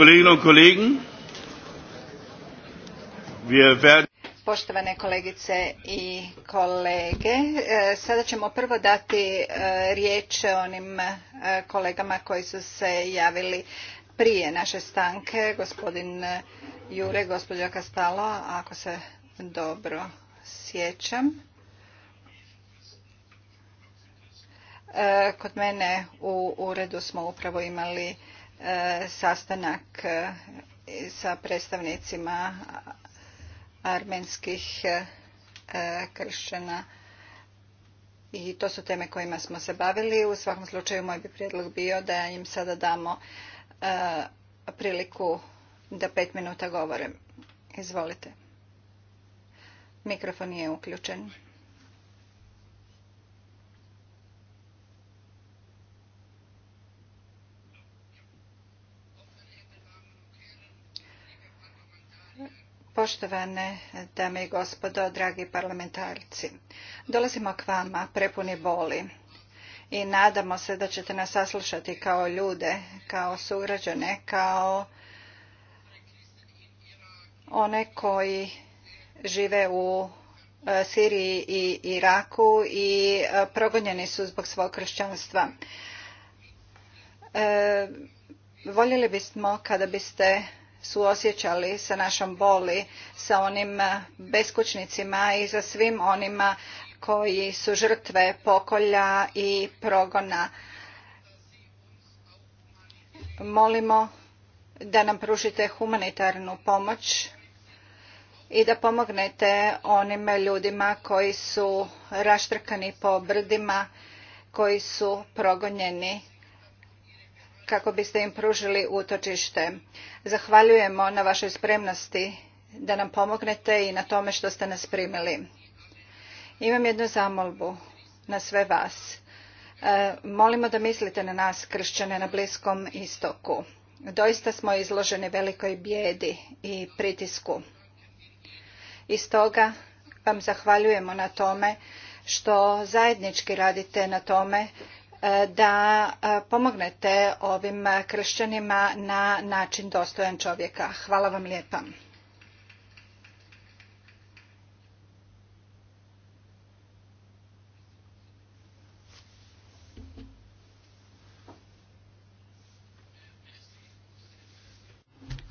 und wir werden Poštovane kolegice i kolege, e, sada ćemo prvo dati e, riječ onim e, kolegama koji su se javili prije naše stanke, gospodin Jure, gospođa Kastalo, ako se dobro sjećam. Kod mene u uredu smo upravo imali E, sastanak e, sa predstavnicima armenskih e, kršćana i to su teme kojima smo se bavili. U svakom slučaju moj bi prijedlog bio da im sada damo priliku da pet minuta govore. Izvolite. Mikrofon je uključen. Poštovane dame i gospodo, dragi parlamentarci, dolazimo k vama prepuni boli i nadamo se da ćete nas saslušati kao ljude, kao sugrađane, kao one koji žive u e, Siriji i Iraku i e, progonjeni su zbog svog kršćanstva. E, voljeli bismo kada biste suosjećali sa našom boli, sa onim eh, beskućnicima i za svim onima koji su žrtve pokolja i progona. Molimo da nam pružite humanitarnu pomoć i da pomognete onim ljudima koji su raštrkani po brdima, koji su progonjeni kako biste im pružili utočište. Zahvaljujemo na vašoj spremnosti da nam pomognete i na tome što ste nas primili. Imam jednu zamolbu na sve vas. E, molimo da mislite na nas, kršćane na Bliskom istoku. Doista smo izloženi velikoj bijedi i pritisku. I stoga vam zahvaljujemo na tome što zajednički radite na tome E, da e, pomognete ovim kršćanima na način dostojan čovjeka. Hvala vam lijepa.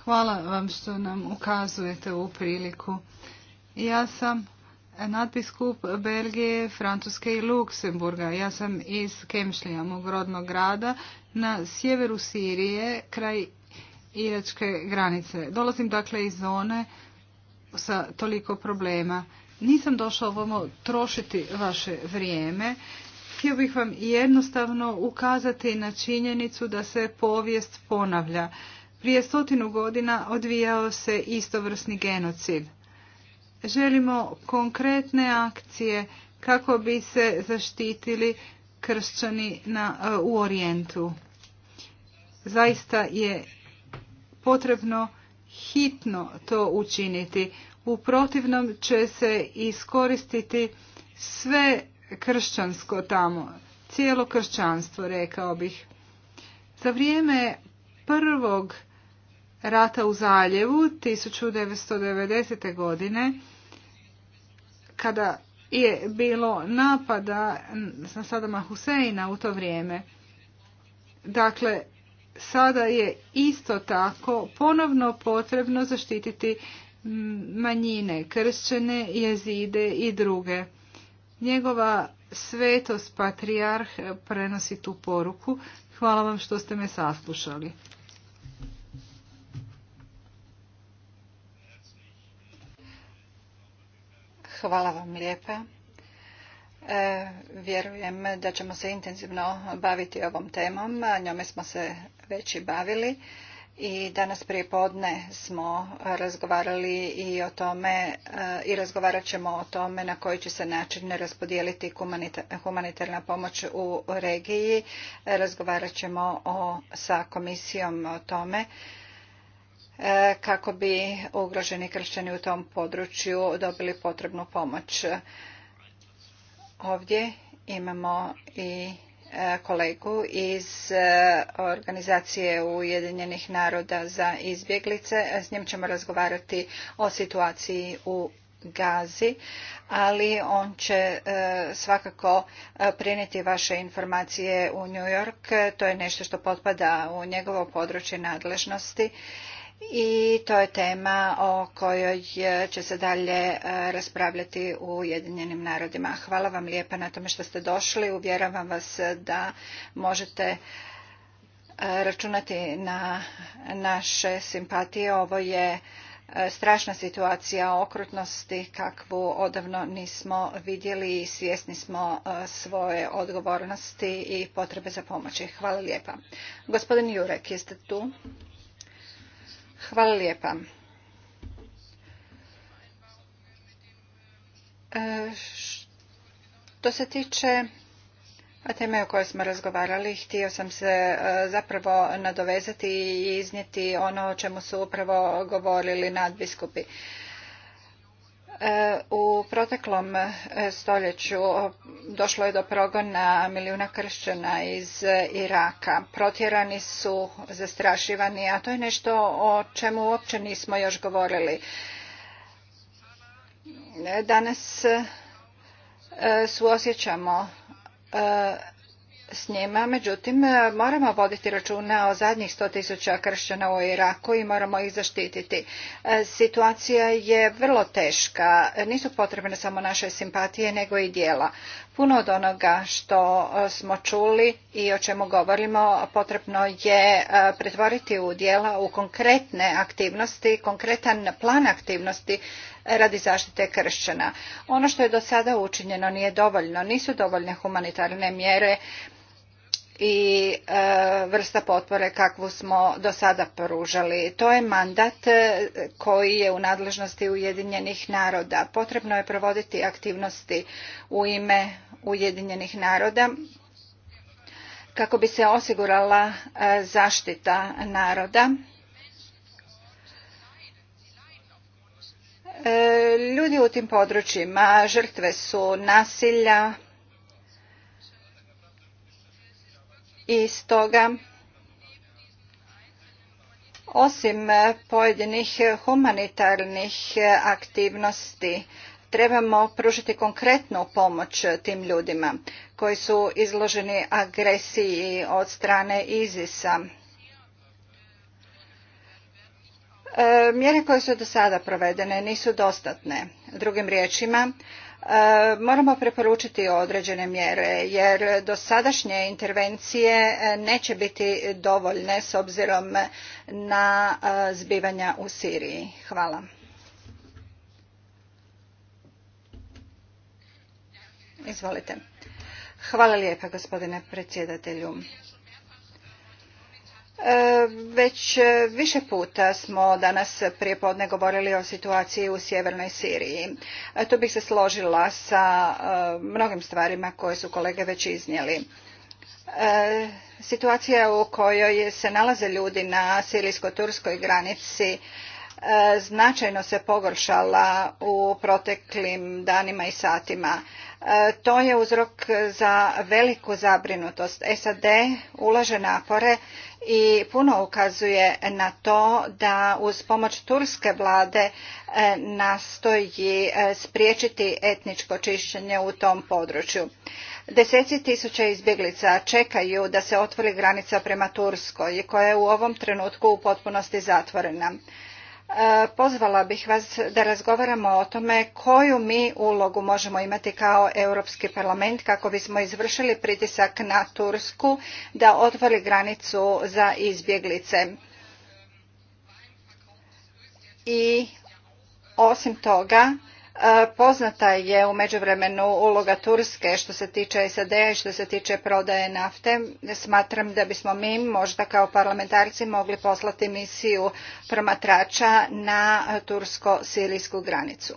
Hvala vam što nam ukazujete u priliku. Ja sam nadbiskup Belgije, Francuske i Luksemburga. Ja sam iz Kemšlija, mog rodnog grada, na sjeveru Sirije, kraj iračke granice. Dolazim dakle iz zone sa toliko problema. Nisam došao ovamo trošiti vaše vrijeme. Htio bih vam jednostavno ukazati na činjenicu da se povijest ponavlja. Prije stotinu godina odvijao se istovrsni genocid. Želimo konkretne akcije kako bi se zaštitili kršćani na, e, u Orijentu. Zaista je potrebno hitno to učiniti. U protivnom će se iskoristiti sve kršćansko tamo, cijelo kršćanstvo, rekao bih. Za vrijeme prvog rata u Zaljevu 1990. godine kada je bilo napada na Sadama Huseina u to vrijeme. Dakle, sada je isto tako ponovno potrebno zaštititi manjine, kršćene, jezide i druge. Njegova svetost patrijarh prenosi tu poruku. Hvala vam što ste me saslušali. Hvala vam lijepa. E, vjerujem da ćemo se intenzivno baviti ovom temom. Njome smo se već i bavili i danas prije podne smo razgovarali i o tome e, i razgovarat ćemo o tome na koji će se način raspodijeliti humanitarna pomoć u regiji. Razgovarat ćemo o, sa komisijom o tome E, kako bi ugroženi kršćani u tom području dobili potrebnu pomoć. Ovdje imamo i e, kolegu iz e, organizacije Ujedinjenih naroda za izbjeglice. S njim ćemo razgovarati o situaciji u Gazi, ali on će svakako prenijeti vaše informacije u New York. To je nešto što potpada u njegovo područje nadležnosti i to je tema o kojoj će se dalje e, raspravljati u Ujedinjenim narodima. Hvala vam lijepa na tome što ste došli. Uvjeravam vas da možete e, računati na naše simpatije. Ovo je e, strašna situacija okrutnosti kakvu odavno nismo vidjeli i svjesni smo svoje odgovornosti i potrebe za pomoći. Hvala lijepa. Gospodin Jurek, jeste tu? Hvala lijepa. E, što se tiče teme o kojoj smo razgovarali, htio sam se e, zapravo nadovezati i iznijeti ono o čemu su upravo govorili nadbiskupi. U proteklom e, stoljeću došlo je do progona milijuna kršćana iz e, Iraka. Protjerani su, zastrašivani, a to je nešto o čemu uopće nismo još govorili. Danas e, suosjećamo s njima, međutim e, moramo voditi računa o zadnjih 100.000 tisuća kršćana u Iraku i moramo ih zaštititi. E, situacija je vrlo teška, nisu potrebne samo naše simpatije nego i dijela. Puno od onoga što e, smo čuli i o čemu govorimo potrebno je pretvoriti u dijela u konkretne aktivnosti, konkretan plan aktivnosti radi zaštite kršćana. Ono što je do sada učinjeno nije dovoljno, nisu dovoljne humanitarne mjere, i e, vrsta potpore kakvu smo do sada pružali. To je mandat e, koji je u nadležnosti Ujedinjenih naroda. Potrebno je provoditi aktivnosti u ime Ujedinjenih naroda kako bi se osigurala e, zaštita naroda. Ljudi u tim područjima žrtve su nasilja, i stoga osim pojedinih humanitarnih aktivnosti trebamo pružiti konkretnu pomoć tim ljudima koji su izloženi agresiji od strane ISIS-a. E, mjere koje su do sada provedene nisu dostatne. Drugim riječima, E, moramo preporučiti određene mjere jer dosadašnje intervencije e, neće biti dovoljne s obzirom na e, zbivanja u Siriji. Hvala. Izvolite. gospodine predsjedatelju. E, već e, više puta smo danas prije podne govorili o situaciji u sjevernoj Siriji. E, tu bih se složila sa mnogim stvarima koje su kolege već iznijeli. Situacija u kojoj se nalaze ljudi na sirijsko-turskoj granici značajno se pogoršala u proteklim danima i satima. E, to je uzrok za veliku zabrinutost. SAD ulaže napore i puno ukazuje na to da uz pomoć turske vlade e, nastoji e, spriječiti etničko čišćenje u tom području. Deseci tisuća izbjeglica čekaju da se otvori granica prema Turskoj koja je u ovom trenutku u potpunosti zatvorena. E, pozvala bih vas da razgovaramo o tome koju mi ulogu možemo imati kao europski parlament kako bismo izvršili pritisak na tursku da otvori granicu za izbjeglice i osim toga Poznata je u međuvremenu uloga Turske što se tiče SAD-a i što se tiče prodaje nafte. Smatram da bismo mi možda kao parlamentarci mogli poslati misiju promatrača na tursko-sirijsku granicu.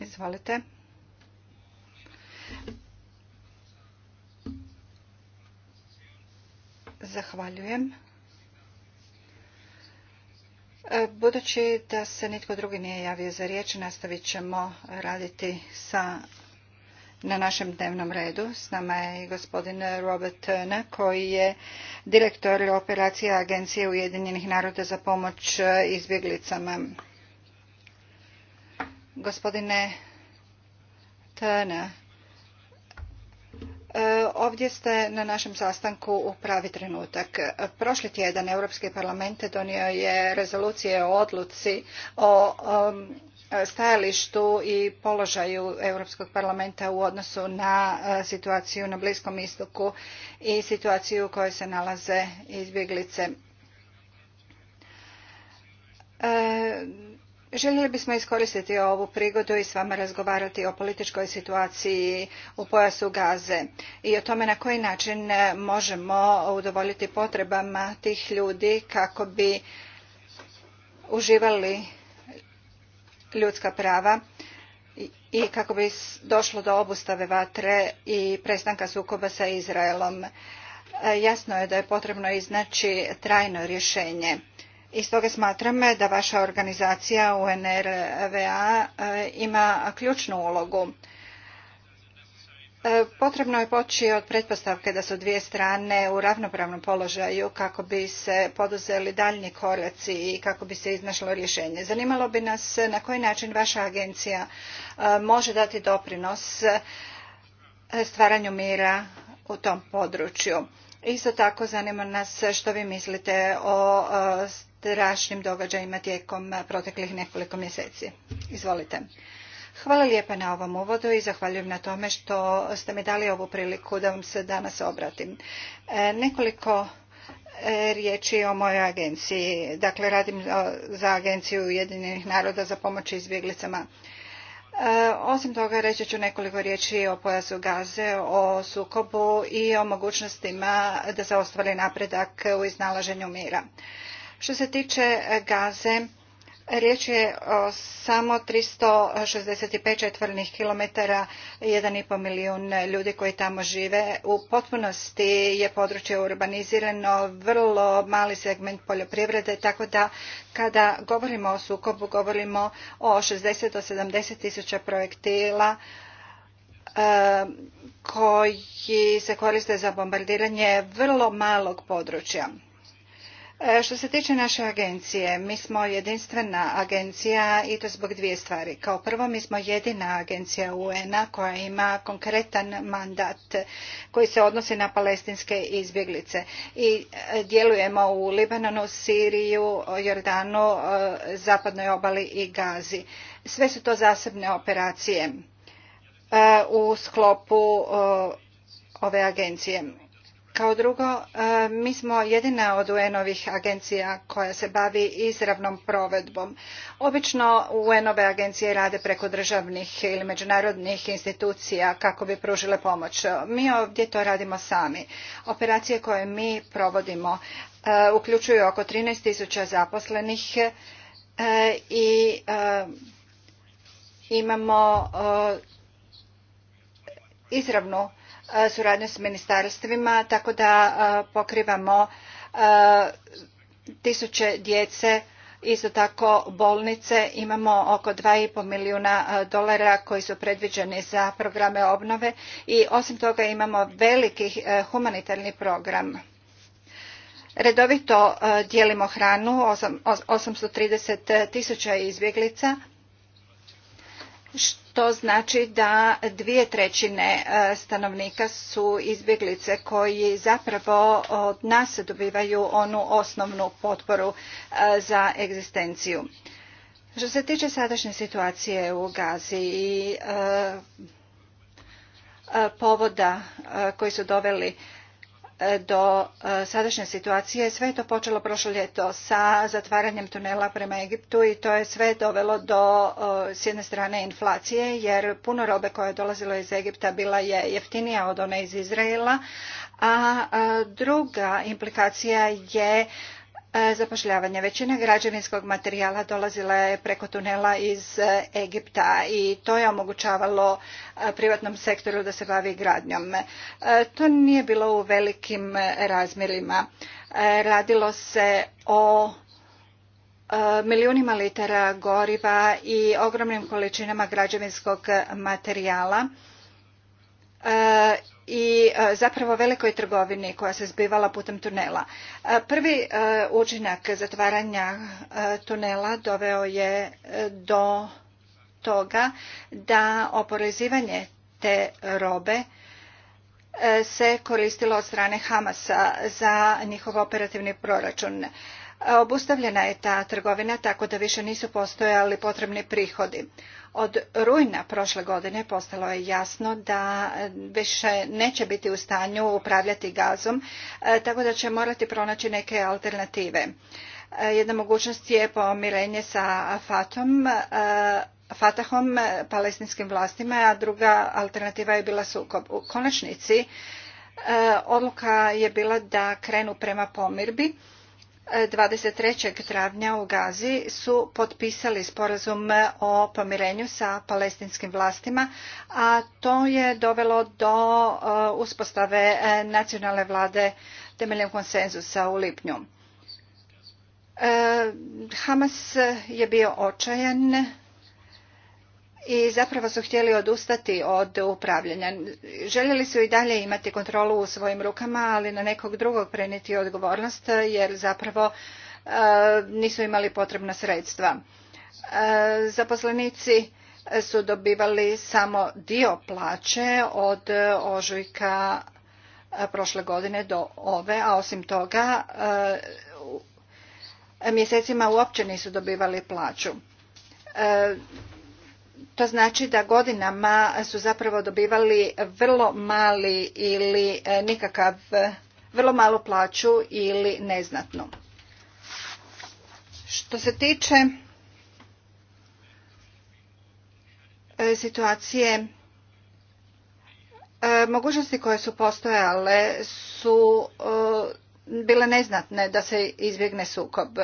Izvolite. Zahvaljujem. E, budući da se nitko drugi nije javio za riječ, nastavit ćemo raditi sa, na našem dnevnom redu. S nama je i gospodin Robert Turner, koji je direktor operacija Agencije Ujedinjenih naroda za pomoć izbjeglicama. Gospodine Turner, E, ovdje ste na našem sastanku u pravi trenutak. Prošli tjedan Europski parlament donio je rezolucije o odluci o um, stajalištu i položaju Europskog parlamenta u odnosu na e, situaciju na Bliskom istoku i situaciju u kojoj se nalaze izbjeglice. E, Željeli bismo iskoristiti ovu prigodu i s vama razgovarati o političkoj situaciji u pojasu Gaze i o tome na koji način možemo udovoljiti potrebama tih ljudi kako bi uživali ljudska prava i kako bi došlo do obustave vatre i prestanka sukoba sa Izraelom. E, jasno je da je potrebno iznaći trajno rješenje i stoga smatram da vaša organizacija UNRWA e, ima ključnu ulogu. E, potrebno je poći od pretpostavke da su dvije strane u ravnopravnom položaju kako bi se poduzeli daljnji koraci i kako bi se iznašlo rješenje. Zanimalo bi nas na koji način vaša agencija e, može dati doprinos stvaranju mira u tom području. Isto tako zanima nas što vi mislite o strašnim događajima tijekom proteklih nekoliko mjeseci. Izvolite. Hvala lijepa na ovom uvodu i zahvaljujem na tome što ste mi dali ovu priliku da vam se danas obratim. E, nekoliko e, riječi o mojoj agenciji. Dakle, radim za agenciju Ujedinjenih naroda za pomoć izbjeglicama. E, osim toga, reći ću nekoliko riječi o pojasu gaze, o sukobu i o mogućnostima da se ostvari napredak u iznalaženju mira. Što se tiče e, Gaze, Riječ je o samo 365 četvrnih kilometara, 1,5 milijun ljudi koji tamo žive. U potpunosti je područje urbanizirano, vrlo mali segment poljoprivrede, tako da kada govorimo o sukobu, govorimo o 60 do 70 tisuća projektila e, koji se koriste za bombardiranje vrlo malog područja. E, što se tiče naše agencije, mi smo jedinstvena agencija i to zbog dvije stvari. Kao prvo, mi smo jedina agencija UN-a koja ima konkretan mandat koji se odnosi na palestinske izbjeglice. I e, djelujemo u Libanonu, Siriju, Jordanu, e, zapadnoj obali i Gazi. Sve su to zasebne operacije u sklopu ove agencije kao drugo, e, mi smo jedina od UN-ovih agencija koja se bavi izravnom provedbom. Obično UN-ove agencije rade preko državnih ili međunarodnih institucija kako bi pružile pomoć. Mi ovdje to radimo sami. Operacije koje mi provodimo e, uključuju oko 13.000 zaposlenih e, i imamo izravnu E, suradnju s ministarstvima tako da e, pokrivamo e, tisuće djece isto tako bolnice imamo oko two milijuna dolara koji su predviđeni za programe obnove i osim toga imamo veliki humanitarni program redovito dijelimo hranu osamsto tisuća izbjeglica to znači da dvije trećine e, stanovnika su izbjeglice koji zapravo od nas dobivaju onu osnovnu potporu e, za egzistenciju. Što se tiče sadašnje situacije u Gazi i e, povoda koji su doveli E, do e, sadašnje situacije. Sve je to počelo prošlo ljeto sa zatvaranjem tunela prema Egiptu i to je sve dovelo do e, s jedne strane inflacije jer puno robe koja je dolazilo iz Egipta bila je jeftinija od one iz Izraela, a druga implikacija je E, zapošljavanja. Većina građevinskog materijala dolazila je preko tunela iz e, Egipta i to je omogućavalo e, privatnom sektoru da se bavi gradnjom. To nije bilo u velikim razmjerima. Radilo se o milijunima litara goriva i ogromnim količinama građevinskog materijala i e, zapravo velikoj trgovini koja se zbivala putem tunela. E, prvi e, učinak zatvaranja tunela doveo je do toga da oporezivanje te robe se koristilo od strane Hamasa za njihov operativni proračun. Obustavljena je ta trgovina tako da više nisu postojali potrebni prihodi. Od rujna prošle godine postalo je jasno da više neće biti u stanju upravljati gazom, e, tako da će morati pronaći neke alternative. E, jedna mogućnost je pomirenje sa Fatom, e, Fatahom, palestinskim vlastima, a druga alternativa je bila sukob. U konačnici odluka je bila da krenu prema pomirbi 23. travnja u Gazi su potpisali sporazum o pomirenju sa palestinskim vlastima, a to je dovelo do uh, uspostave uh, nacionalne vlade temeljem konsenzusa u lipnju. Uh, Hamas je bio očajan i zapravo su htjeli odustati od upravljanja. Željeli su i dalje imati kontrolu u svojim rukama, ali na nekog drugog prenijeti odgovornost jer zapravo e, nisu imali potrebna sredstva. E, zaposlenici su dobivali samo dio plaće od ožujka e, prošle godine do ove, a osim toga mjesecima uopće nisu dobivali plaću to znači da godinama su zapravo dobivali vrlo mali ili e, nikakav, e, vrlo malu plaću ili neznatnu. Što se tiče e, situacije mogućnosti koje su postojale su bile neznatne da se izbjegne sukob.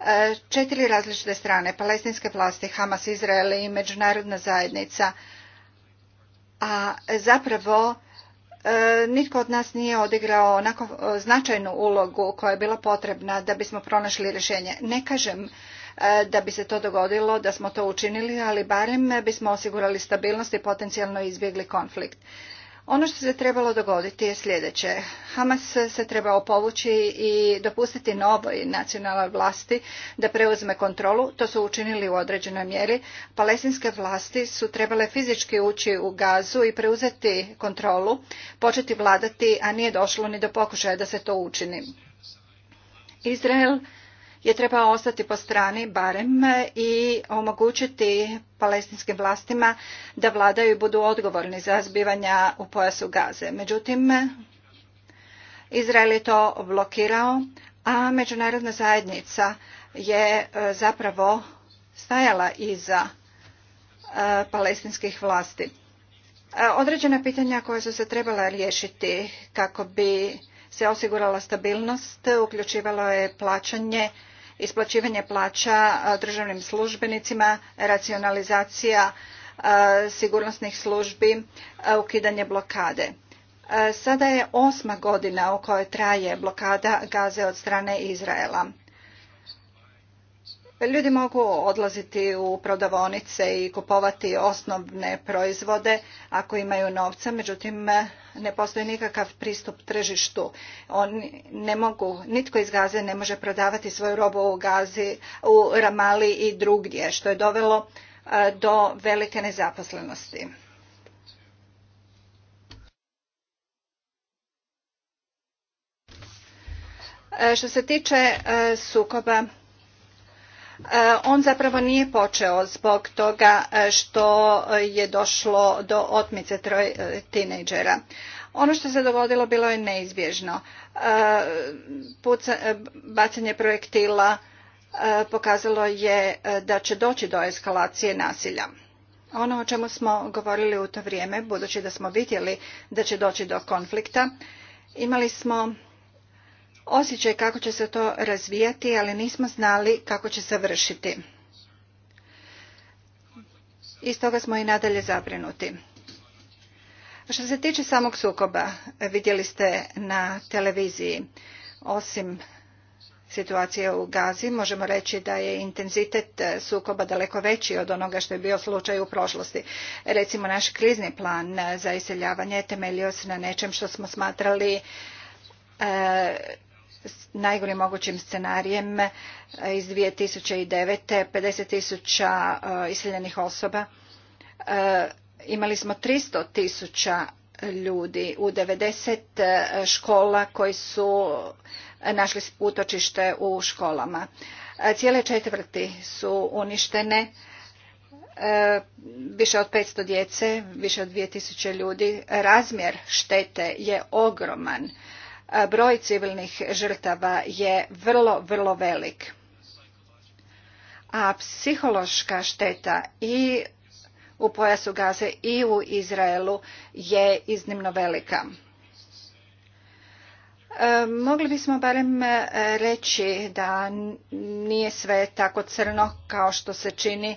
E, četiri različite strane, palestinske vlasti, Hamas, Izrael i međunarodna zajednica, a zapravo e, nitko od nas nije odigrao onako značajnu ulogu koja je bila potrebna da bismo pronašli rješenje. Ne kažem e, da bi se to dogodilo, da smo to učinili, ali barem bismo osigurali stabilnost i potencijalno izbjegli konflikt. Ono što se trebalo dogoditi je sljedeće. Hamas se trebao povući i dopustiti novoj nacionalnoj vlasti da preuzme kontrolu. To su učinili u određenoj mjeri. Palestinske vlasti su trebale fizički ući u gazu i preuzeti kontrolu, početi vladati, a nije došlo ni do pokušaja da se to učini. Izrael je trebao ostati po strani barem i omogućiti palestinskim vlastima da vladaju i budu odgovorni za zbivanja u pojasu Gaze. Međutim, Izrael je to blokirao, a međunarodna zajednica je e, zapravo stajala iza e, palestinskih vlasti. E, određena pitanja koja su se trebala riješiti kako bi se osigurala stabilnost uključivalo je plaćanje isplaćivanje plaća e, državnim službenicima, racionalizacija e, sigurnosnih službi, e, ukidanje blokade. Sada je osma godina u kojoj traje blokada Gaze od strane Izraela. Ljudi mogu odlaziti u prodavonice i kupovati osnovne proizvode ako imaju novca, međutim ne postoji nikakav pristup tržištu. oni ne mogu, nitko iz Gaze ne može prodavati svoju robu u Gazi, u Ramali i drugdje, što je dovelo e, do velike nezaposlenosti. E, što se tiče e, sukoba E, on zapravo nije počeo zbog toga e, što je došlo do otmice troj e, tinejdžera. Ono što se dogodilo bilo je neizbježno. bacanje projektila pokazalo je da će doći do eskalacije nasilja. Ono o čemu smo govorili u to vrijeme, budući da smo vidjeli da će doći do konflikta, imali smo osjećaj kako će se to razvijati, ali nismo znali kako će završiti. I toga smo i nadalje zabrinuti. Što se tiče samog sukoba, vidjeli ste na televiziji, osim situacije u Gazi, možemo reći da je intenzitet sukoba daleko veći od onoga što je bio slučaj u prošlosti. Recimo, naš krizni plan za iseljavanje temeljio se na nečem što smo smatrali e, najgorim mogućim scenarijem e, iz 2009. 50 tisuća e, iseljenih osoba. E, imali smo 300 tisuća ljudi u 90 škola koji su našli utočište u školama. Cijele četvrti su uništene, više od 500 djece, više od 2000 ljudi. Razmjer štete je ogroman broj civilnih žrtava je vrlo, vrlo velik. A psihološka šteta i u pojasu Gaze i u Izraelu je iznimno velika. E, mogli bismo barem e, reći da nije sve tako crno kao što se čini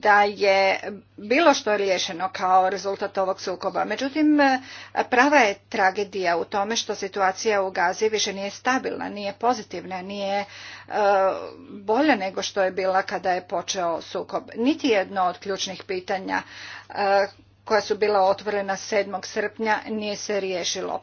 da je bilo što riješeno kao rezultat ovog sukoba. Međutim, prava je tragedija u tome što situacija u Gazi više nije stabilna, nije pozitivna, nije e, bolja nego što je bila kada je počeo sukob. Niti jedno od ključnih pitanja e, koja su bila otvorena 7. srpnja nije se riješilo.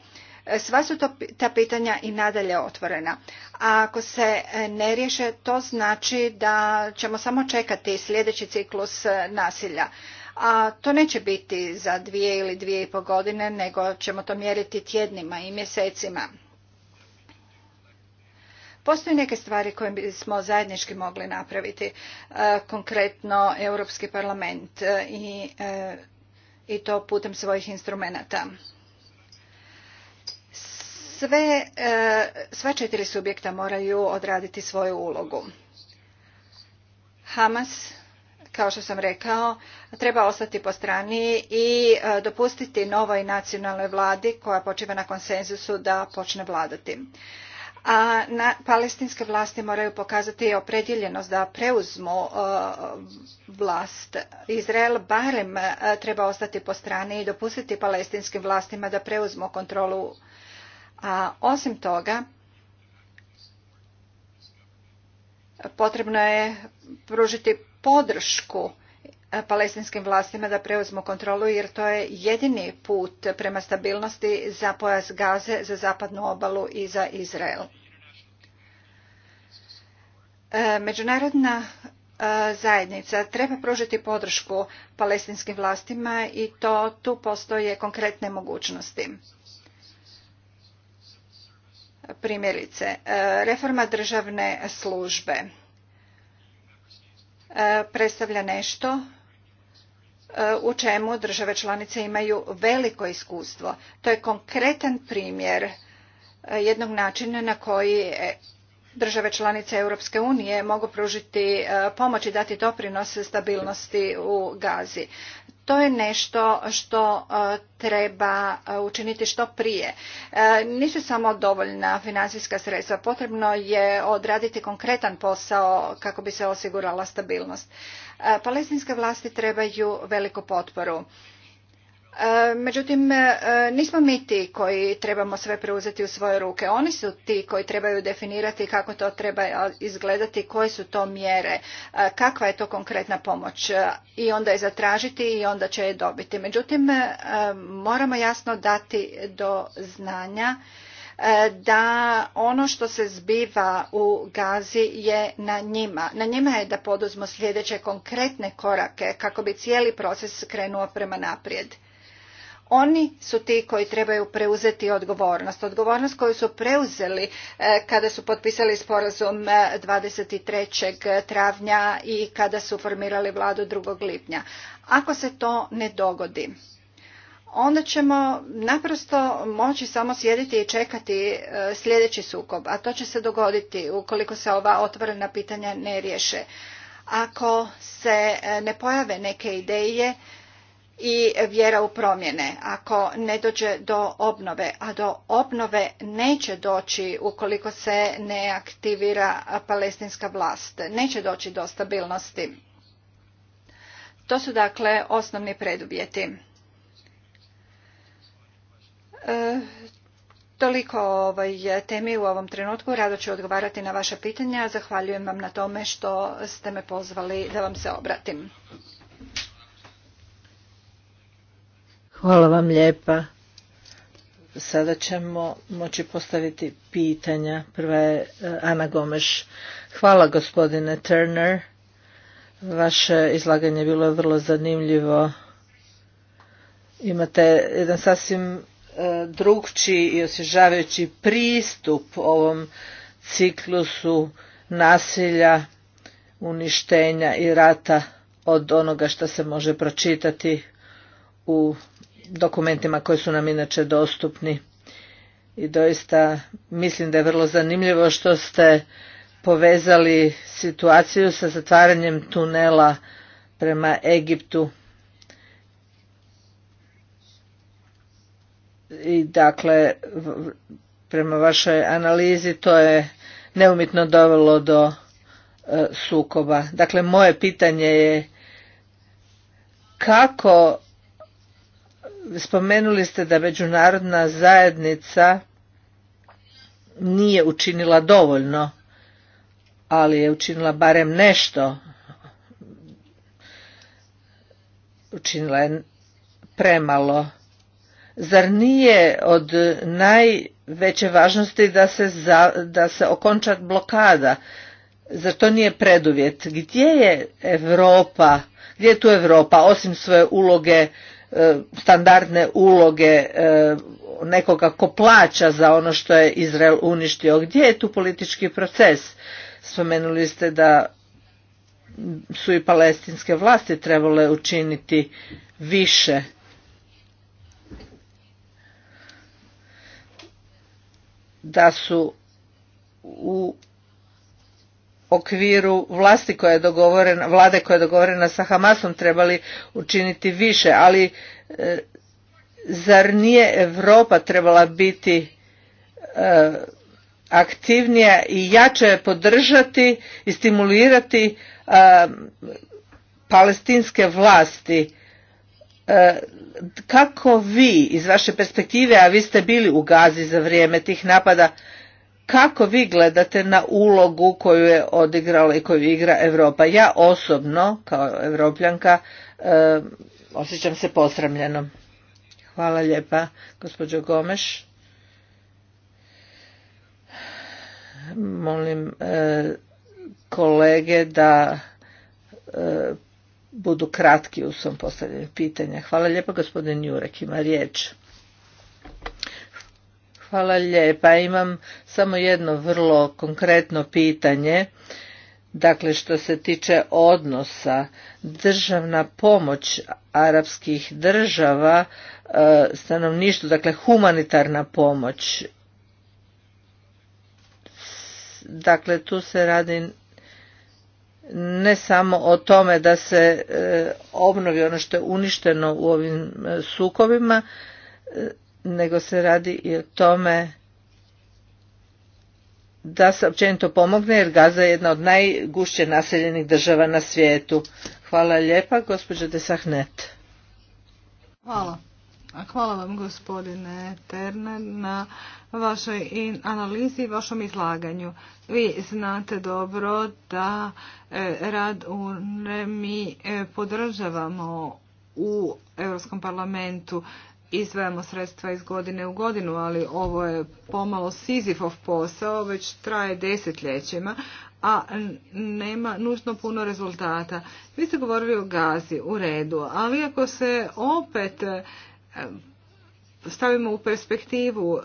Sva su ta pitanja i nadalje otvorena. A ako se e, ne riješe, to znači da ćemo samo čekati sljedeći ciklus e, nasilja. A to neće biti za dvije ili dvije i po godine, nego ćemo to mjeriti tjednima i mjesecima. Postoje neke stvari koje bismo zajednički mogli napraviti, e, konkretno Europski parlament i, i to putem svojih instrumenata sve, e, sva četiri subjekta moraju odraditi svoju ulogu. Hamas, kao što sam rekao, treba ostati po strani i e, dopustiti novoj nacionalnoj vladi koja počiva na konsenzusu da počne vladati. A palestinske vlasti moraju pokazati opredjeljenost da preuzmu e, vlast. Izrael barem treba ostati po strani i dopustiti palestinskim vlastima da preuzmu kontrolu a osim toga, potrebno je pružiti podršku eh, palestinskim vlastima da preuzmu kontrolu jer to je jedini put prema stabilnosti za pojas Gaze, za zapadnu obalu i za Izrael. Eh, međunarodna eh, zajednica treba pružiti podršku palestinskim vlastima i to tu postoje konkretne mogućnosti. Primjerice, e, reforma državne službe e, predstavlja nešto e, u čemu države članice imaju veliko iskustvo. To je konkretan primjer jednog načina na koji države članice Europske unije mogu pružiti e, pomoć i dati doprinos stabilnosti u Gazi. To je nešto što e, treba e, učiniti što prije. Nisu samo dovoljna financijska sredstva, potrebno je odraditi konkretan posao kako bi se osigurala stabilnost. Palestinske vlasti trebaju veliku potporu. E, međutim, e, nismo mi ti koji trebamo sve preuzeti u svoje ruke. Oni su ti koji trebaju definirati kako to treba izgledati, koje su to mjere, e, kakva je to konkretna pomoć i onda je zatražiti i onda će je dobiti. Međutim, moramo jasno dati do znanja da ono što se zbiva u Gazi je na njima. Na njima je da poduzmo sljedeće konkretne korake kako bi cijeli proces krenuo prema naprijed oni su ti koji trebaju preuzeti odgovornost. Odgovornost koju su preuzeli e, kada su potpisali sporazum 23. E, travnja i kada su formirali vladu 2. lipnja. Ako se to ne dogodi, onda ćemo naprosto moći samo sjediti i čekati e, sljedeći sukob, a to će se dogoditi ukoliko se ova otvorena pitanja ne riješe. Ako se ne pojave neke ideje, i vjera u promjene ako ne dođe do obnove a do obnove neće doći ukoliko se ne aktivira palestinska vlast neće doći do stabilnosti to su dakle osnovni preduvjeti e, toliko o ovoj temi u ovom trenutku rado ću odgovarati na vaša pitanja zahvaljujem vam na tome što ste me pozvali da vam se obratim Hvala vam lijepa. Sada ćemo moći postaviti pitanja. Prva je eh, Ana Gomeš. Hvala gospodine Turner. Vaše izlaganje bilo je vrlo zanimljivo. Imate jedan sasvim eh, drugčiji i osježavajući pristup ovom ciklusu nasilja, uništenja i rata od onoga što se može pročitati u dokumentima koji su nam inače dostupni. I doista mislim da je vrlo zanimljivo što ste povezali situaciju sa zatvaranjem tunela prema Egiptu. I dakle, prema vašoj analizi to je neumitno dovelo do e, sukoba. Dakle, moje pitanje je kako spomenuli ste da međunarodna zajednica nije učinila dovoljno, ali je učinila barem nešto. Učinila je premalo. Zar nije od najveće važnosti da se, da se okonča blokada? Zar to nije preduvjet? Gdje je Europa? Gdje je tu Europa osim svoje uloge E, standardne uloge e, nekoga ko plaća za ono što je Izrael uništio. Gdje je tu politički proces? Spomenuli ste da su i palestinske vlasti trebale učiniti više. Da su u okviru vlasti koja je dogovorena, vlade koja je dogovorena sa Hamasom trebali učiniti više, ali e, zar nije Europa trebala biti e, aktivnija i jače podržati i stimulirati e, palestinske vlasti? Kako vi iz vaše perspektive, a vi ste bili u Gazi za vrijeme tih napada, kako vi gledate na ulogu koju je odigrala i koju igra Europa? Ja osobno, kao evropljanka, osjećam se posramljeno. Hvala lijepa, gospođo Gomeš. Molim e, kolege da e, budu kratki u svom postavljanju pitanja. Hvala lijepa, gospodin Jurek ima riječ. Hvala lijepa. Imam samo jedno vrlo konkretno pitanje. Dakle, što se tiče odnosa, državna pomoć arapskih država, e, stanovništvu, dakle humanitarna pomoć, dakle tu se radi ne samo o tome da se e, obnovi ono što je uništeno u ovim e, sukovima nego se radi i o tome da se općenito pomogne jer Gaza je jedna od najgušće naseljenih država na svijetu. Hvala lijepa, gospođa Desahnet. Hvala. Hvala vam gospodine Terner na vašoj analizi i vašom izlaganju. Vi znate dobro da e, rad u mi e, podržavamo u Europskom parlamentu izdvajamo sredstva iz godine u godinu, ali ovo je pomalo sizifov posao, već traje desetljećima, a nema nužno puno rezultata. Vi ste govorili o gazi, u redu, ali ako se opet eh, stavimo u perspektivu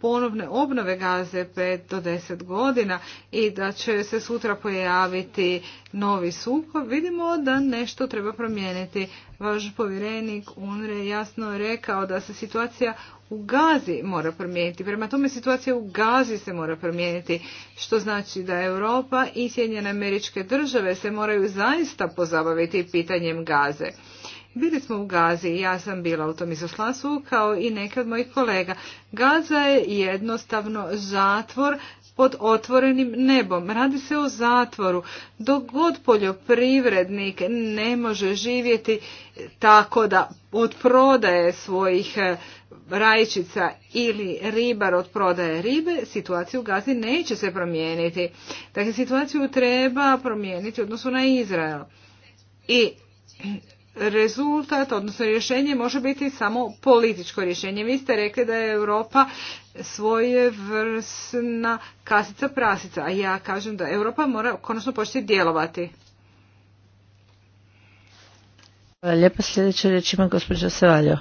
ponovne obnove gaze pet do 10 godina i da će se sutra pojaviti novi sukob, vidimo da nešto treba promijeniti. Vaš povjerenik UNRE jasno rekao da se situacija u Gazi mora promijeniti. Prema tome situacija u Gazi se mora promijeniti, što znači da Europa i Sjedinjene američke države se moraju zaista pozabaviti pitanjem Gaze. Bili smo u Gazi, ja sam bila u tom izoslanstvu kao i neki od mojih kolega. Gaza je jednostavno zatvor pod otvorenim nebom. Radi se o zatvoru. Dok god poljoprivrednik ne može živjeti tako da od prodaje svojih e, rajčica ili ribar od prodaje ribe, situacija u Gazi neće se promijeniti. Dakle, situaciju treba promijeniti u odnosu na Izrael. I rezultat, odnosno rješenje može biti samo političko rješenje. Vi ste rekli da je Europa svoje vrsna kasica prasica, a ja kažem da Europa mora konačno početi djelovati. lijepa. Sljedeća ima gospođa Sevaljo.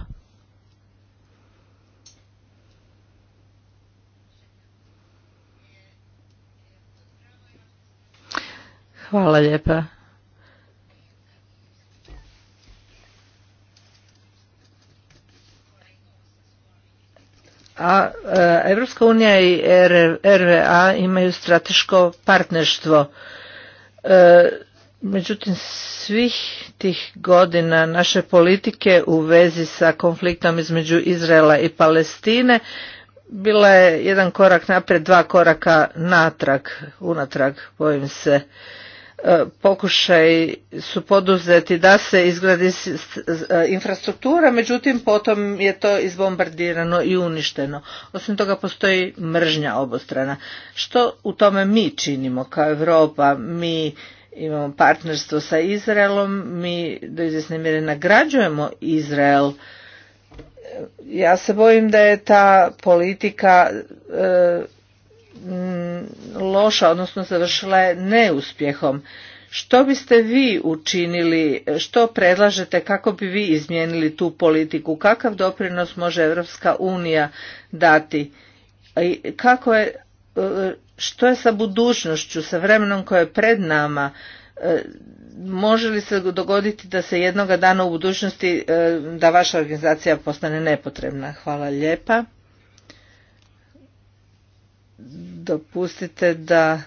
Hvala lijepa. a Europska unija i RVA imaju strateško partnerstvo. E, međutim, svih tih godina naše politike u vezi sa konfliktom između Izraela i Palestine bila je jedan korak naprijed, dva koraka natrag, unatrag, bojim se. E, pokušaj su poduzeti da se izgradi e, infrastruktura, međutim potom je to izbombardirano i uništeno. Osim toga postoji mržnja obostrana. Što u tome mi činimo kao Europa? Mi imamo partnerstvo sa Izraelom, mi do izvjesne mjere nagrađujemo Izrael. E, ja se bojim da je ta politika Mm, loša, odnosno završila je neuspjehom. Što biste vi učinili, što predlažete, kako bi vi izmijenili tu politiku, kakav doprinos može Europska unija dati, kako je, e, što je sa budućnošću, sa vremenom koje je pred nama, e, može li se dogoditi da se jednoga dana u budućnosti e, da vaša organizacija postane nepotrebna? Hvala lijepa dopustite da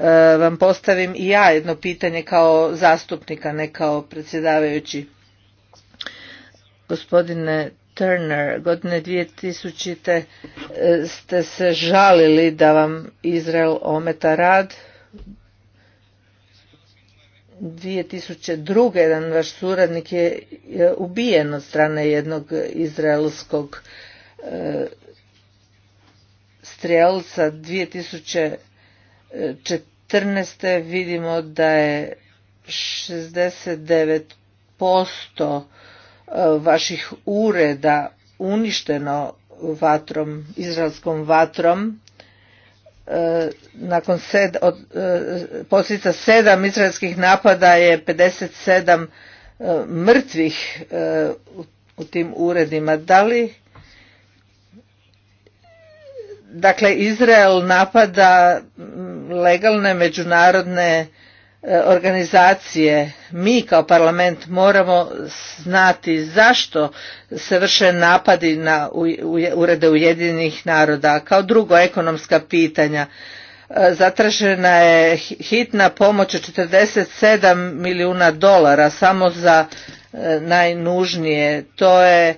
e, vam postavim i ja jedno pitanje kao zastupnika, ne kao predsjedavajući. Gospodine Turner, godine 2000. E, ste se žalili da vam Izrael ometa rad. 2002. jedan vaš suradnik je ubijen od strane jednog izraelskog e, Strelca 2014. vidimo da je 69% e, vaših ureda uništeno vatrom, izraelskom vatrom. E, nakon sed, od, e, posljedica sedam izraelskih napada je 57 mrtvih u tim uredima. Da li dakle Izrael napada legalne međunarodne e, organizacije mi kao parlament moramo znati zašto se vrše napadi na urede Ujedinjenih naroda kao drugo ekonomska pitanja e, zatražena je hitna pomoć od 47 milijuna dolara samo za e, najnužnije to je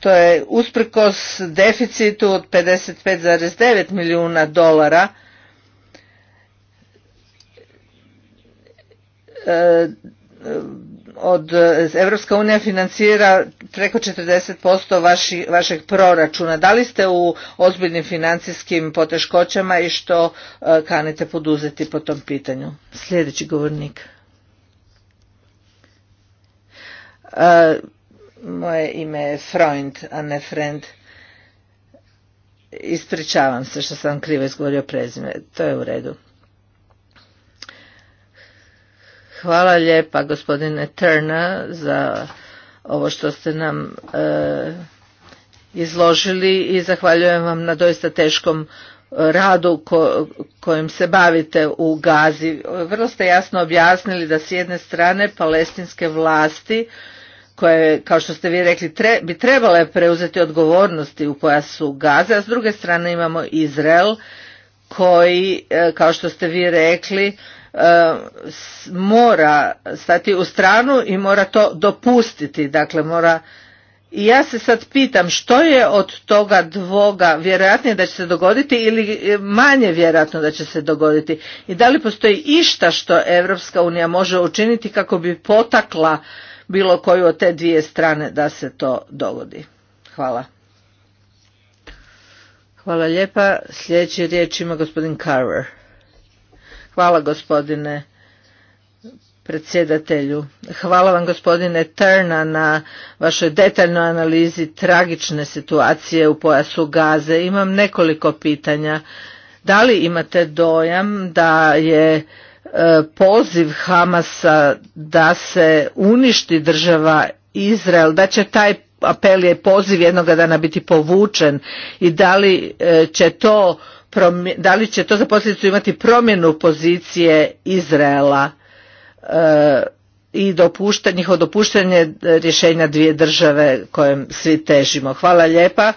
to je usprkos deficitu od 55,9 milijuna dolara e, od Evropska unija financira preko 40% vašeg proračuna. Da li ste u ozbiljnim financijskim poteškoćama i što e, kanite poduzeti po tom pitanju? Sljedeći govornik. E, moje ime je Freund, a ne Friend. Ispričavam se što sam krivo izgovorio prezime. To je u redu. Hvala lijepa gospodine Turner za ovo što ste nam e, izložili i zahvaljujem vam na doista teškom e, radu kojim se bavite u Gazi. Vrlo ste jasno objasnili da s jedne strane palestinske vlasti koje, kao što ste vi rekli, tre, bi trebale preuzeti odgovornosti u koja su Gaza, a s druge strane imamo Izrael koji, e, kao što ste vi rekli, e, mora stati u stranu i mora to dopustiti, dakle mora i ja se sad pitam što je od toga dvoga vjerojatnije da će se dogoditi ili e, manje vjerojatno da će se dogoditi i da li postoji išta što Europska unija može učiniti kako bi potakla bilo koju od te dvije strane da se to dogodi. Hvala. Hvala lijepa. Sljedeći riječ ima gospodin Carver. Hvala gospodine predsjedatelju. Hvala vam gospodine Terna na vašoj detaljnoj analizi tragične situacije u pojasu gaze. Imam nekoliko pitanja. Da li imate dojam da je E, poziv Hamasa da se uništi država Izrael, da će taj apel je poziv jednog dana biti povučen i da li e, će to da li će to za posljedicu imati promjenu pozicije Izraela e, i dopušta, njihovo dopuštanje rješenja dvije države kojem svi težimo. Hvala lijepa.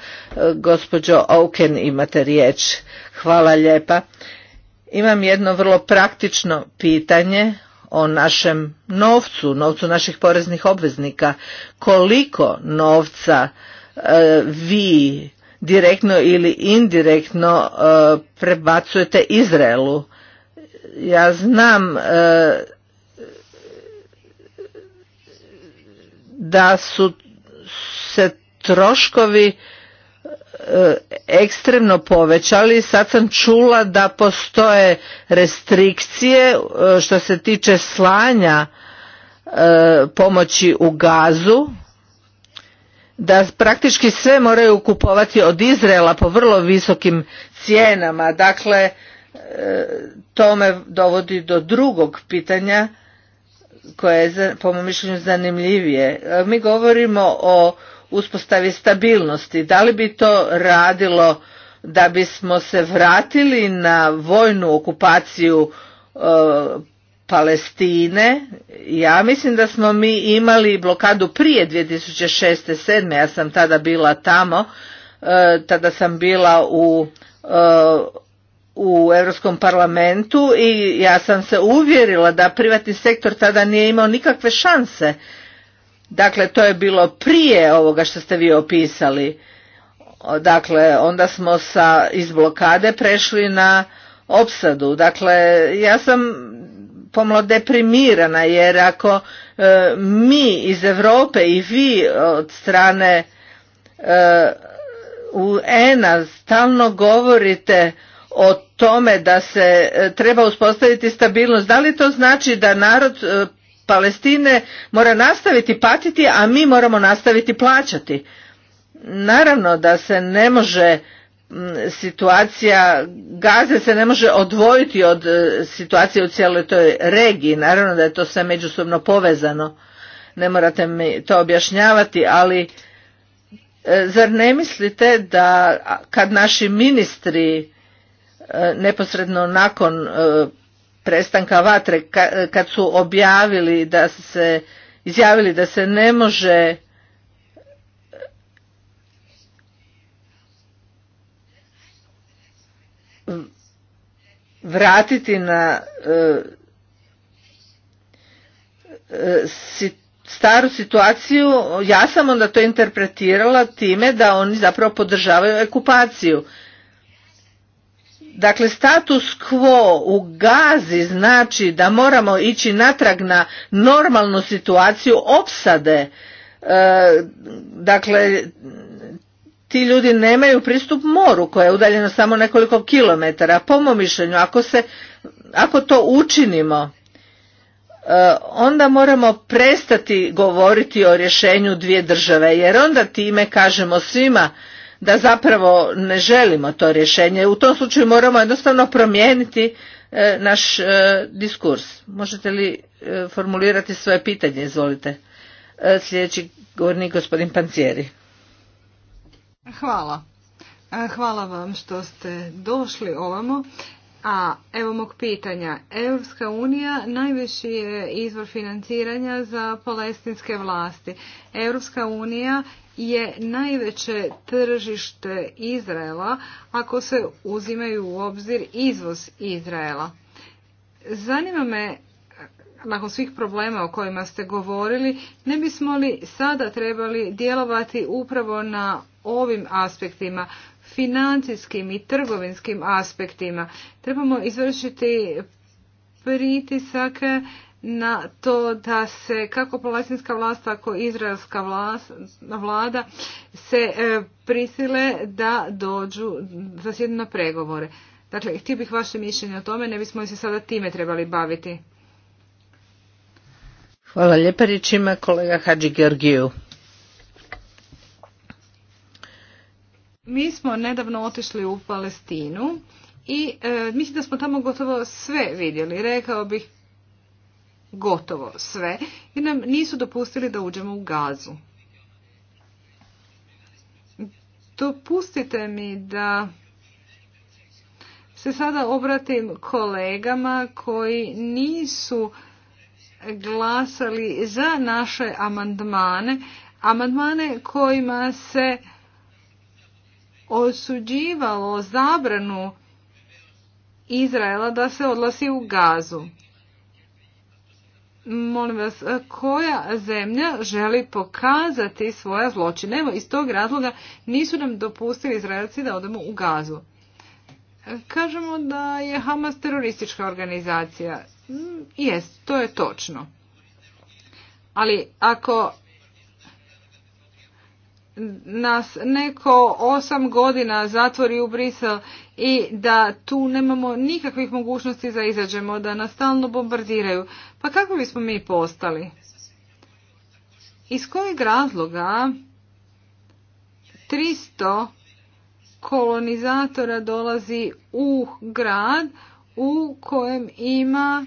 Gospođo Auken imate riječ. Hvala lijepa. Imam jedno vrlo praktično pitanje o našem novcu, novcu naših poreznih obveznika. Koliko novca e, vi direktno ili indirektno e, prebacujete Izraelu? Ja znam e, da su se troškovi E, ekstremno povećali. Sad sam čula da postoje restrikcije e, što se tiče slanja e, pomoći u gazu da praktički sve moraju kupovati od Izraela po vrlo visokim cijenama. Dakle, to me dovodi do drugog pitanja koje je po mom mišljenju zanimljivije. Mi govorimo o uspostavi stabilnosti. Da li bi to radilo da bismo se vratili na vojnu okupaciju e, Palestine? Ja mislim da smo mi imali blokadu prije 2006. 7. Ja sam tada bila tamo, e, tada sam bila u e, u Europskom parlamentu i ja sam se uvjerila da privatni sektor tada nije imao nikakve šanse Dakle, to je bilo prije ovoga što ste vi opisali. Dakle, onda smo sa, iz blokade prešli na opsadu. Dakle, ja sam pomalo deprimirana jer ako e, mi iz Europe i vi od strane e, UN-a stalno govorite o tome da se e, treba uspostaviti stabilnost, da li to znači da narod e, Palestine mora nastaviti patiti, a mi moramo nastaviti plaćati. Naravno da se ne može situacija Gaze se ne može odvojiti od e, situacije u cijeloj toj regiji. Naravno da je to sve međusobno povezano. Ne morate mi to objašnjavati, ali e, zar ne mislite da kad naši ministri e, neposredno nakon prestanka vatre kad su objavili da se izjavili da se ne može eh, vratiti na eh, eh, staru situaciju, ja sam onda to interpretirala time da oni zapravo podržavaju okupaciju. Dakle, status quo u Gazi znači da moramo ići natrag na normalnu situaciju opsade. E, dakle, ti ljudi nemaju pristup moru koje je udaljeno samo nekoliko kilometara. Po mom mišljenju, ako, se, ako to učinimo, e, onda moramo prestati govoriti o rješenju dvije države, jer onda time kažemo svima da zapravo ne želimo to rješenje. U tom slučaju moramo jednostavno promijeniti e, naš e, diskurs. Možete li e, formulirati svoje pitanje? Izvolite. Sljedeći govornik gospodin Pancijeri. Hvala. Hvala vam što ste došli ovamo. A evo mog pitanja. Europska unija najviši je izvor financiranja za palestinske vlasti. Europska unija je najveće tržište Izraela ako se uzimaju u obzir izvoz Izraela. Zanima me, nakon svih problema o kojima ste govorili, ne bismo li sada trebali djelovati upravo na ovim aspektima, financijskim i trgovinskim aspektima. Trebamo izvršiti pritisak na to da se kako palestinska vlast tako izraelska vlada se e, prisile da dođu da sjednu na pregovore. Dakle, htio bih vaše mišljenje o tome, ne bismo se sada time trebali baviti. Hvala lijepa, riječ kolega Hadži Georgiju. Mi smo nedavno otišli u Palestinu i e, mislim da smo tamo gotovo sve vidjeli. Rekao bih gotovo sve, I nam nisu dopustili da uđemo u gazu. Dopustite mi da se sada obratim kolegama koji nisu glasali za naše amandmane, amandmane kojima se osuđivalo zabranu Izraela da se odlasi u gazu molim vas, koja zemlja želi pokazati svoja zločine? Evo, iz tog razloga nisu nam dopustili Izraelci da odemo u gazu. Kažemo da je Hamas teroristička organizacija. Mm, jest, to je točno. Ali ako nas neko osam godina zatvori u Brisel i da tu nemamo nikakvih mogućnosti za izađemo, da nas stalno bombardiraju. Pa kako bismo mi postali? Iz kojeg razloga 300 kolonizatora dolazi u grad u kojem ima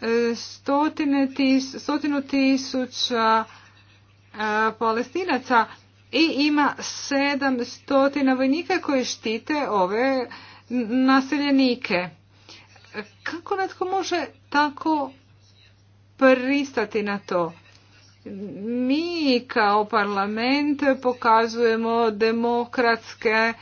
e, stotine stotinu tisuća E, palestinaca i ima 700 vojnika koji štite ove naseljenike. Kako netko može tako pristati na to? Mi kao parlament pokazujemo demokratske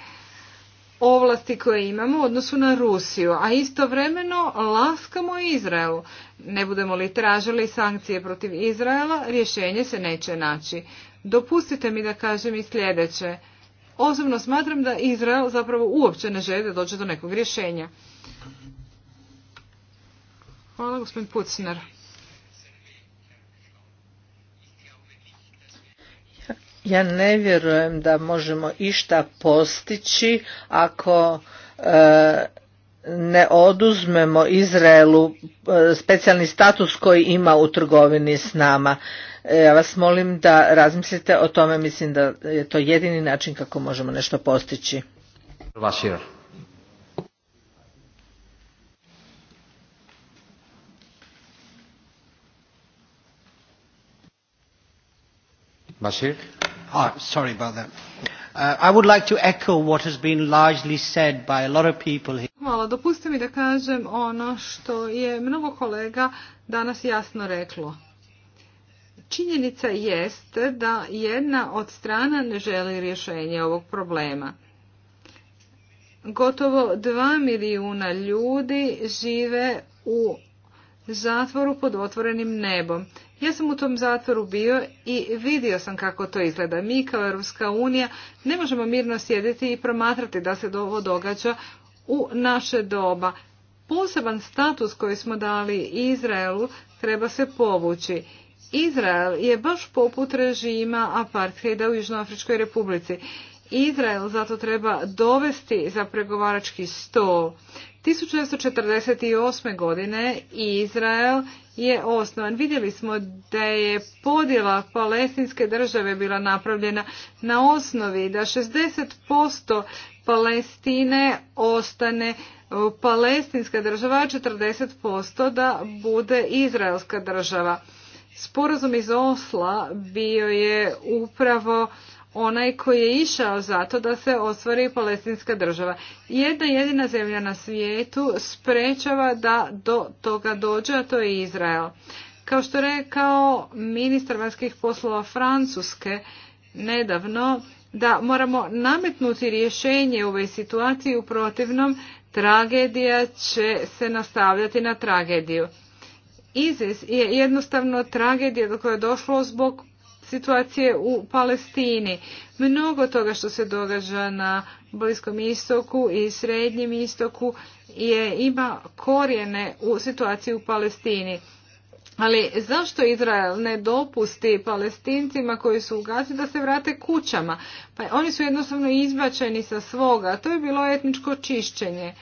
ovlasti koje imamo u odnosu na Rusiju, a istovremeno laskamo Izraelu. Ne budemo li tražili sankcije protiv Izraela, rješenje se neće naći. Dopustite mi da kažem i sljedeće. Osobno smatram da Izrael zapravo uopće ne želi da dođe do nekog rješenja. Hvala gospodin Pucinar. ja ne vjerujem da možemo išta postići ako e, ne oduzmemo Izraelu e, specijalni status koji ima u trgovini s nama. E, ja vas molim da razmislite o tome, mislim da je to jedini način kako možemo nešto postići. Oh, sorry about that. Uh, I would like to echo what has been largely said by a lot of people Hvala, mi da kažem ono što je mnogo kolega danas jasno reklo. Činjenica jest da jedna od strana ne želi rješenje ovog problema. Gotovo dva milijuna ljudi žive u zatvoru pod otvorenim nebom. Ja sam u tom zatvoru bio i vidio sam kako to izgleda. Mi kao Europska unija ne možemo mirno sjediti i promatrati da se ovo događa u naše doba. Poseban status koji smo dali Izraelu treba se povući. Izrael je baš poput režima apartheida u Južnoafričkoj republici. Izrael zato treba dovesti za pregovarački stol. 1948. godine Izrael je osnovan. Vidjeli smo da je podjela palestinske države bila napravljena na osnovi da 60% Palestine ostane palestinska država, a 40% da bude izraelska država. Sporazum iz Osla bio je upravo onaj koji je išao zato da se ostvari palestinska država. Jedna jedina zemlja na svijetu sprečava da do toga dođe, a to je Izrael. Kao što rekao ministar vanjskih poslova Francuske nedavno, da moramo nametnuti rješenje u ovoj situaciji, u protivnom tragedija će se nastavljati na tragediju. ISIS je jednostavno tragedija do koje je došlo zbog situacije u Palestini. Mnogo toga što se događa na Bliskom istoku i Srednjem istoku je, ima korijene u situaciji u Palestini. Ali zašto Izrael ne dopusti palestincima koji su u Gazi da se vrate kućama? Pa oni su jednostavno izbačeni sa svoga. To je bilo etničko čišćenje.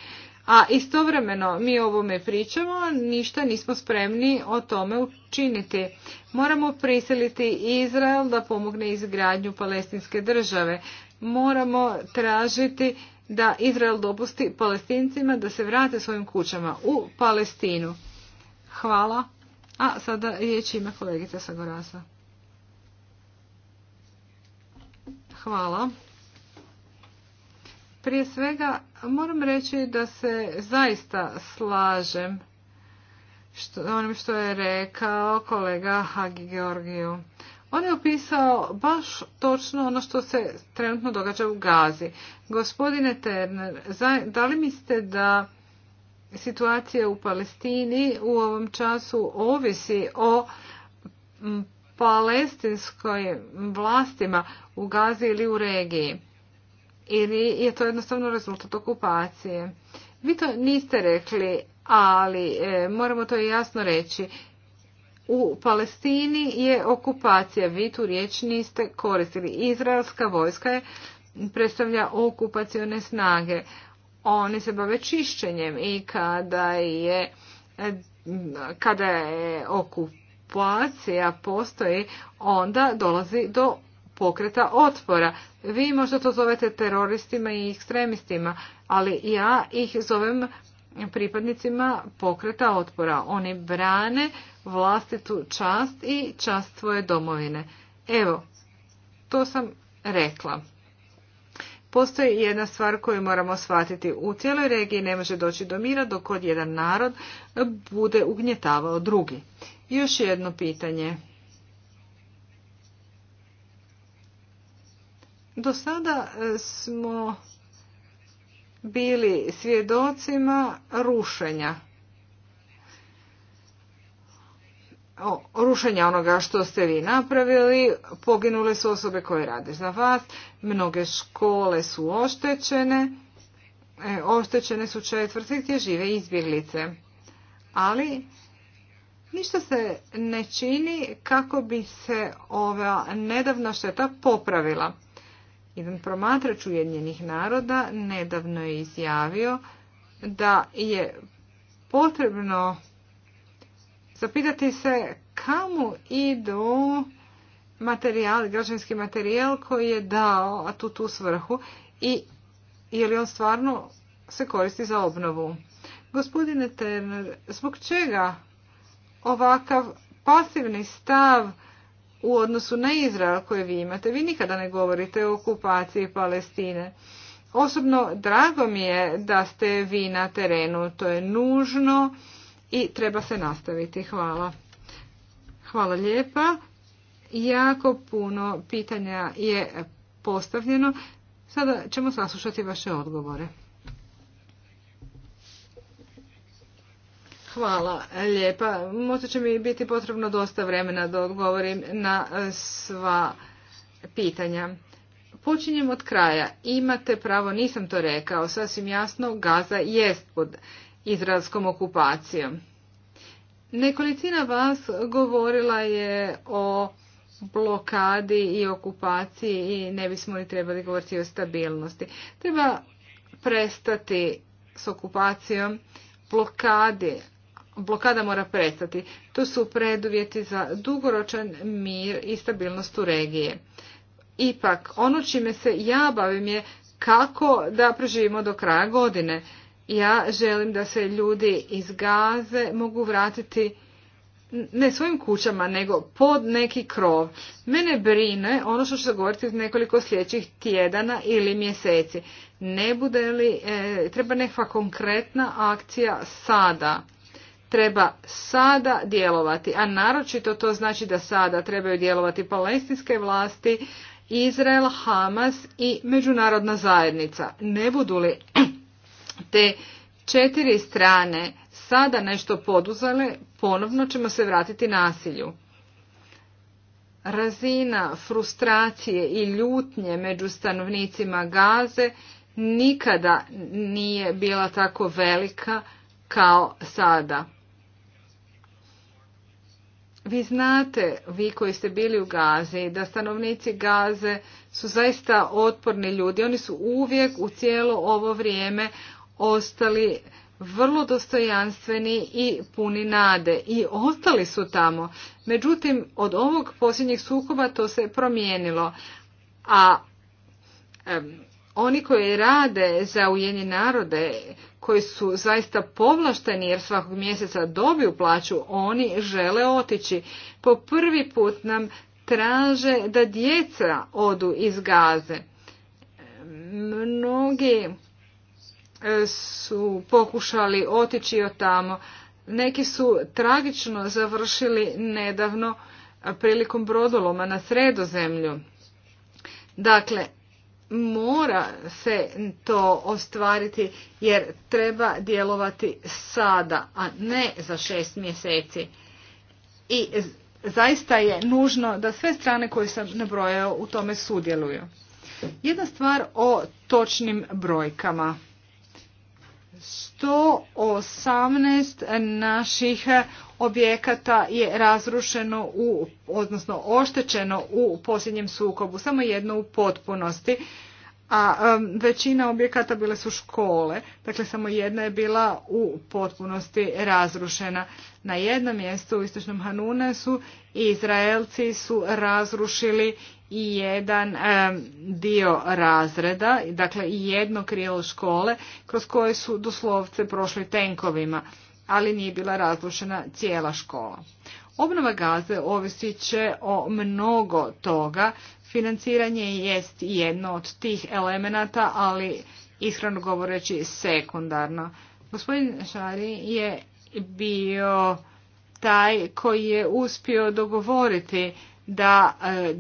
A istovremeno mi ovome pričamo, ništa nismo spremni o tome učiniti. Moramo prisiliti Izrael da pomogne izgradnju palestinske države. Moramo tražiti da Izrael dopusti palestincima da se vrate svojim kućama u Palestinu. Hvala. A sada riječ ima kolegica Sagorasa. Hvala. Prije svega moram reći da se zaista slažem što, onim što je rekao kolega Hagi Georgiju. On je opisao baš točno ono što se trenutno događa u Gazi. Gospodine Terner, da li mislite da situacija u Palestini u ovom času ovisi o palestinskoj vlastima u Gazi ili u regiji? ili je to jednostavno rezultat okupacije. Vi to niste rekli, ali e, moramo to jasno reći. U Palestini je okupacija, vi tu riječ niste koristili. Izraelska vojska je, predstavlja okupacione snage. Oni se bave čišćenjem i kada je, e, kada je okupacija postoji, onda dolazi do pokreta otpora. Vi možda to zovete teroristima i ekstremistima, ali ja ih zovem pripadnicima pokreta otpora. Oni brane vlastitu čast i čast svoje domovine. Evo, to sam rekla. Postoji jedna stvar koju moramo shvatiti. U cijeloj regiji ne može doći do mira dok od jedan narod bude ugnjetavao drugi. Još jedno pitanje. Do sada e, smo bili svjedocima rušenja. O, rušenja onoga što ste vi napravili, poginule su osobe koje rade za vas, mnoge škole su oštećene, e, oštećene su četvrti gdje žive izbjeglice. Ali ništa se ne čini kako bi se ova nedavna šteta popravila. Jedan promatrač Ujedinjenih naroda nedavno je izjavio da je potrebno zapitati se kamo idu materijali, građanski materijal koji je dao, a tu tu svrhu, i je li on stvarno se koristi za obnovu. Gospodine Terner, zbog čega ovakav pasivni stav u odnosu na Izrael koje vi imate. Vi nikada ne govorite o okupaciji Palestine. Osobno drago mi je da ste vi na terenu. To je nužno i treba se nastaviti. Hvala. Hvala lijepa. Jako puno pitanja je postavljeno. Sada ćemo saslušati vaše odgovore. Hvala lijepa. Možda će mi biti potrebno dosta vremena da odgovorim na e, sva pitanja. Počinjem od kraja. Imate pravo, nisam to rekao, sasvim jasno, Gaza jest pod izraelskom okupacijom. Nekolicina vas govorila je o blokadi i okupaciji i ne bismo li trebali govoriti o stabilnosti. Treba prestati s okupacijom blokade blokada mora prestati. To su preduvjeti za dugoročan mir i stabilnost u regije. Ipak, ono čime se ja bavim je kako da preživimo do kraja godine. Ja želim da se ljudi iz Gaze mogu vratiti ne svojim kućama, nego pod neki krov. Mene brine ono što ću govoriti iz nekoliko sljedećih tjedana ili mjeseci. Ne bude li, e, treba nekakva konkretna akcija sada treba sada djelovati, a naročito to znači da sada trebaju djelovati palestinske vlasti, Izrael, Hamas i međunarodna zajednica. Ne budu li te četiri strane sada nešto poduzele, ponovno ćemo se vratiti nasilju. Razina frustracije i ljutnje među stanovnicima Gaze nikada nije bila tako velika kao sada. Vi znate, vi koji ste bili u Gazi, da stanovnici Gaze su zaista otporni ljudi. Oni su uvijek u cijelo ovo vrijeme ostali vrlo dostojanstveni i puni nade i ostali su tamo. Međutim, od ovog posljednjeg sukoba to se promijenilo. A oni koji rade za Ujedinjene narode, koji su zaista povlašteni jer svakog mjeseca dobiju plaću, oni žele otići. Po prvi put nam traže da djeca odu iz gaze. Mnogi e, su pokušali otići od tamo. Neki su tragično završili nedavno prilikom brodoloma na sredozemlju. Dakle, mora se to ostvariti jer treba djelovati sada, a ne za šest mjeseci. I zaista je nužno da sve strane koje sam nabrojao u tome sudjeluju. Jedna stvar o točnim brojkama. 118 naših objekata je razrušeno u, odnosno oštećeno u posljednjem sukobu, samo jedno u potpunosti a većina objekata bile su škole, dakle samo jedna je bila u potpunosti razrušena. Na jednom mjestu u istočnom Hanunesu Izraelci su razrušili i jedan dio razreda, dakle i jedno krilo škole kroz koje su doslovce prošli tenkovima, ali nije bila razrušena cijela škola. Obnova gaze ovisit će o mnogo toga Financiranje jest jedno od tih elemenata, ali iskreno govoreći sekundarno. Gospodin Šari je bio taj koji je uspio dogovoriti da e,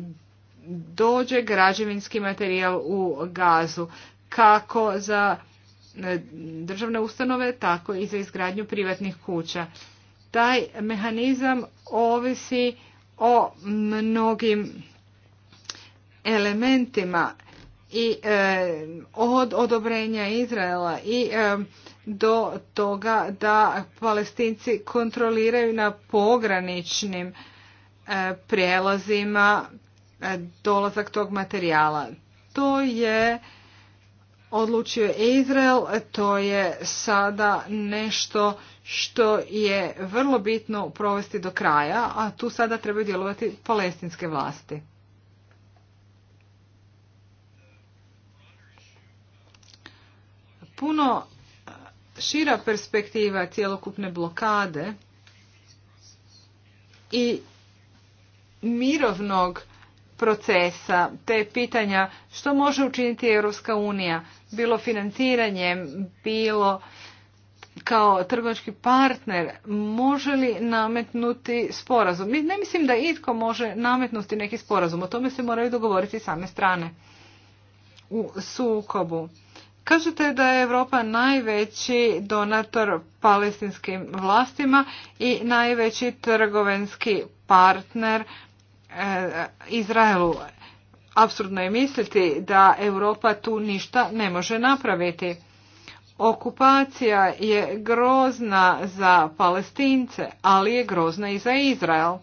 dođe građevinski materijal u gazu kako za e, državne ustanove, tako i za izgradnju privatnih kuća. Taj mehanizam ovisi o mnogim elementima i e, od odobrenja Izraela i e, do toga da palestinci kontroliraju na pograničnim e, prijelazima dolazak tog materijala. To je odlučio Izrael, to je sada nešto što je vrlo bitno provesti do kraja, a tu sada trebaju djelovati palestinske vlasti. puno e, šira perspektiva cjelokupne blokade i mirovnog procesa, te pitanja što može učiniti Europska unija, bilo financiranjem, bilo kao trgovački partner, može li nametnuti sporazum? Ne mislim da itko može nametnuti neki sporazum, o tome se moraju dogovoriti same strane u sukobu. Kažete da je Europa najveći donator palestinskim vlastima i najveći trgovinski partner e, Izraelu. Absurdno je misliti da Europa tu ništa ne može napraviti. Okupacija je grozna za Palestince, ali je grozna i za Izrael.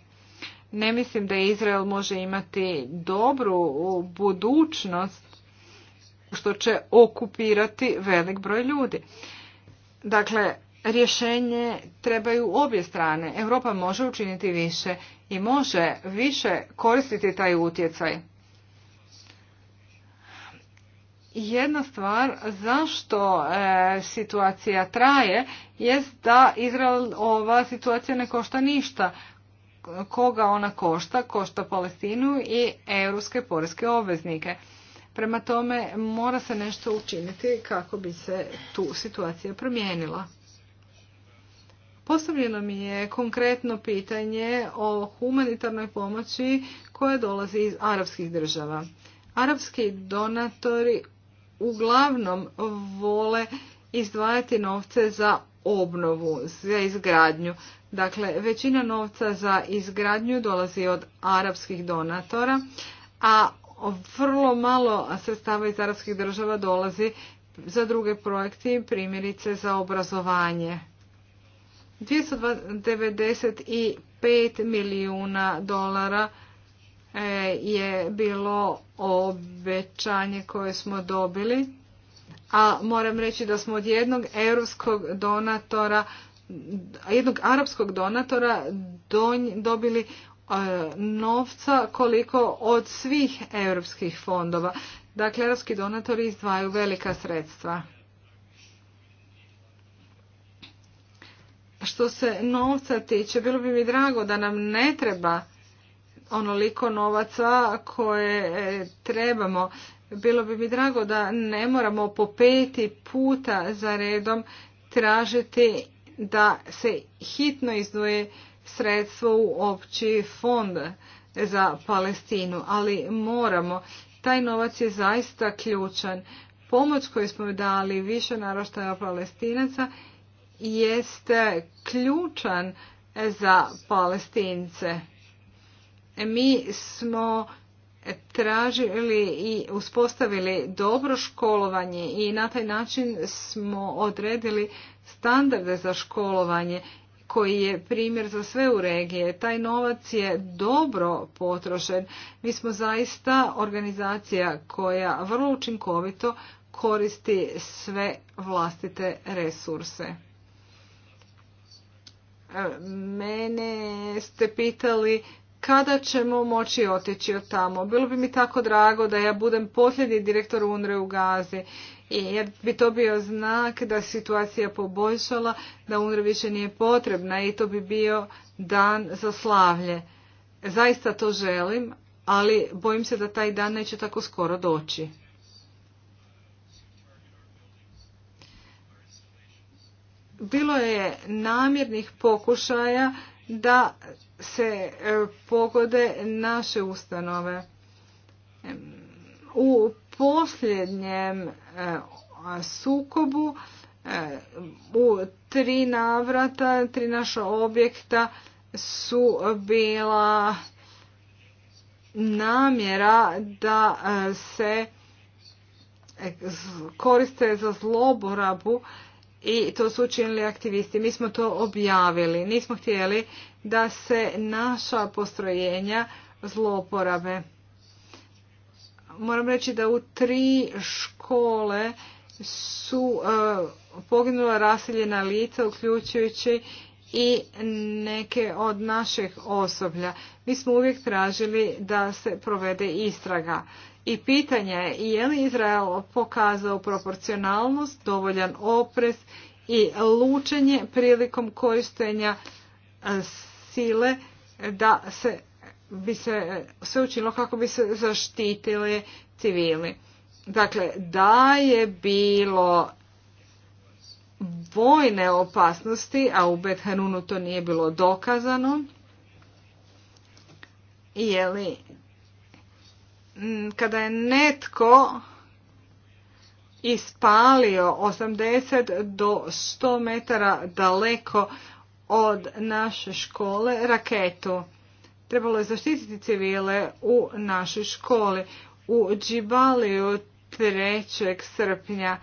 Ne mislim da Izrael može imati dobru budućnost što će okupirati velik broj ljudi. Dakle, rješenje trebaju obje strane. Europa može učiniti više i može više koristiti taj utjecaj. Jedna stvar zašto e, situacija traje jest da Izrael ova situacija ne košta ništa. Koga ona košta? Košta Palestinu i europske porezke obveznike. Prema tome mora se nešto učiniti kako bi se tu situacija promijenila. Postavljeno mi je konkretno pitanje o humanitarnoj pomoći koja dolazi iz arapskih država. Arapski donatori uglavnom vole izdvajati novce za obnovu, za izgradnju. Dakle, većina novca za izgradnju dolazi od arapskih donatora, a vrlo malo sredstava iz arapskih država dolazi za druge projekte, primjerice za obrazovanje. 295 milijuna dolara e, je bilo obećanje koje smo dobili, a moram reći da smo od jednog europskog donatora jednog arapskog donatora dobili E, novca koliko od svih europskih fondova. Dakle, europski donatori izdvaju velika sredstva. Što se novca tiče, bilo bi mi drago da nam ne treba onoliko novaca koje e, trebamo. Bilo bi mi drago da ne moramo po peti puta za redom tražiti da se hitno izdvoje sredstvo u opći fond za Palestinu, ali moramo. Taj novac je zaista ključan. Pomoć koju smo dali više naroštaja palestinaca jeste ključan za palestince. E, mi smo tražili i uspostavili dobro školovanje i na taj način smo odredili standarde za školovanje koji je primjer za sve u regije. Taj novac je dobro potrošen. Mi smo zaista organizacija koja vrlo učinkovito koristi sve vlastite resurse. E, mene ste pitali kada ćemo moći otići od tamo. Bilo bi mi tako drago da ja budem posljednji direktor UNRE u Gazi, jer bi to bio znak da situacija poboljšala, da UNRE više nije potrebna i to bi bio dan za slavlje. Zaista to želim, ali bojim se da taj dan neće tako skoro doći. Bilo je namjernih pokušaja da se e, pogode naše ustanove. U posljednjem e, sukobu e, u tri navrata, tri naša objekta su bila namjera da se koriste za zloborabu i to su učinili aktivisti. Mi smo to objavili, nismo htjeli da se naša postrojenja zloporabe. Moram reći da u tri škole su e, poginula raseljena lica, uključujući i neke od naših osoblja. Mi smo uvijek tražili da se provede istraga. I pitanje je je li Izrael pokazao proporcionalnost, dovoljan oprez i lučenje prilikom korištenja e, sile da se bi se sve učinilo kako bi se zaštitili civili. Dakle, da je bilo vojne opasnosti, a u Bethanunu to nije bilo dokazano, je li kada je netko ispalio 80 do 100 metara daleko od naše škole raketu. Trebalo je zaštititi civile u našoj školi. U Džibaliju 3. srpnja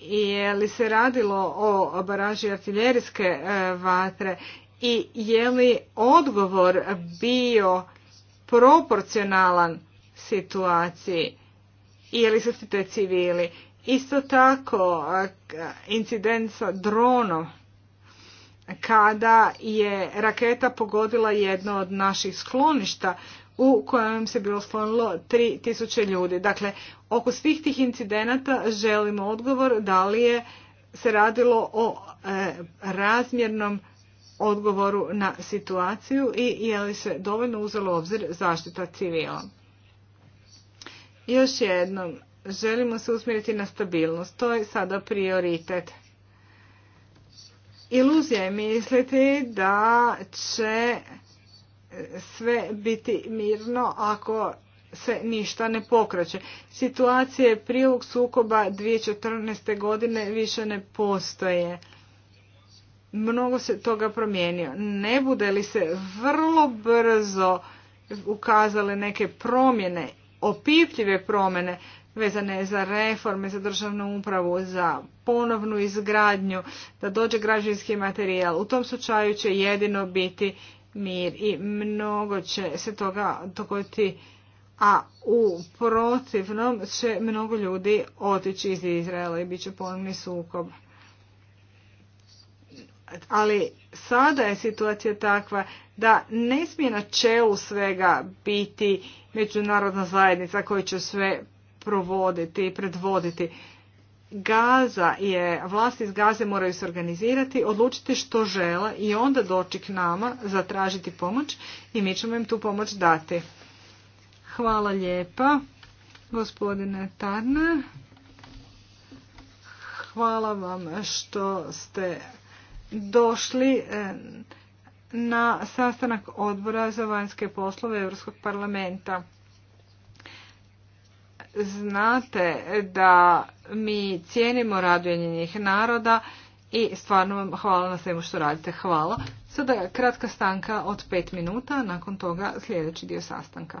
je li se radilo o baraži artiljerijske e, vatre i je li odgovor bio proporcionalan situaciji ili su te civili. Isto tako incident sa dronom kada je raketa pogodila jedno od naših skloništa u kojem se bilo sklonilo 3000 ljudi. Dakle, oko svih tih incidenata želimo odgovor da li je se radilo o e, razmjernom odgovoru na situaciju i je li se dovoljno uzelo obzir zaštita civila. Još jednom, želimo se usmjeriti na stabilnost. To je sada prioritet. Iluzija je misliti da će sve biti mirno ako se ništa ne pokreće. Situacije prilog sukoba 2014. godine više ne postoje. Mnogo se toga promijenio. Ne bude li se vrlo brzo ukazale neke promjene opipljive promjene vezane za reforme, za državnu upravu, za ponovnu izgradnju, da dođe građevinski materijal. U tom slučaju će jedino biti mir i mnogo će se toga dogoditi, a u protivnom će mnogo ljudi otići iz Izraela i bit će ponovni sukob ali sada je situacija takva da ne smije na čelu svega biti međunarodna zajednica koja će sve provoditi i predvoditi. Gaza je, vlasti iz Gaze moraju se organizirati, odlučiti što žele i onda doći k nama, zatražiti pomoć i mi ćemo im tu pomoć dati. Hvala lijepa, gospodine Tarne. Hvala vam što ste došli e, na sastanak odbora za vanjske poslove Europskog parlamenta. Znate da mi cijenimo rad njih naroda i stvarno vam hvala na svemu što radite. Hvala. Sada kratka stanka od pet minuta, nakon toga sljedeći dio sastanka.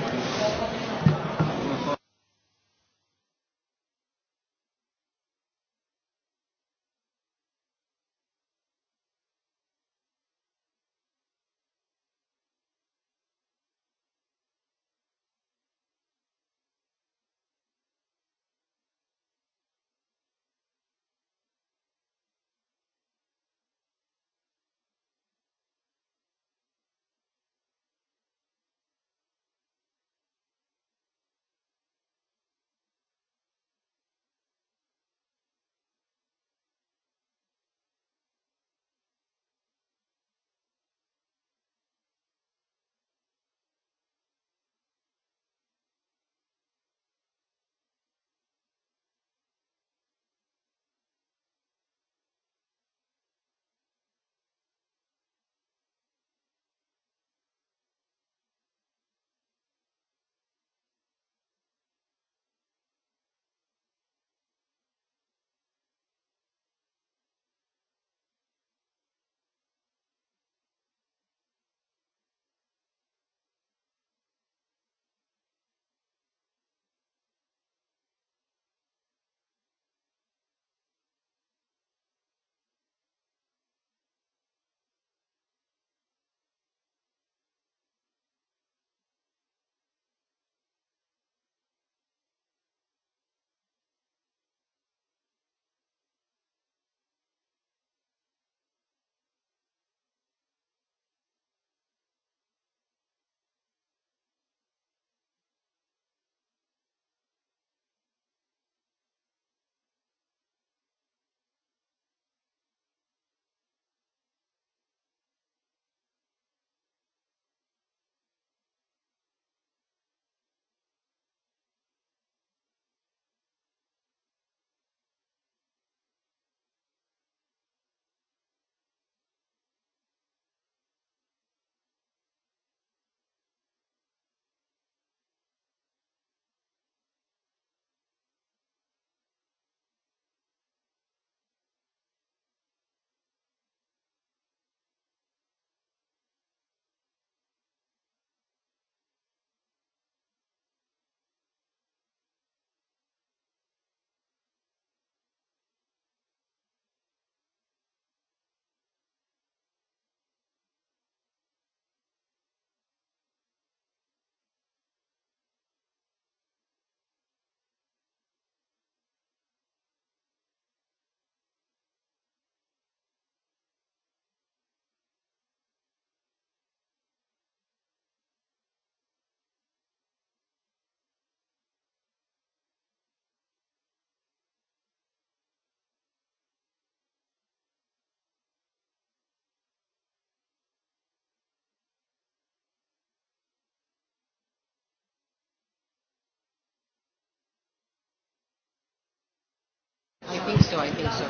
so I think so.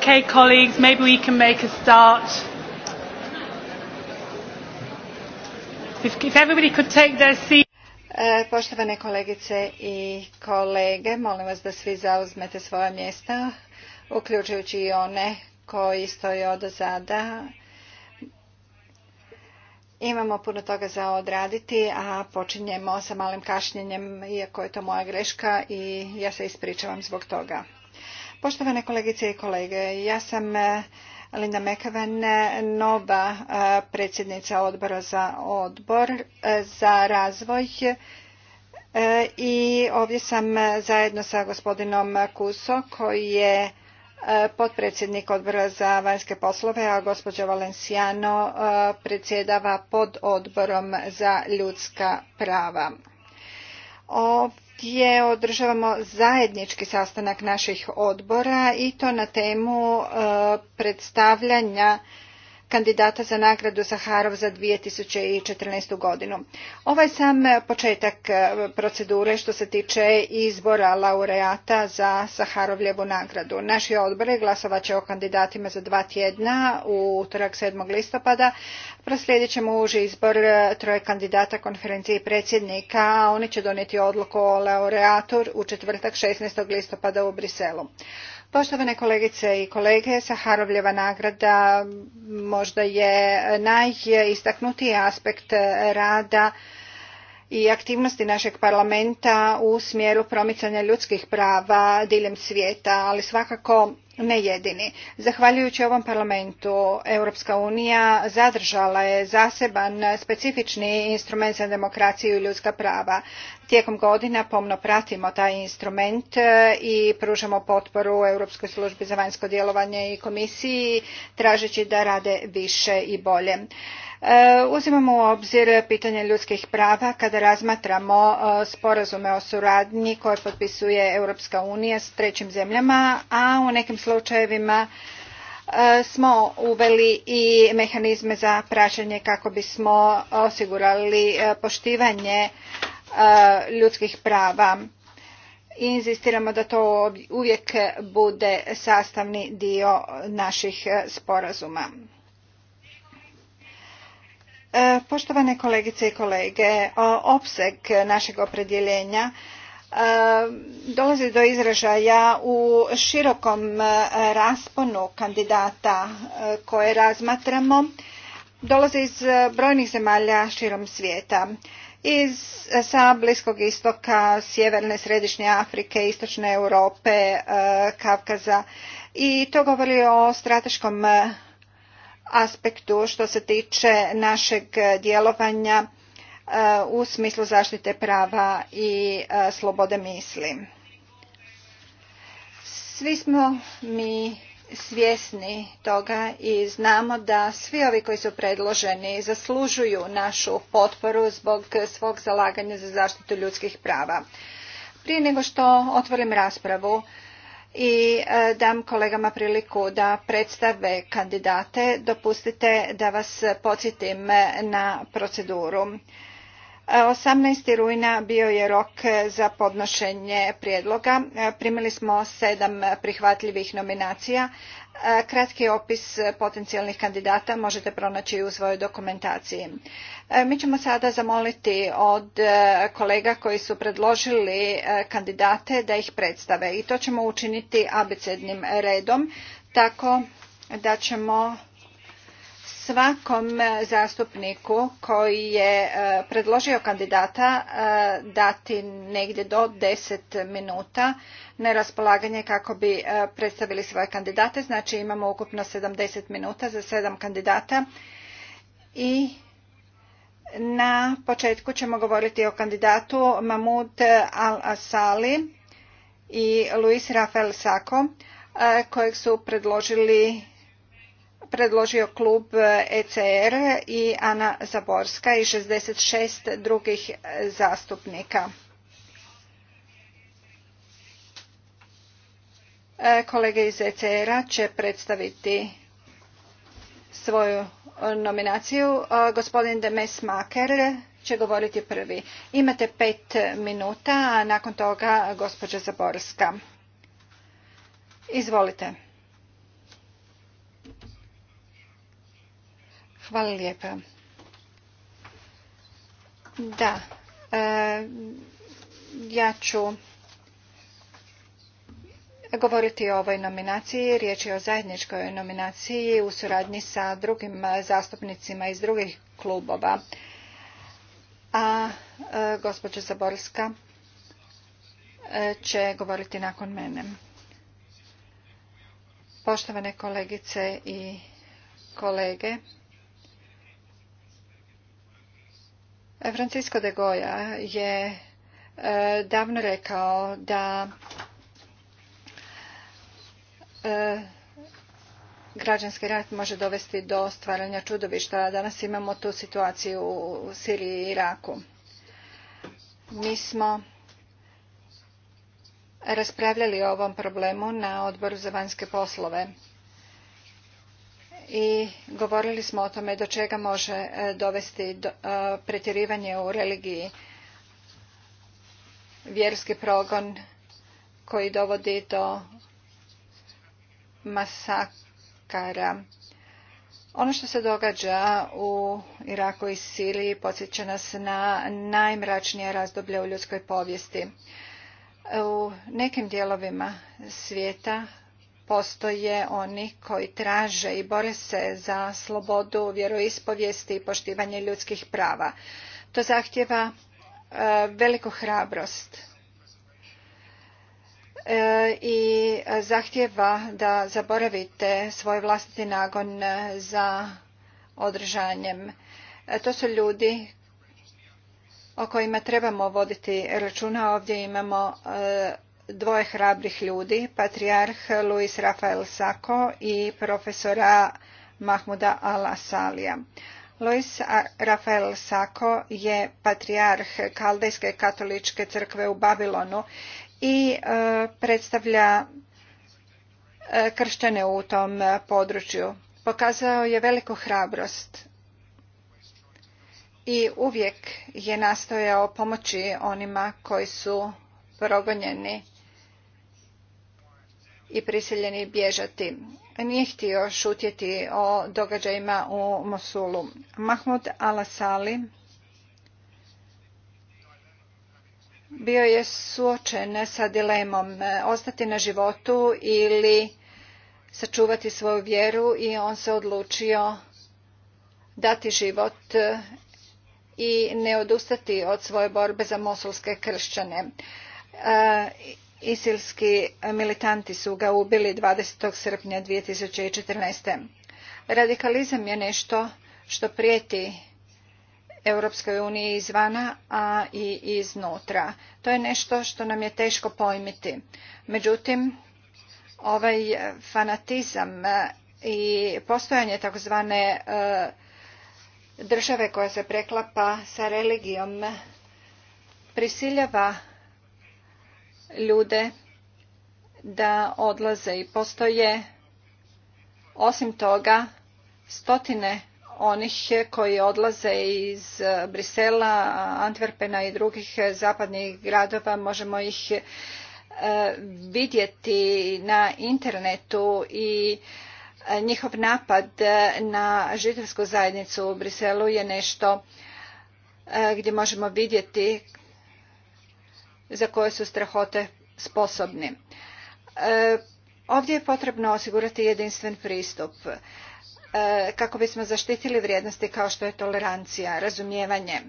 Okay, colleagues, maybe we can make a start. E, poštovane kolegice i kolege, molim vas da svi zauzmete svoja mjesta, uključujući i one koji stoje od zada. Imamo puno toga za odraditi, a počinjemo sa malim kašnjenjem, iako je to moja greška i ja se ispričavam zbog toga. Poštovane kolegice i kolege, ja sam e, Linda Mekaven, e, nova e, predsjednica odbora za odbor za razvoj i ovdje sam zajedno sa gospodinom Kuso koji je potpredsjednik odbora za vanjske poslove, a gospođa Valenciano predsjedava pod odborom za ljudska prava. Ovo gdje održavamo zajednički sastanak naših odbora i to na temu e, predstavljanja kandidata za nagradu Saharov za 2014. godinu. Ovaj sam e, početak e, procedure što se tiče izbora laureata za Saharovljevu nagradu. Naši odbori glasovat će o kandidatima za dva tjedna u utorak 7. listopada. Proslijedit ćemo uži izbor e, troje kandidata konferenciji predsjednika, a oni će donijeti odluku o laureatu u četvrtak 16. listopada u Briselu. Poštovane kolegice i kolege, Saharovljeva nagrada možda je najistaknutiji aspekt rada i aktivnosti našeg parlamenta u smjeru promicanja ljudskih prava diljem svijeta, ali svakako ne jedini. Zahvaljujući ovom parlamentu, Europska unija zadržala je zaseban specifični instrument za demokraciju i ljudska prava. Tijekom godina pomno pratimo taj instrument e, i pružamo potporu Europskoj službi za vanjsko djelovanje i komisiji, tražeći da rade više i bolje. E, uzimamo u obzir pitanje ljudskih prava kada razmatramo e, sporazume o suradnji koje potpisuje Europska unija s trećim zemljama, a u nekim slučajevima e, smo uveli i mehanizme za praćenje kako bismo osigurali poštivanje ljudskih prava i inzistiramo da to uvijek bude sastavni dio naših sporazuma. E, poštovane kolegice i kolege, opseg našeg opredjeljenja e, dolazi do izražaja u širokom e, rasponu kandidata koje razmatramo. Dolazi iz brojnih zemalja širom svijeta. Iz, sa Bliskog istoka, sjeverne, središnje Afrike, istočne Europe, Kavkaza. I to govori o strateškom aspektu što se tiče našeg djelovanja e, u smislu zaštite prava i e, slobode misli. Svi smo mi svjesni toga i znamo da svi ovi koji su predloženi zaslužuju našu potporu zbog svog zalaganja za zaštitu ljudskih prava. Prije nego što otvorim raspravu, i e, dam kolegama priliku da predstave kandidate. Dopustite da vas podsjetim na proceduru. 18. E, rujna bio je rok za podnošenje prijedloga. E, primili smo sedam prihvatljivih nominacija. E, kratki opis potencijalnih kandidata možete pronaći u svojoj dokumentaciji. E, mi ćemo sada zamoliti od e, kolega koji su predložili kandidate da ih predstave i to ćemo učiniti abecednim redom tako da ćemo svakom e, zastupniku koji je e, predložio kandidata e, dati negdje do 10 minuta na raspolaganje kako bi predstavili svoje kandidate. Znači imamo ukupno 70 minuta za 7 kandidata i na početku ćemo govoriti o kandidatu Mahmud Al-Asali i Luis Rafael Sako kojeg su predložili predložio klub ECR i Ana Zaborska i 66 drugih zastupnika. E, kolege iz ECR-a će predstaviti svoju e, nominaciju. E, gospodin Demes Maker će govoriti prvi. Imate pet minuta, a nakon toga gospođa Zaborska. Izvolite. Hvala lijepa. Da, e, ja ću govoriti o ovoj nominaciji. Riječ je o zajedničkoj nominaciji u suradnji sa drugim zastupnicima iz drugih klubova. A e, gospođa Zaborska e, će govoriti nakon mene. Poštovane kolegice i kolege, Francisco de Goya je e, davno rekao da e, građanski rat može dovesti do stvaranja čudovišta. Danas imamo tu situaciju u Siriji i Iraku. Mi smo raspravljali o ovom problemu na odboru za vanjske poslove i govorili smo o tome do čega može e, dovesti e, pretjerivanje u religiji, vjerski progon koji dovodi do masakara. Ono što se događa u Iraku i Siriji podsjeća nas na najmračnije razdoblje u ljudskoj povijesti. U nekim dijelovima svijeta postoje oni koji traže i bore se za slobodu vjeroispovijesti i poštivanje ljudskih prava. To zahtjeva e, veliku hrabrost e, i zahtjeva da zaboravite svoj vlastiti nagon za održanjem. E, to su ljudi o kojima trebamo voditi računa. Ovdje imamo dvoje hrabrih ljudi, patrijarh Luis Rafael Sako i profesora Mahmuda Al-Asalija. Luis Rafael Sako je patrijarh Kaldejske katoličke crkve u Babilonu i e, predstavlja e, kršćane u tom području. Pokazao je veliku hrabrost i uvijek je nastojao pomoći onima koji su progonjeni i prisiljeni bježati. Nije htio šutjeti o događajima u Mosulu. Mahmud al-Asali bio je suočen sa dilemom e, ostati na životu ili sačuvati svoju vjeru i on se odlučio dati život e, i ne odustati od svoje borbe za mosulske kršćane. E, Isilski militanti su ga ubili 20. srpnja 2014. Radikalizam je nešto što prijeti Europskoj uniji izvana, a i iznutra. To je nešto što nam je teško pojmiti. Međutim, ovaj fanatizam i postojanje takozvane e, države koja se preklapa sa religijom prisiljava ljude da odlaze i postoje osim toga stotine onih koji odlaze iz Brisela, Antwerpena i drugih zapadnih gradova. Možemo ih e, vidjeti na internetu i e, njihov napad na židovsku zajednicu u Briselu je nešto e, gdje možemo vidjeti za koje su strahote sposobni. E, ovdje je potrebno osigurati jedinstven pristup e, kako bismo zaštitili vrijednosti kao što je tolerancija, razumijevanje.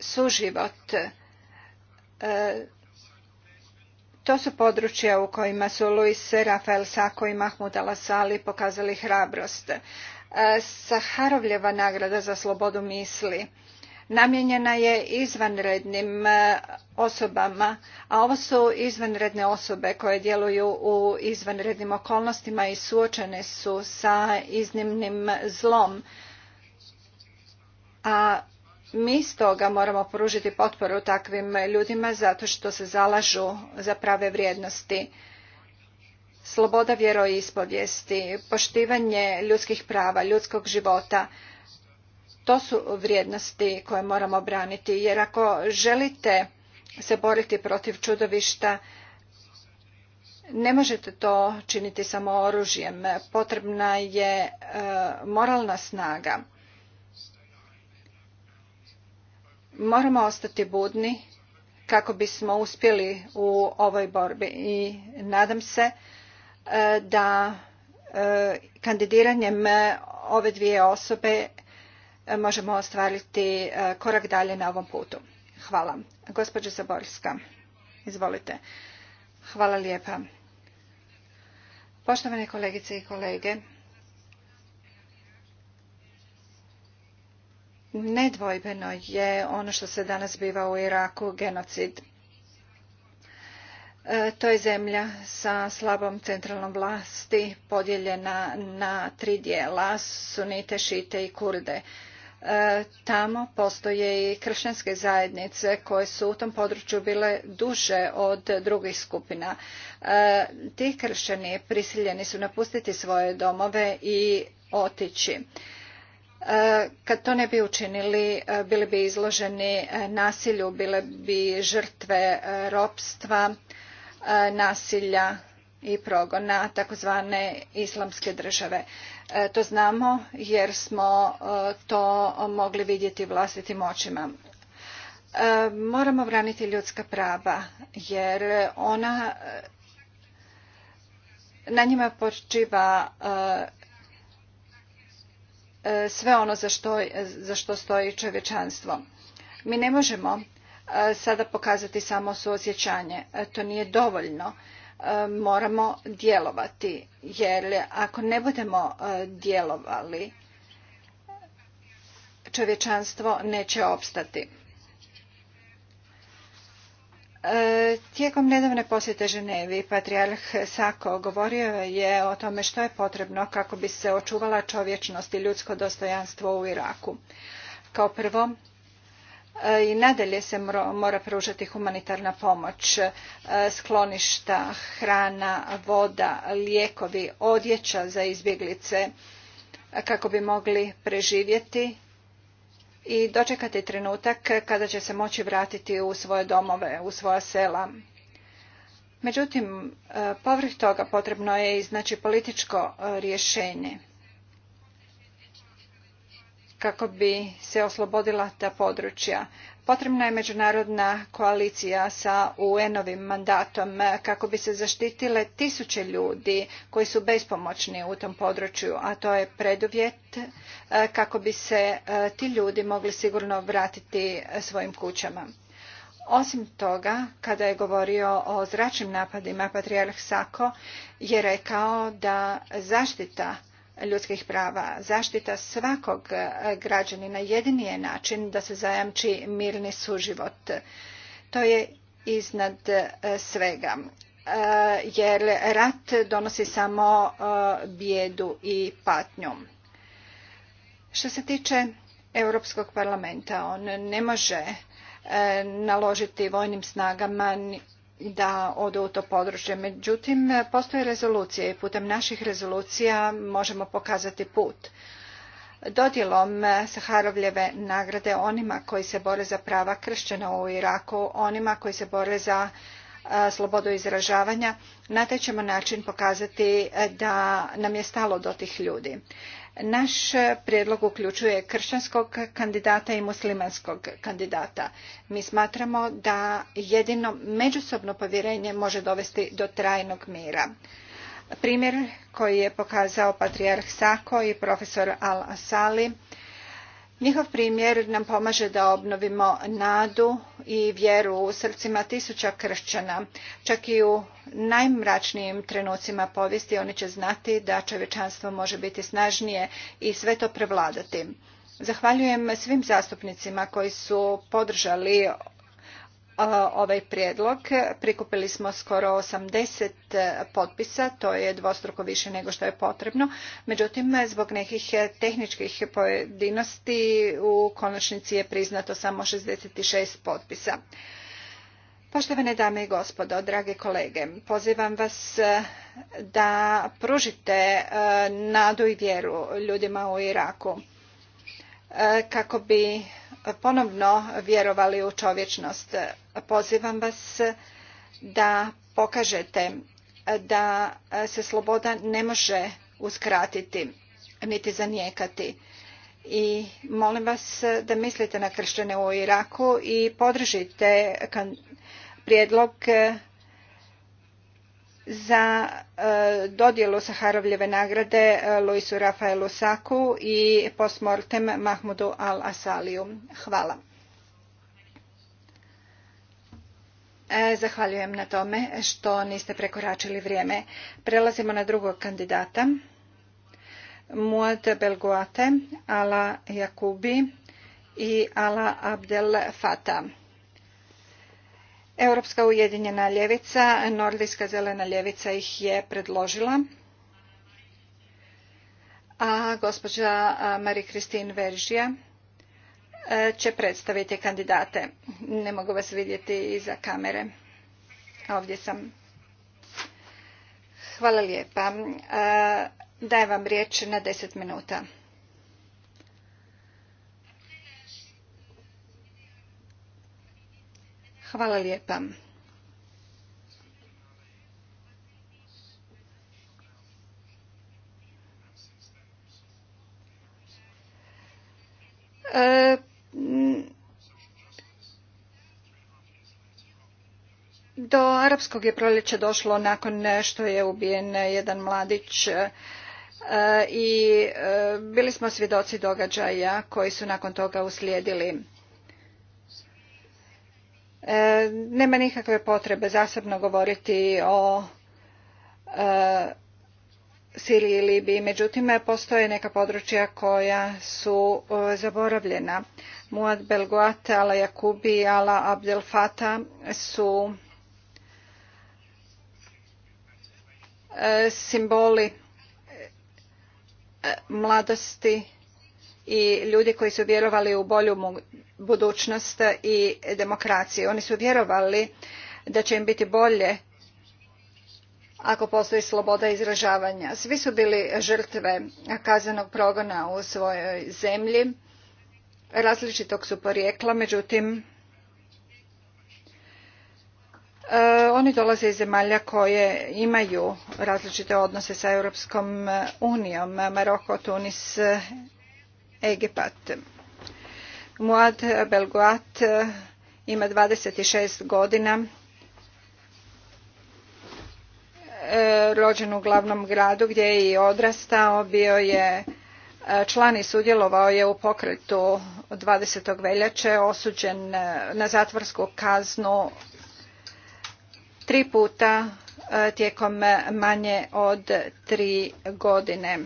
Suživot. E, to su područja u kojima su Luis, Rafael Sako i Mahmud Alasali pokazali hrabrost. E, Saharovljeva nagrada za slobodu misli namijenjena je izvanrednim e, osobama, a ovo su izvanredne osobe koje djeluju u izvanrednim okolnostima i suočene su sa iznimnim zlom. A mi stoga moramo pružiti potporu takvim ljudima zato što se zalažu za prave vrijednosti sloboda vjeroispovijesti, poštivanje ljudskih prava, ljudskog života. To su vrijednosti koje moramo braniti, jer ako želite se boriti protiv čudovišta, ne možete to činiti samo oružjem. Potrebna je e, moralna snaga. Moramo ostati budni kako bismo uspjeli u ovoj borbi i nadam se E, da e, kandidiranjem ove dvije osobe e, možemo ostvariti korak dalje na ovom putu. Hvala. Gospođo Zaborska, izvolite. Hvala lijepa. Poštovane kolegice i kolege, nedvojbeno je ono što se danas biva u Iraku genocid. E, to je zemlja sa slabom centralnom vlasti podijeljena na tri dijela, sunite, šite i kurde. E, tamo postoje i kršćanske zajednice koje su u tom području bile duže od drugih skupina. E, ti kršćani prisiljeni su napustiti svoje domove i otići. Kad to ne bi učinili, bili bi izloženi nasilju, bile bi žrtve ropstva, E, nasilja i progona takozvane islamske države. E, to znamo jer smo e, to mogli vidjeti vlastitim očima. Moramo braniti ljudska prava jer ona na njima počiva sve ono za što stoji čovječanstvo. Mi ne možemo E, sada pokazati samo suosjećanje. E, to nije dovoljno. E, moramo djelovati jer ako ne budemo djelovali čovječanstvo neće opstati. Tijekom nedavne posjete Ženevi, patrijarh Sako govorio je o tome što je potrebno kako bi se očuvala čovječnost i ljudsko dostojanstvo u Iraku. Kao prvo, E, i nadalje se mora pružati humanitarna pomoć, e, skloništa, hrana, voda, lijekovi, odjeća za izbjeglice e, kako bi mogli preživjeti i dočekati trenutak kada će se moći vratiti u svoje domove, u svoja sela. Međutim, povrh toga potrebno je iznaći političko rješenje kako bi se oslobodila ta područja. Potrebna je međunarodna koalicija sa UN-ovim mandatom kako bi se zaštitile tisuće ljudi koji su bespomoćni u tom području, a to je preduvjet e, kako bi se e, ti ljudi mogli sigurno vratiti e, svojim kućama. Osim toga, kada je govorio o zračnim napadima, Patrijarh Sako je rekao da zaštita ljudskih prava. Zaštita svakog e, građanina jedini je način da se zajamči mirni suživot. To je iznad e, svega. E, jer rat donosi samo bijedu i patnju. Što se tiče Europskog parlamenta, on ne može naložiti vojnim snagama da odu u to područje. Međutim, postoje rezolucije i putem naših rezolucija možemo pokazati put. Dodjelom Saharovljeve nagrade onima koji se bore za prava kršćana u Iraku, onima koji se bore za slobodu izražavanja na taj ćemo način pokazati e, da nam je stalo do tih ljudi naš prijedlog uključuje kršćanskog kandidata i muslimanskog kandidata. Mi smatramo da jedino međusobno povjerenje može dovesti do trajnog mira. Primjer koji je pokazao patrijarh Sako i profesor Al-Asali Njihov primjer nam pomaže da obnovimo nadu i vjeru u srcima tisuća kršćana. Čak i u najmračnijim trenucima povijesti oni će znati da čovječanstvo može biti snažnije i sve to prevladati. Zahvaljujem svim zastupnicima koji su podržali ovaj prijedlog. Prikupili smo skoro 80 e, potpisa, to je dvostruko više nego što je potrebno. Međutim, zbog nekih e, tehničkih pojedinosti u konačnici je priznato samo 66 potpisa. Poštovane dame i gospodo, drage kolege, pozivam vas e, da pružite nadu i vjeru ljudima u Iraku kako bi ponovno vjerovali u čovječnost. Pozivam vas da pokažete da se sloboda ne može uskratiti niti zanijekati. I molim vas da mislite na kršćane u Iraku i podržite prijedlog za e, dodjelu Saharovljeve nagrade e, Luisu Rafaelu Saku i postmortem Mahmudu Al-Asaliju. Hvala. E, zahvaljujem na tome što niste prekoračili vrijeme. Prelazimo na drugog kandidata. Muad Belguate, Ala Jakubi i Ala Abdel Fata. Europska ujedinjena ljevica, Nordijska zelena ljevica ih je predložila. A gospođa Marie-Christine Veržija e, će predstaviti kandidate. Ne mogu vas vidjeti iza kamere. Ovdje sam. Hvala lijepa. E, dajem vam riječ na deset minuta. Hvala lijepa. E, do arapskog je proljeća došlo nakon što je ubijen jedan mladić e, i e, bili smo svjedoci događaja koji su nakon toga uslijedili E, nema nikakve potrebe zasebno govoriti o e, Siriji i Libiji, međutim postoje neka područja koja su e, zaboravljena. Muad Belguate, Ala Jakubi i Ala Abdel Fata su simboli mladosti i ljudi koji su vjerovali u bolju budućnost i demokraciju. Oni su vjerovali da će im biti bolje ako postoji sloboda izražavanja. Svi su bili žrtve kaznenog progona u svojoj zemlji. Različitog su porijekla, međutim, e, oni dolaze iz zemalja koje imaju različite odnose sa Europskom unijom, Maroko, Tunis, Egipat. Muad Belgoat eh, ima 26 godina, eh, rođen u glavnom gradu gdje je i odrastao, bio je eh, član i sudjelovao je u pokretu 20. veljače, osuđen na zatvorsku kaznu tri puta tijekom manje od tri godine.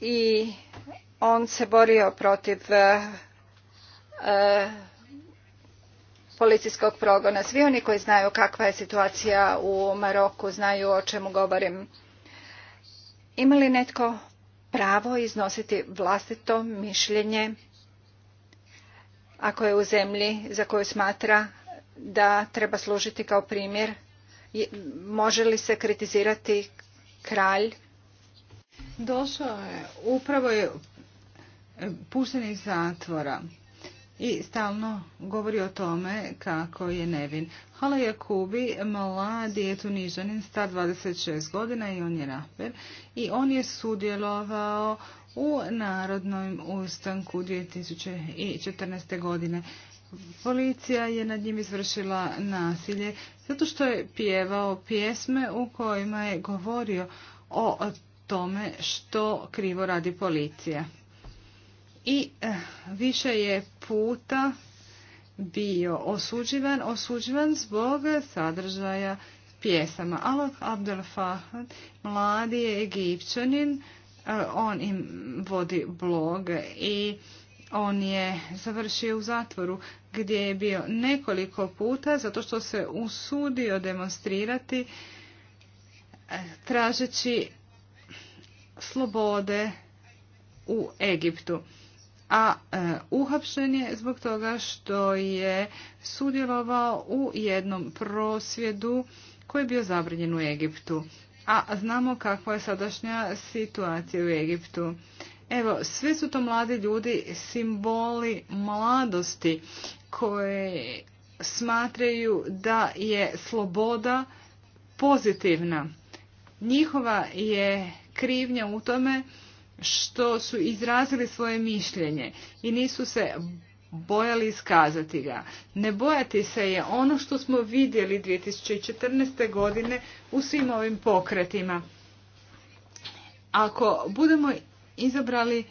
i on se borio protiv e, e, policijskog progona. Svi oni koji znaju kakva je situacija u Maroku znaju o čemu govorim. Ima li netko pravo iznositi vlastito mišljenje ako je u zemlji za koju smatra da treba služiti kao primjer? Može li se kritizirati kralj došao je, upravo je e, pušten iz zatvora i stalno govori o tome kako je nevin. Hala Jakubi, mladi je Nižanin, sta 26 godina i on je raper i on je sudjelovao u Narodnom ustanku 2014. godine. Policija je nad njim izvršila nasilje zato što je pjevao pjesme u kojima je govorio o tome što krivo radi policija. I eh, više je puta bio osuđivan, osuđivan zbog sadržaja pjesama. Alok Abdel Fahad, mladi je egipćanin, eh, on im vodi blog i on je završio u zatvoru gdje je bio nekoliko puta zato što se usudio demonstrirati eh, tražeći slobode u Egiptu. A e, uhapšen je zbog toga što je sudjelovao u jednom prosvjedu koji je bio zabranjen u Egiptu. A znamo kakva je sadašnja situacija u Egiptu. Evo, svi su to mladi ljudi simboli mladosti koje smatraju da je sloboda pozitivna. Njihova je krivnja u tome što su izrazili svoje mišljenje i nisu se bojali iskazati ga. Ne bojati se je ono što smo vidjeli 2014. godine u svim ovim pokretima. Ako budemo izabrali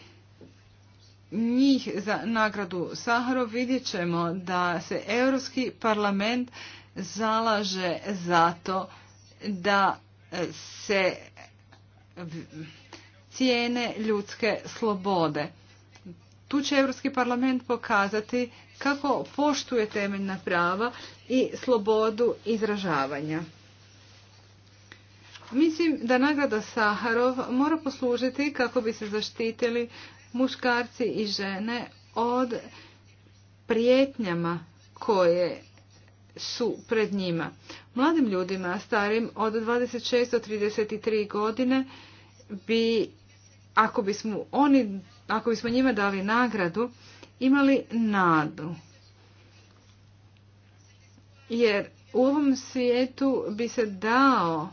njih za nagradu Saharov, vidjet ćemo da se Europski parlament zalaže za to da se cijene ljudske slobode. Tu će Europski parlament pokazati kako poštuje temeljna prava i slobodu izražavanja. Mislim da nagrada Saharov mora poslužiti kako bi se zaštitili muškarci i žene od prijetnjama koje su pred njima. Mladim ljudima starim od 26 do 33 godine bi, ako bismo, oni, ako bismo njima dali nagradu, imali nadu. Jer u ovom svijetu bi se dao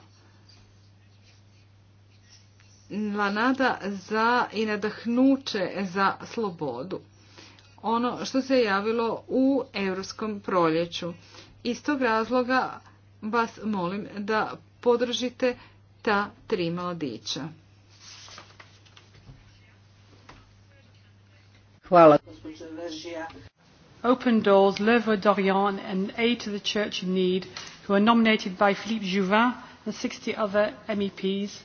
nada za i nadahnuće za slobodu. Ono što se javilo u europskom proljeću. Iz tog razloga vas molim da podržite ta tri mladića. Hvala, Open Doors, L'Oeuvre Dorian and Aid to the Church in Need, who are nominated by Philippe Juvin and 60 other MEPs.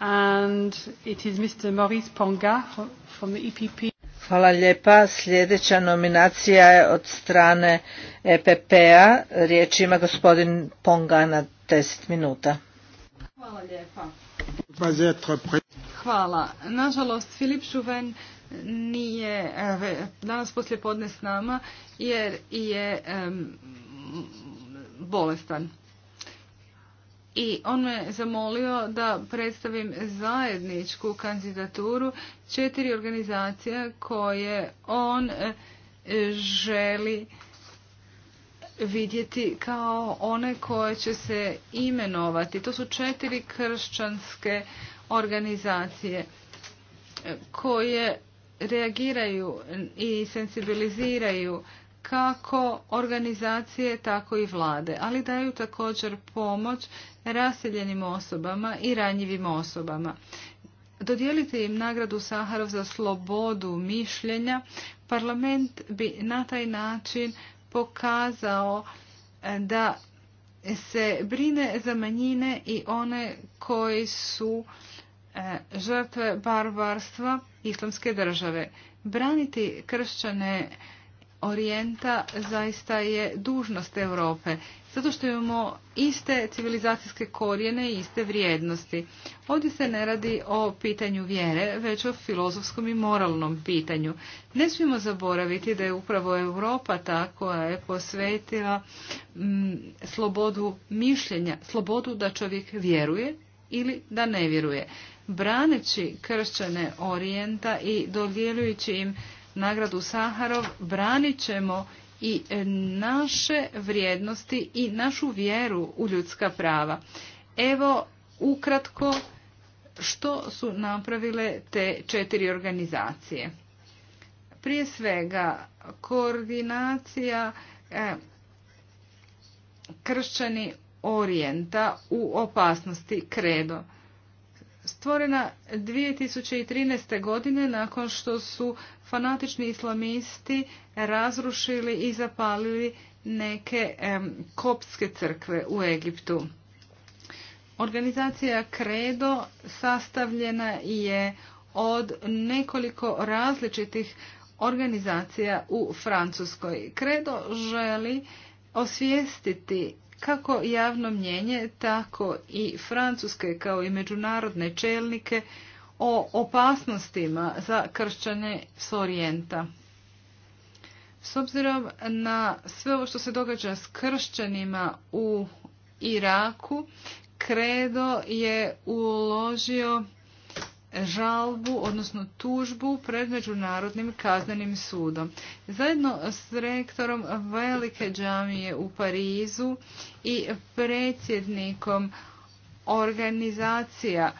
And it is Mr. Maurice Ponga from the EPP. Hvala lijepa. Sljedeća nominacija je od strane EPP-a. Riječ ima gospodin Ponga na 10 minuta. Hvala lijepa. Hvala. Nažalost, Filip Šuven nije e, danas poslije podne s nama jer je bolestan i on me zamolio da predstavim zajedničku kandidaturu četiri organizacije koje on e, želi vidjeti kao one koje će se imenovati. To su četiri kršćanske organizacije e, koje reagiraju i sensibiliziraju kako organizacije, tako i vlade, ali daju također pomoć raseljenim osobama i ranjivim osobama. Dodijelite im nagradu Saharov za slobodu mišljenja. Parlament bi na taj način pokazao e, da se brine za manjine i one koji su e, žrtve barbarstva islamske države. Braniti kršćane orijenta zaista je dužnost Europe, zato što imamo iste civilizacijske korijene i iste vrijednosti. Ovdje se ne radi o pitanju vjere, već o filozofskom i moralnom pitanju. Ne smijemo zaboraviti da je upravo Europa ta koja je posvetila mm, slobodu mišljenja, slobodu da čovjek vjeruje ili da ne vjeruje. Braneći kršćane orijenta i dodjeljujući im nagradu Saharov, branit ćemo i naše vrijednosti i našu vjeru u ljudska prava. Evo ukratko što su napravile te četiri organizacije. Prije svega koordinacija e, kršćani orijenta u opasnosti kredo stvorena 2013. godine nakon što su fanatični islamisti razrušili i zapalili neke kopske crkve u Egiptu. Organizacija Credo sastavljena je od nekoliko različitih organizacija u Francuskoj. Credo želi osvijestiti kako javno mnjenje, tako i francuske kao i međunarodne čelnike o opasnostima za kršćane s orijenta. S obzirom na sve ovo što se događa s kršćanima u Iraku, Kredo je uložio žalbu, odnosno tužbu pred Međunarodnim kaznenim sudom. Zajedno s rektorom Velike džamije u Parizu i predsjednikom organizacija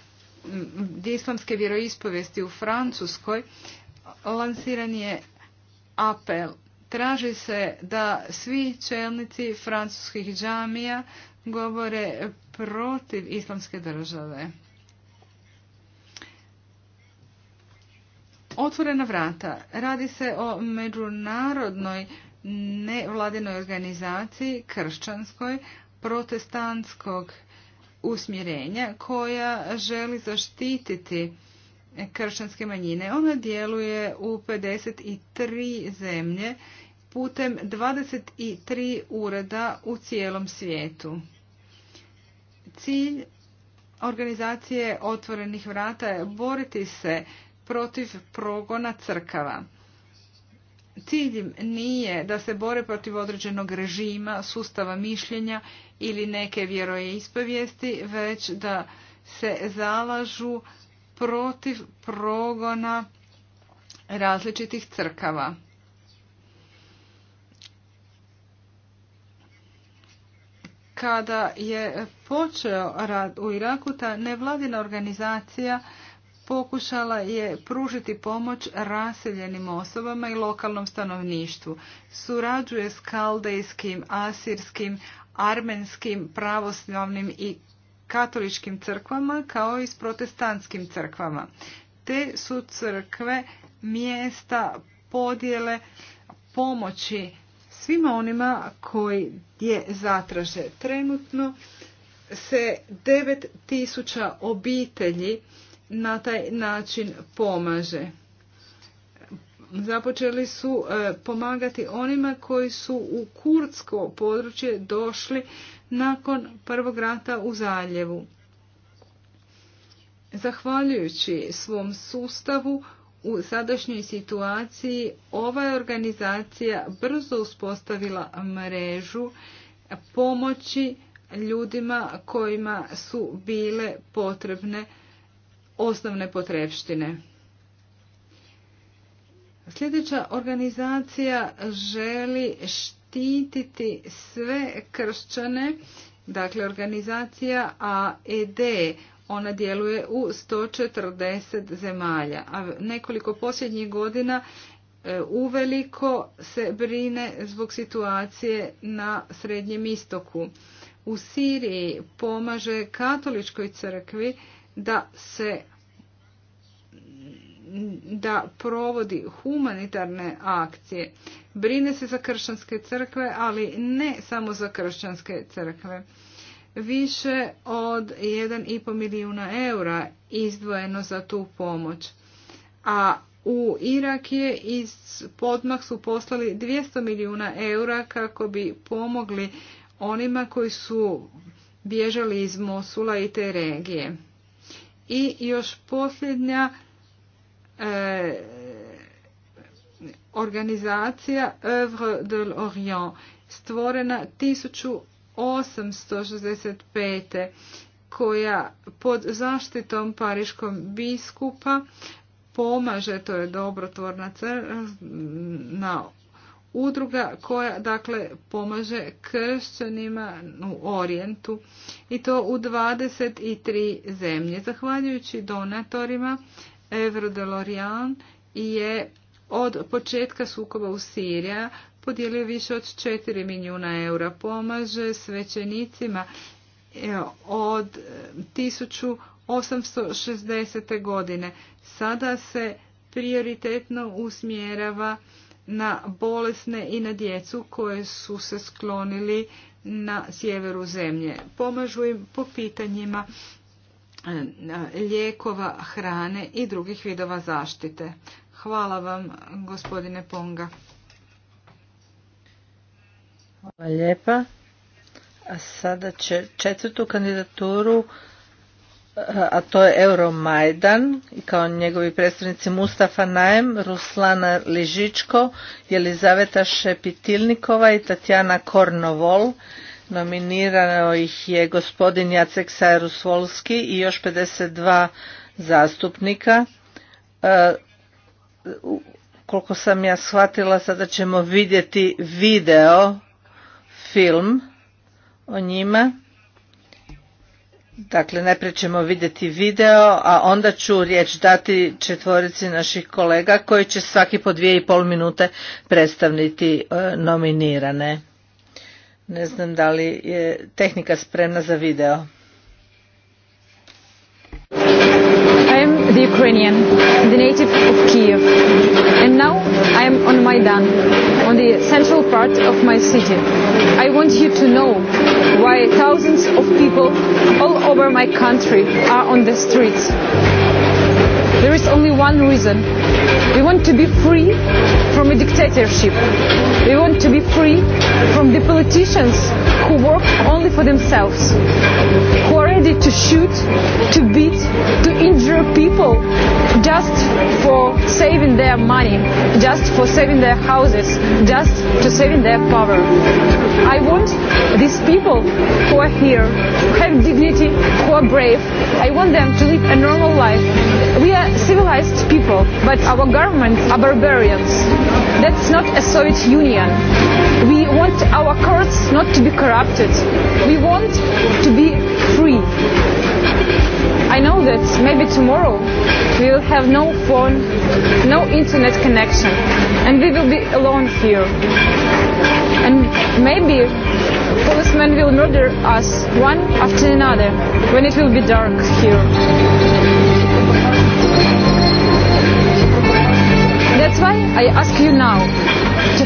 islamske vjeroispovesti u Francuskoj lansiran je apel. Traži se da svi čelnici francuskih džamija govore protiv islamske države. otvorena vrata. Radi se o međunarodnoj nevladinoj organizaciji kršćanskoj protestantskog usmjerenja koja želi zaštititi kršćanske manjine. Ona djeluje u 53 zemlje putem 23 ureda u cijelom svijetu. Cilj organizacije otvorenih vrata je boriti se protiv progona crkava. Cilj nije da se bore protiv određenog režima, sustava mišljenja ili neke vjeroje ispovijesti, već da se zalažu protiv progona različitih crkava. Kada je počeo rad u Iraku, ta nevladina organizacija pokušala je pružiti pomoć raseljenim osobama i lokalnom stanovništvu. Surađuje s kaldejskim, asirskim, armenskim, pravoslavnim i katoličkim crkvama kao i s protestantskim crkvama. Te su crkve mjesta podjele pomoći svima onima koji je zatraže. Trenutno se 9000 obitelji na taj način pomaže. Započeli su e, pomagati onima koji su u kurdsko područje došli nakon prvog rata u zaljevu. Zahvaljujući svom sustavu u sadašnjoj situaciji ova je organizacija brzo uspostavila mrežu pomoći ljudima kojima su bile potrebne osnovne potrepštine. Sljedeća organizacija želi štititi sve kršćane, dakle organizacija AED, ona djeluje u 140 zemalja, a nekoliko posljednjih godina e, uveliko se brine zbog situacije na Srednjem istoku. U Siriji pomaže katoličkoj crkvi da se da provodi humanitarne akcije. Brine se za kršćanske crkve, ali ne samo za kršćanske crkve. Više od 1,5 milijuna eura izdvojeno za tu pomoć. A u Irak je iz podmah su poslali 200 milijuna eura kako bi pomogli onima koji su bježali iz Mosula i te regije. I još posljednja e, organizacija Oeuvre de l'Orient stvorena 1865. koja pod zaštitom pariškom biskupa pomaže, to je dobrotvorna crna udruga koja dakle pomaže kršćanima u Orijentu i to u 23 zemlje. Zahvaljujući donatorima Lorian je od početka sukoba u Sirija podijelio više od 4 milijuna eura. Pomaže svećenicima e, od 1860. godine. Sada se prioritetno usmjerava na bolesne i na djecu koje su se sklonili na sjeveru zemlje. Pomažu im po pitanjima e, lijekova, hrane i drugih vidova zaštite. Hvala vam, gospodine Ponga. Hvala lijepa. A sada će četvrtu kandidaturu a to je Euromajdan i kao njegovi predstavnici Mustafa Naem, Ruslana Ližičko, Jelizaveta Šepitilnikova i Tatjana Kornovol. Nominirano ih je gospodin Jacek Sajrus Volski i još 52 zastupnika. E, koliko sam ja shvatila, sada ćemo vidjeti video film o njima. Dakle, najprije ćemo vidjeti video, a onda ću riječ dati četvorici naših kolega koji će svaki po dvije i pol minute predstavniti e, nominirane. Ne znam da li je tehnika spremna za video. I Ukrainian, the native of Kiev, and now on on the central part of my city. I want you to know why thousands of people all over my country are on the streets. There is only one reason. We want to be free from a dictatorship. We want to be free from the politicians who work only for themselves to shoot, to beat, to injure people just for saving their money, just for saving their houses, just to saving their power. I want these people who are here, who have dignity, who are brave, I want them to live a normal life. We are civilized people, but our governments are barbarians. That's not a Soviet Union. We want our courts not to be corrupted. We want to be free. I know that maybe tomorrow we will have no phone, no internet connection, and we will be alone here. And maybe policemen will murder us one after another when it will be dark here. That's why I ask you now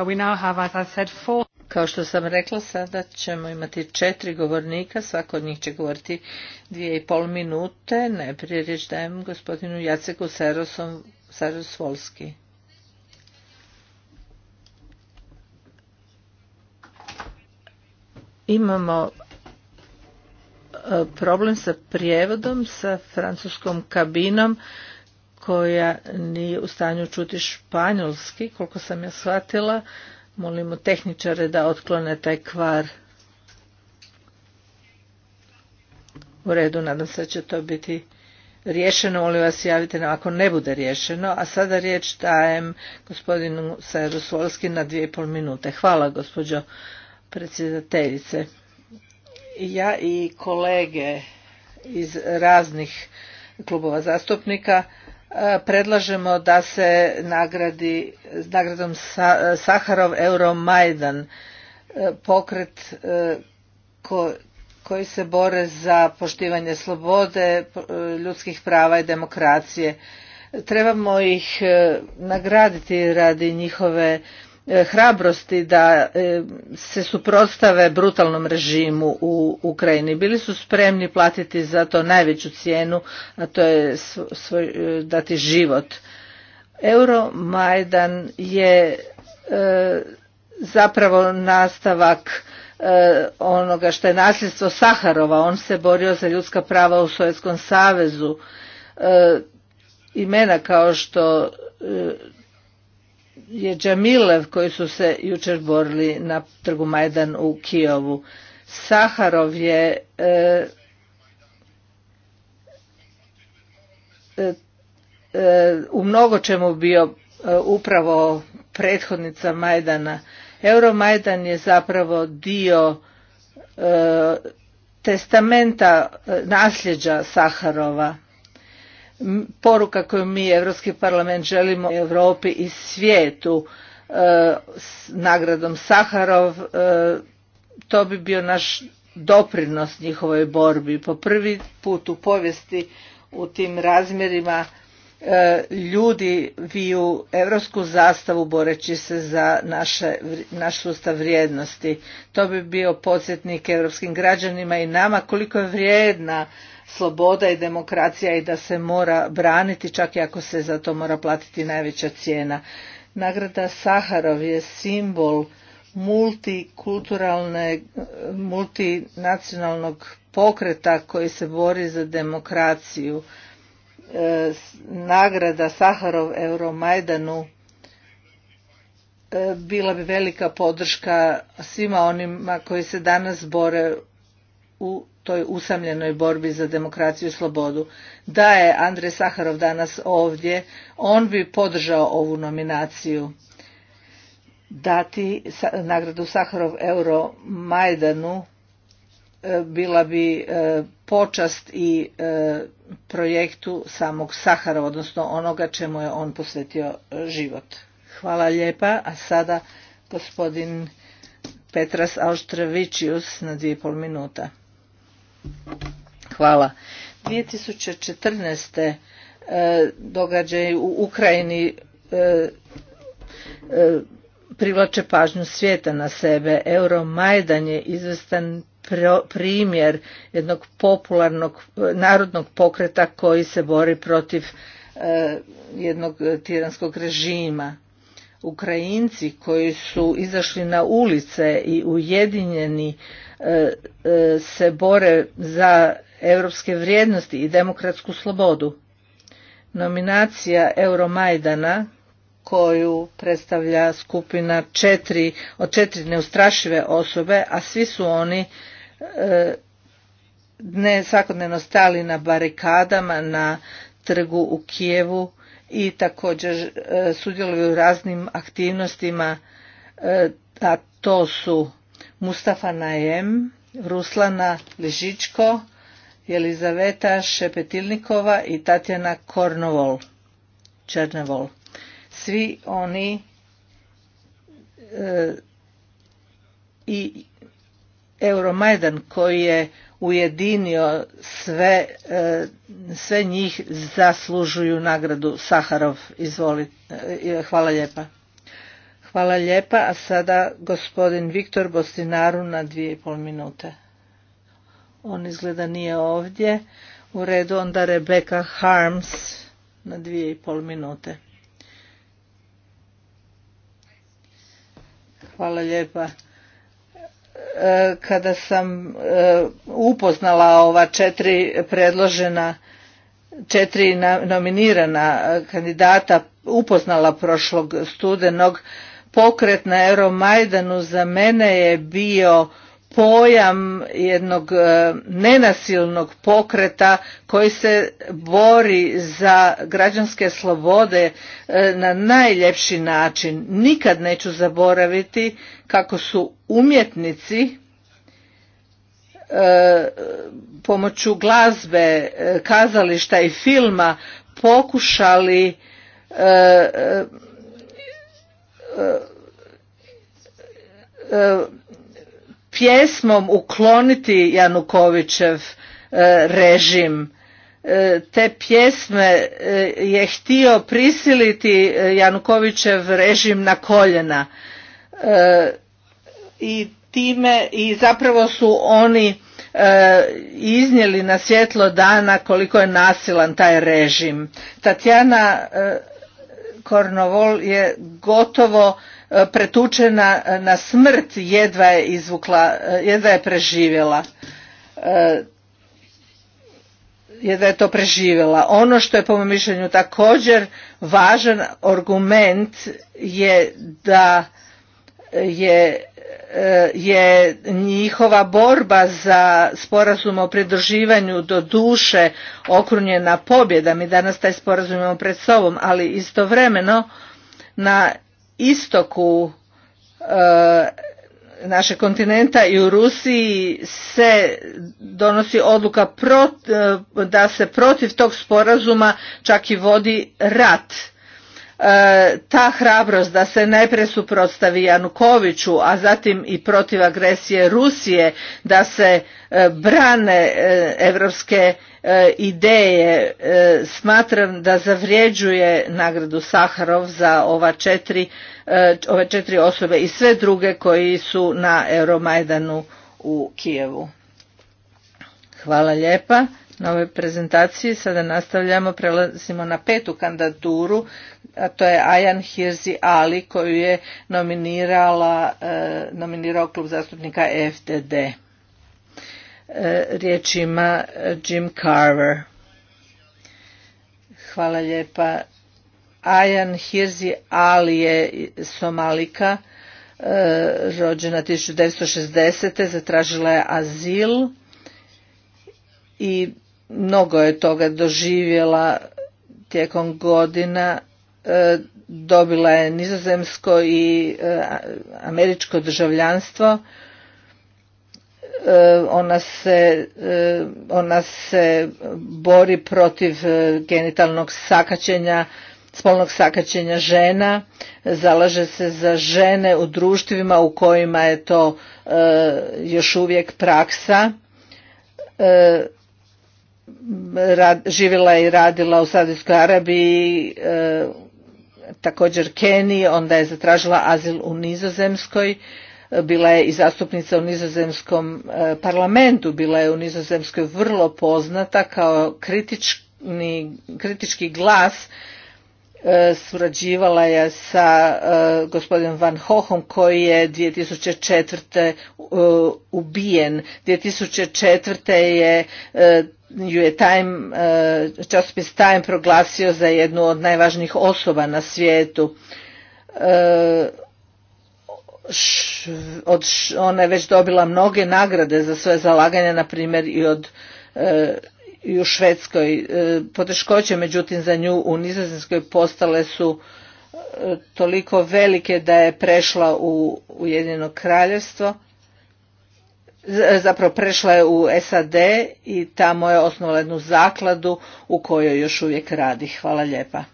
Uh, Kao što sam rekla, sada ćemo imati četiri govornika, svako od njih će govoriti dvije i pol minute. Najprije riječ dajem gospodinu Jaceku Sarosvolski. Imamo uh, problem sa prijevodom, sa francuskom kabinom koja nije u stanju čuti španjolski, koliko sam ja shvatila. Molimo tehničare da otklone taj kvar. U redu, nadam se da će to biti riješeno. Molim vas javite nam ako ne bude riješeno. A sada riječ dajem gospodinu Sajeru na dvije i pol minute. Hvala gospođo predsjedateljice. Ja i kolege iz raznih klubova zastupnika predlažemo da se nagradi nagradom Saharov Euromajdan e, pokret e, koji se bore za poštivanje slobode, e, ljudskih prava i demokracije. Trebamo ih nagraditi radi njihove E, hrabrosti da e, se suprotstave brutalnom režimu u Ukrajini. Bili su spremni platiti za to najveću cijenu, a to je svoj, e, dati život. Euromajdan je zapravo nastavak onoga što je nasljedstvo Saharova. On se borio za ljudska prava u Sovjetskom savezu. imena kao što je Džamilev koji su se jučer borili na trgu Majdan u Kijovu. Saharov je e, e, e, u mnogo čemu bio upravo prethodnica Majdana. Euromajdan je zapravo dio testamenta nasljeđa Saharova poruka koju mi Europski parlament želimo Europi i svijetu e, s nagradom Saharov e, to bi bio naš doprinos njihovoj borbi po prvi put u povijesti u tim razmjerima E, ljudi viju europsku zastavu boreći se za naše, naš sustav vrijednosti. To bi bio podsjetnik europskim građanima i nama koliko je vrijedna sloboda i demokracija i da se mora braniti čak i ako se za to mora platiti najveća cijena. Nagrada Saharov je simbol multikulturalne, multinacionalnog pokreta koji se bori za demokraciju E, nagrada Saharov Euromajdanu e, bila bi velika podrška svima onima koji se danas bore u toj usamljenoj borbi za demokraciju i slobodu. Da je Andrej Saharov danas ovdje, on bi podržao ovu nominaciju. Dati nagradu Saharov Euro Majdanu E, bila bi e, počast i e, projektu samog Sahara, odnosno onoga čemu je on posvetio život. Hvala lijepa, a sada gospodin Petras Auštrevičius na dvije pol minuta. Hvala. 2014. događaj u Ukrajini privlače pažnju svijeta na sebe. Euromajdan je izvestan primjer jednog popularnog eh, narodnog pokreta koji se bori protiv eh, jednog eh, tiranskog režima. Ukrajinci koji su izašli na ulice i ujedinjeni se bore za europske vrijednosti i demokratsku slobodu. Nominacija Euromajdana koju predstavlja skupina četiri, od četiri neustrašive osobe, a svi su oni ne svakodnevno stali na barikadama na trgu u Kijevu i također e, sudjeluju u raznim aktivnostima e, a to su Mustafa Najem, Ruslana Ližičko, Jelizaveta Šepetilnikova i Tatjana Kornovol, Černevol. Svi oni e, i Euromajdan koji je ujedinio sve, e, sve njih zaslužuju nagradu Saharov. Izvoli, e, e, hvala lijepa. Hvala lijepa, a sada gospodin Viktor Bostinaru na dvije i pol minute. On izgleda nije ovdje. U redu onda Rebecca Harms na dvije i pol minute. Hvala lijepa. E, kada sam e, upoznala ova četiri predložena četiri nominirana e, kandidata upoznala prošlog studenog pokret na Euromajdanu za mene je bio pojam jednog e, nenasilnog pokreta koji se bori za građanske slobode e, na najljepši način. Nikad neću zaboraviti kako su umjetnici e, pomoću glazbe, kazališta i filma pokušali pjesmom ukloniti Janukovićev e, režim. E, te pjesme e, je htio prisiliti Janukovićev režim na koljena i time i zapravo su oni iznijeli na svjetlo dana koliko je nasilan taj režim. Tatjana Kornovol je gotovo E, pretučena e, na smrt jedva je izvukla, e, jedva je preživjela. Jedva je to preživjela. Ono što je po mom mišljenju također važan argument je da je je njihova borba za sporazum o pridruživanju do duše okrunjena pobjeda. Mi danas taj sporazum imamo pred sobom, ali istovremeno na istoku e, našeg kontinenta i u Rusiji se donosi odluka e, da se protiv tog sporazuma čak i vodi rat E, ta hrabrost da se najprije suprotstavi Janukoviću, a zatim i protiv agresije Rusije, da se e, brane e, evropske ideje, smatram da zavrijeđuje nagradu Saharov za ova četiri, ove četiri osobe i sve druge koji su na Euromajdanu u Kijevu. Hvala lijepa na ovoj prezentaciji. Sada nastavljamo, prelazimo na petu kandidaturu a to je Ajan Hirzi Ali koju je nominirala, e, nominirao klub zastupnika FDD. E, riječ ima Jim Carver. Hvala lijepa. Ajan Hirzi Ali je Somalika, e, rođena 1960. zatražila je azil i mnogo je toga doživjela tijekom godina E, dobila je nizozemsko i e, američko državljanstvo e, ona se, ona se bori protiv genitalnog sakaćenja spolnog sakaćenja žena zalaže se za žene u društvima u kojima je to još uvijek praksa živjela i radila u Saudijskoj Arabiji također Keniji, onda je zatražila azil u Nizozemskoj, bila je i zastupnica u Nizozemskom e, parlamentu, bila je u Nizozemskoj vrlo poznata kao kritički glas e, surađivala je sa e, gospodinom Van Hohom koji je 2004. ubijen. 2004. je ju je Time, eh, časopis Time proglasio za jednu od najvažnijih osoba na svijetu. Eh, ona je već dobila mnoge nagrade za svoje zalaganje, na primjer i od eh, i u Švedskoj. Poteškoće, međutim, za nju u Nizozemskoj postale su toliko velike da je prešla u Ujedinjeno kraljevstvo zapravo prešla je u SAD i tamo je osnovala jednu zakladu u kojoj još uvijek radi. Hvala lijepa.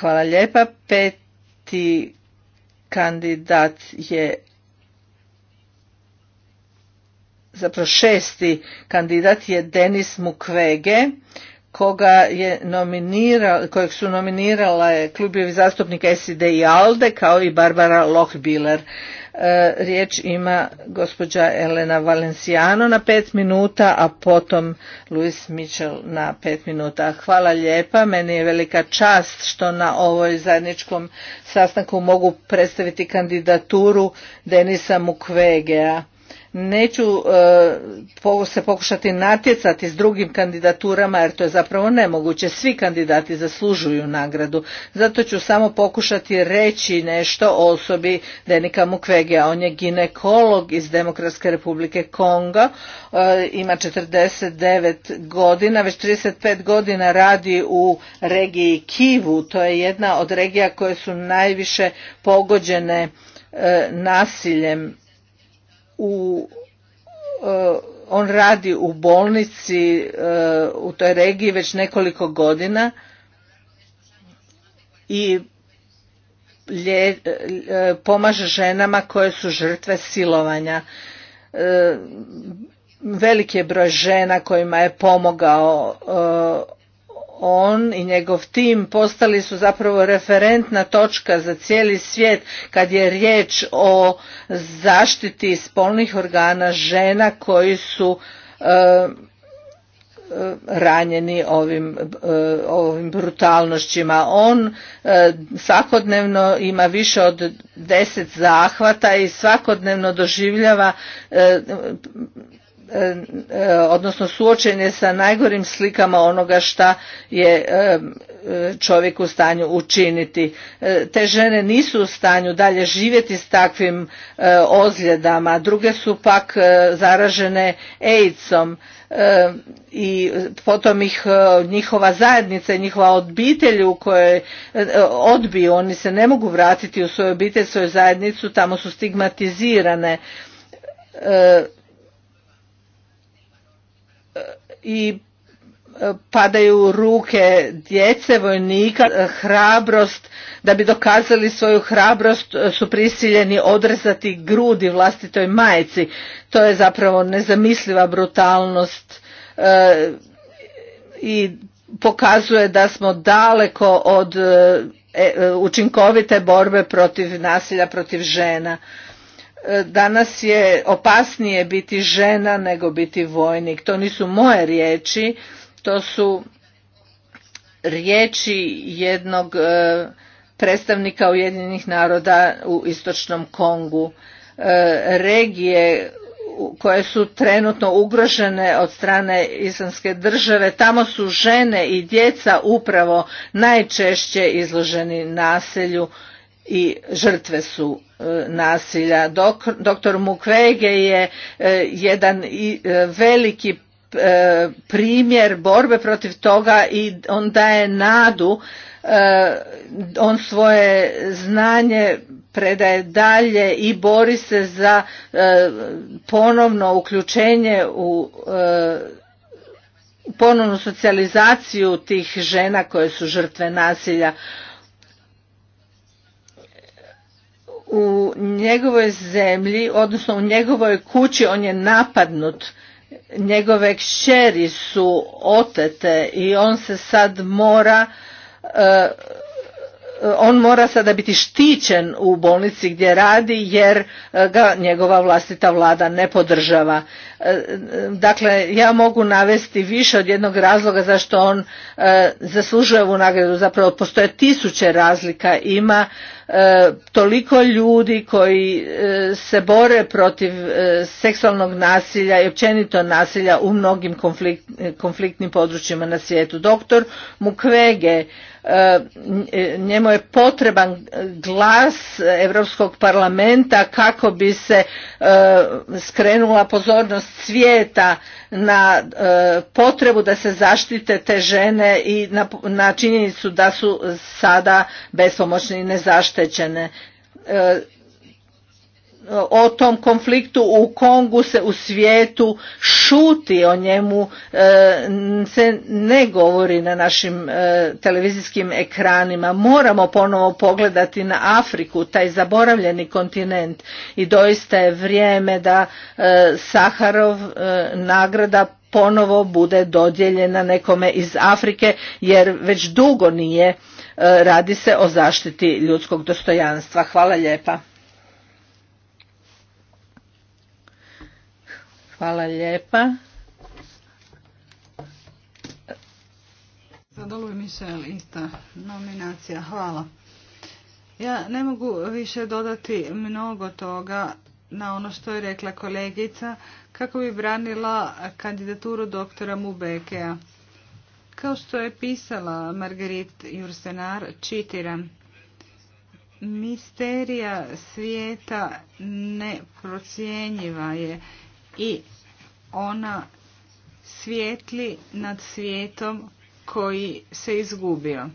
Hvala lijepa. Peti kandidat je zapravo šesti kandidat je Denis Mukwege koga je nominirala, kojeg su nominirala je klubovi zastupnika SID i ALDE kao i Barbara Lochbiller. E, riječ ima gospođa Elena Valenciano na pet minuta, a potom Luis Mitchell na pet minuta. Hvala lijepa, meni je velika čast što na ovoj zajedničkom sastanku mogu predstaviti kandidaturu Denisa Mukvegea neću e, se pokušati natjecati s drugim kandidaturama jer to je zapravo nemoguće. Svi kandidati zaslužuju nagradu. Zato ću samo pokušati reći nešto o osobi Denika Mukwegea. On je ginekolog iz Demokratske republike Konga. E, ima 49 godina. Već 35 godina radi u regiji Kivu. To je jedna od regija koje su najviše pogođene e, nasiljem u e, on radi u bolnici e, u toj regiji već nekoliko godina i e, pomaže ženama koje su žrtve silovanja. Veliki je broj žena kojima je pomogao on i njegov tim postali su zapravo referentna točka za cijeli svijet kad je riječ o zaštiti spolnih organa žena koji su e, e, ranjeni ovim, e, ovim brutalnošćima. On svakodnevno ima više od deset zahvata i svakodnevno doživljava Eh, odnosno suočenje sa najgorim slikama onoga šta je eh, čovjek u stanju učiniti. Eh, te žene nisu u stanju dalje živjeti s takvim ozljedama, druge su pak zaražene AIDS-om i potom ih njihova zajednica i njihova obitelj u kojoj odbiju, oni se ne mogu vratiti u svoju obitelj, svoju zajednicu, tamo su stigmatizirane i e, padaju ruke djece, vojnika, hrabrost, da bi dokazali svoju hrabrost e, su prisiljeni odrezati grudi vlastitoj majci. To je zapravo nezamisliva brutalnost e, i pokazuje da smo daleko od učinkovite borbe protiv nasilja, protiv žena. E, danas je opasnije biti žena nego biti vojnik. To nisu moje riječi, to su riječi jednog e, predstavnika Ujedinjenih naroda u Istočnom Kongu. E, regije koje su trenutno ugrožene od strane islamske države, tamo su žene i djeca upravo najčešće izloženi naselju i žrtve su e, nasilja. doktor Mukwege je e, jedan e, veliki primjer borbe protiv toga i on daje nadu on svoje znanje predaje dalje i bori se za ponovno uključenje u ponovnu socijalizaciju tih žena koje su žrtve nasilja u njegovoj zemlji, odnosno u njegovoj kući on je napadnut. Njegove kćeri su otete i on se sad mora e, on mora sada biti štićen u bolnici gdje radi jer e, ga njegova vlastita vlada ne podržava. E, dakle, ja mogu navesti više od jednog razloga zašto on e, zaslužuje ovu nagradu. Zapravo, postoje tisuće razlika. Ima toliko ljudi koji se bore protiv seksualnog nasilja i općenito nasilja u mnogim konfliktnim područjima na svijetu. Doktor Mukwege E, njemu je potreban glas Europskog parlamenta kako bi se e, skrenula pozornost svijeta na e, potrebu da se zaštite te žene i na činjenicu da su sada bespomoćne i nezaštećene o tom konfliktu u Kongu se u svijetu šuti o njemu e, se ne govori na našim e, televizijskim ekranima moramo ponovo pogledati na Afriku taj zaboravljeni kontinent i doista je vrijeme da e, Saharov nagrada ponovo bude dodijeljena nekome iz Afrike jer već dugo nije radi se o zaštiti ljudskog dostojanstva hvala lijepa Hvala lijepa. Zadoluje Mišel, ista nominacija. Hvala. Ja ne mogu više dodati mnogo toga na ono što je rekla kolegica kako bi branila kandidaturu doktora Mubekea. Kao što je pisala Margarit Jursenar, čitiram, misterija svijeta neprocijenjiva je i ona svijetli nad svijetom koji se izgubio.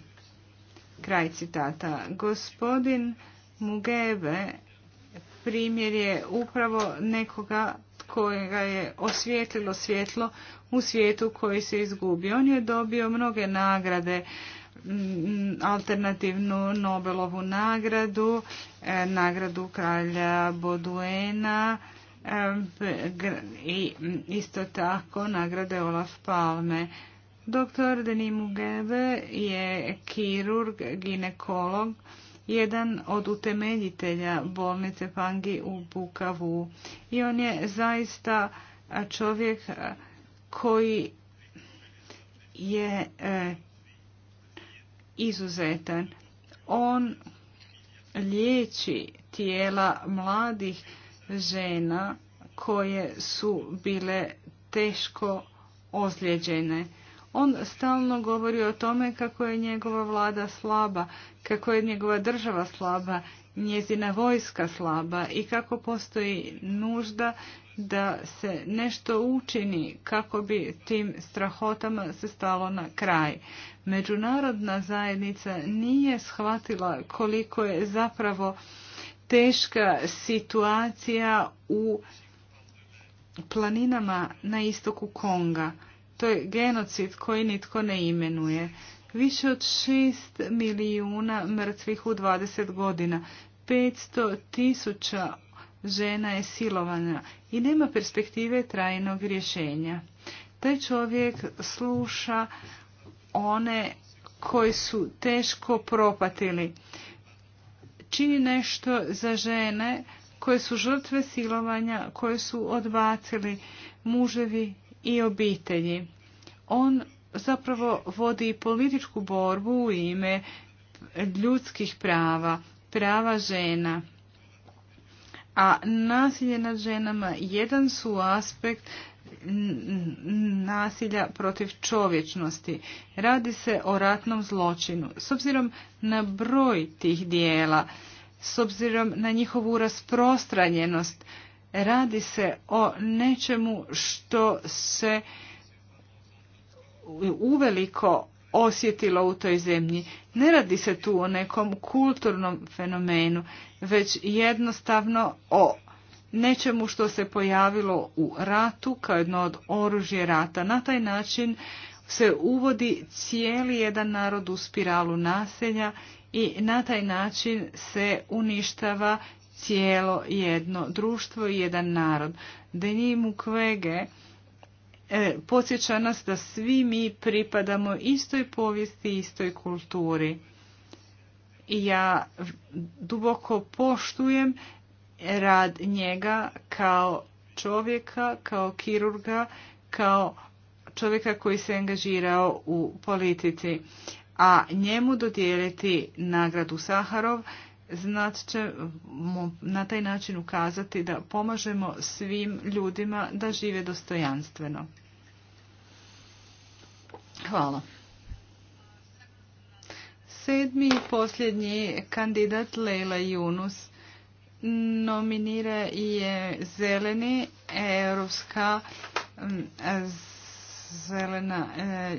Kraj citata. Gospodin Mugebe primjer je upravo nekoga kojega je osvijetlilo svjetlo u svijetu koji se izgubio. On je dobio mnoge nagrade, mm, alternativnu Nobelovu nagradu, e, nagradu kralja Boduena, i isto tako nagrade Olaf Palme. Doktor Denis Mugebe je kirurg, ginekolog, jedan od utemeljitelja bolnice Pangi u Bukavu. I on je zaista čovjek eh, koji je eh, izuzetan. On liječi tijela mladih žena koje su bile teško ozlijeđene. On stalno govori o tome kako je njegova vlada slaba, kako je njegova država slaba, njezina vojska slaba i kako postoji nužda da se nešto učini kako bi tim strahotama se stalo na kraj. Međunarodna zajednica nije shvatila koliko je zapravo teška situacija u planinama na istoku Konga. To je genocid koji nitko ne imenuje. Više od 6 milijuna mrtvih u 20 godina. 500 tisuća žena je silovana i nema perspektive trajnog rješenja. Taj čovjek sluša one koji su teško propatili čini nešto za žene koje su žrtve silovanja, koje su odbacili muževi i obitelji. On zapravo vodi političku borbu u ime ljudskih prava, prava žena. A nasilje nad ženama jedan su aspekt nasilja protiv čovječnosti. Radi se o ratnom zločinu. S obzirom na broj tih dijela, s obzirom na njihovu rasprostranjenost, radi se o nečemu što se uveliko osjetilo u toj zemlji. Ne radi se tu o nekom kulturnom fenomenu, već jednostavno o nečemu što se pojavilo u ratu kao jedno od oružje rata. Na taj način se uvodi cijeli jedan narod u spiralu naselja i na taj način se uništava cijelo jedno društvo i jedan narod. Denji Kvege e, podsjeća nas da svi mi pripadamo istoj povijesti, istoj kulturi. ja duboko poštujem rad njega kao čovjeka, kao kirurga, kao čovjeka koji se angažirao u politici. A njemu dodijeliti nagradu Saharov znat mu na taj način ukazati da pomažemo svim ljudima da žive dostojanstveno. Hvala. Sedmi i posljednji kandidat Leila Junus nominira je zeleni europska zelena e,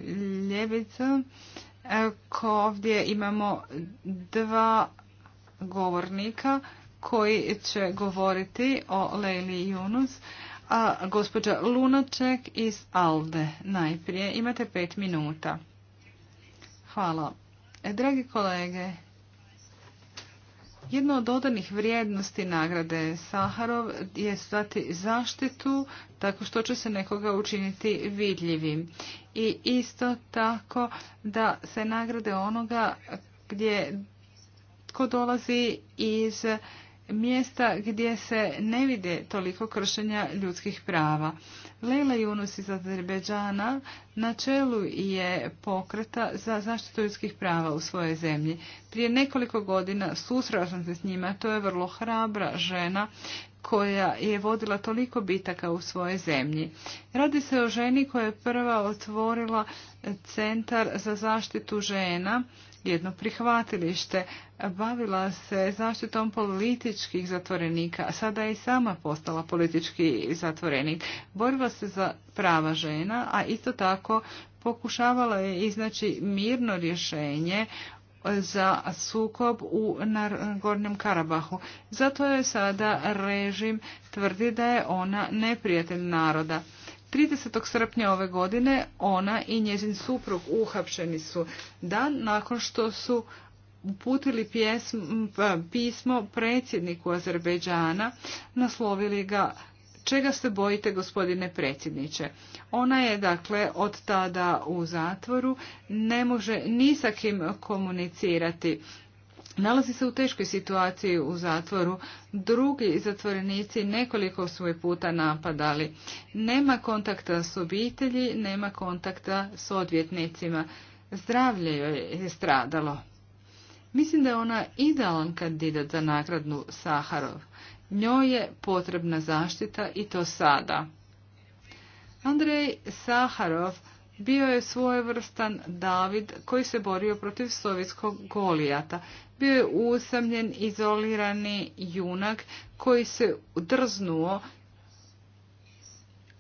ljevica e, ko ovdje imamo dva govornika koji će govoriti o Leili Junus a gospođa Lunaček iz Alde najprije imate pet minuta hvala e, dragi kolege jedna od dodanih vrijednosti nagrade Saharov je stati zaštitu tako što će se nekoga učiniti vidljivim. I isto tako da se nagrade onoga gdje tko dolazi iz mjesta gdje se ne vide toliko kršenja ljudskih prava. Leila Yunus iz Azerbeđana na čelu je pokreta za zaštitu ljudskih prava u svojoj zemlji. Prije nekoliko godina susrela sam se s njima, to je vrlo hrabra žena koja je vodila toliko bitaka u svojoj zemlji. Radi se o ženi koja je prva otvorila centar za zaštitu žena jedno prihvatilište. Bavila se zaštitom političkih zatvorenika, a sada je i sama postala politički zatvorenik. Borila se za prava žena, a isto tako pokušavala je iznaći mirno rješenje za sukob u Gornjem Karabahu. Zato je sada režim tvrdi da je ona neprijatelj naroda. 30. srpnja ove godine ona i njezin suprug uhapšeni su dan nakon što su uputili pa, pismo predsjedniku Azerbejdžana, naslovili ga Čega se bojite, gospodine predsjedniče? Ona je, dakle, od tada u zatvoru, ne može ni sa kim komunicirati nalazi se u teškoj situaciji u zatvoru. Drugi zatvorenici nekoliko su puta napadali. Nema kontakta s obitelji, nema kontakta s odvjetnicima. Zdravlje joj je stradalo. Mislim da je ona idealan kandidat za nagradnu Saharov. Njoj je potrebna zaštita i to sada. Andrej Saharov bio je svojevrstan David koji se borio protiv sovjetskog Golijata bio je usamljen izolirani junak koji se drznuo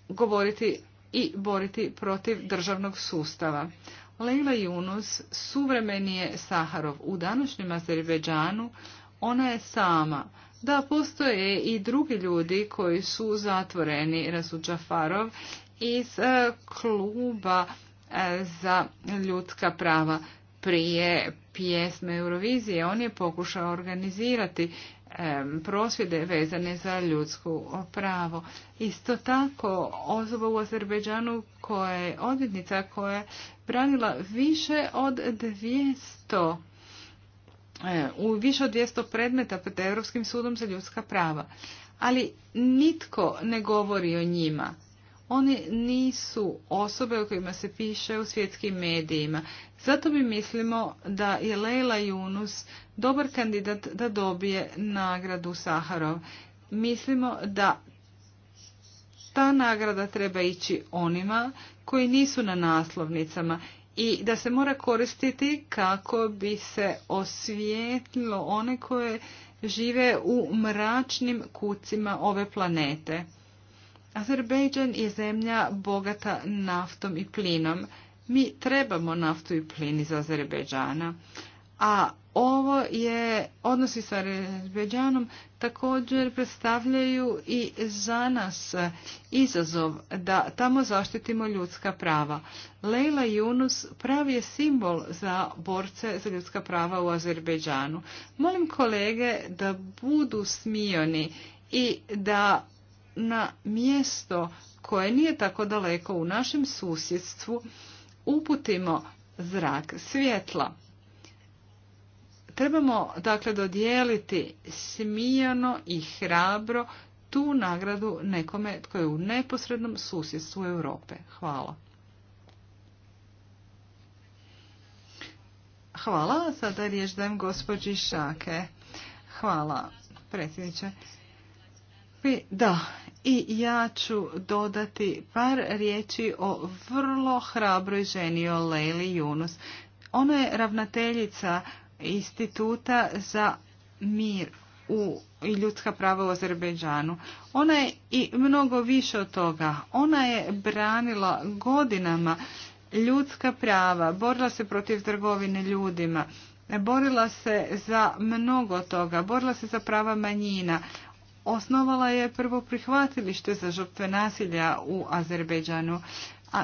govoriti i boriti protiv državnog sustava. Leila Yunus suvremeni je Saharov. U današnjem Azerbeđanu ona je sama. Da, postoje i drugi ljudi koji su zatvoreni, Rasu Farov, iz eh, kluba eh, za ljudska prava prije pjesme Eurovizije. On je pokušao organizirati prosvjede vezane za ljudsku pravo. Isto tako osoba u Azerbeđanu koja je odvjetnica koja je branila više od 200 e, u više od 200 predmeta pred Europskim sudom za ljudska prava. Ali nitko ne govori o njima. Oni nisu osobe o kojima se piše u svjetskim medijima. Zato mi mislimo da je Leila Yunus dobar kandidat da dobije nagradu Saharov. Mislimo da ta nagrada treba ići onima koji nisu na naslovnicama i da se mora koristiti kako bi se osvijetlilo one koje žive u mračnim kucima ove planete. Azerbejdžan je zemlja bogata naftom i plinom. Mi trebamo naftu i plin iz Azerbejdžana. A ovo je, odnosi sa Azerbejdžanom također predstavljaju i za nas izazov da tamo zaštitimo ljudska prava. Leila Yunus pravi je simbol za borce za ljudska prava u Azerbejdžanu. Molim kolege da budu smijoni i da na mjesto koje nije tako daleko u našem susjedstvu uputimo zrak svjetla. Trebamo dakle dodijeliti smijano i hrabro tu nagradu nekome tko je u neposrednom susjedstvu Europe. Hvala. Hvala. Sada riječ dajem gospođi Šake. Hvala, predsjedniče. Da, i ja ću dodati par riječi o vrlo hrabroj ženi o Leili Yunus. Ona je ravnateljica Instituta za mir u i ljudska prava u Azerbejdžanu. Ona je i mnogo više od toga. Ona je branila godinama ljudska prava, borila se protiv trgovine ljudima, borila se za mnogo toga, borila se za prava manjina osnovala je prvo prihvatilište za žrtve nasilja u Azerbeđanu A,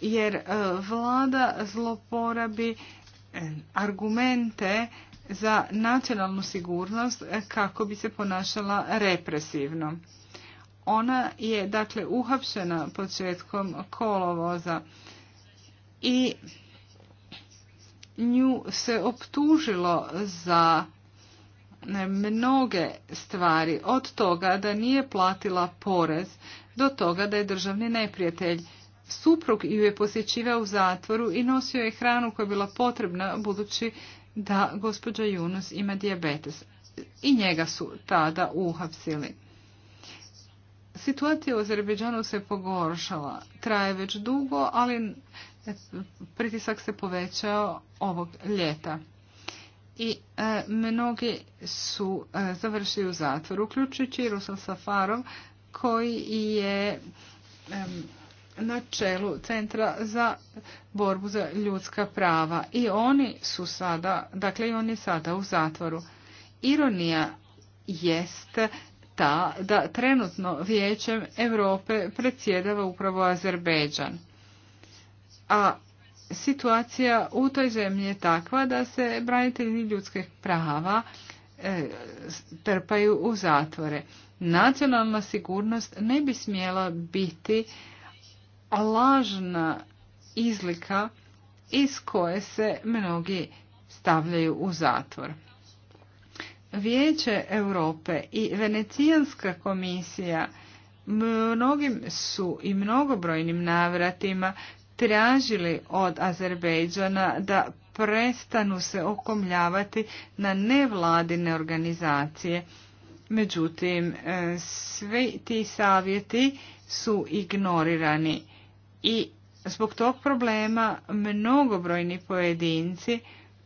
jer e, vlada zloporabi e, argumente za nacionalnu sigurnost e, kako bi se ponašala represivno. Ona je dakle uhapšena početkom kolovoza i nju se optužilo za mnoge stvari, od toga da nije platila porez do toga da je državni neprijatelj. Suprug ju je posjećivao u zatvoru i nosio je hranu koja je bila potrebna budući da gospođa Junus ima dijabetes. I njega su tada uhapsili. Situacija u Azerbejdžanu se pogoršala. Traje već dugo, ali pritisak se povećao ovog ljeta i e, mnogi su e, završili u zatvoru, uključujući Rusal Safarov koji je e, na čelu Centra za borbu za ljudska prava. I oni su sada, dakle i oni sada u zatvoru. Ironija jest ta da trenutno Vijećem Europe predsjedava upravo Azerbejdžan. A situacija u toj zemlji je takva da se branitelji ljudskih prava e, trpaju u zatvore. Nacionalna sigurnost ne bi smjela biti lažna izlika iz koje se mnogi stavljaju u zatvor. Vijeće Europe i Venecijanska komisija mnogim su i mnogobrojnim navratima tražili od Azerbejdžana da prestanu se okomljavati na nevladine organizacije. Međutim, e, svi ti savjeti su ignorirani i zbog tog problema mnogobrojni pojedinci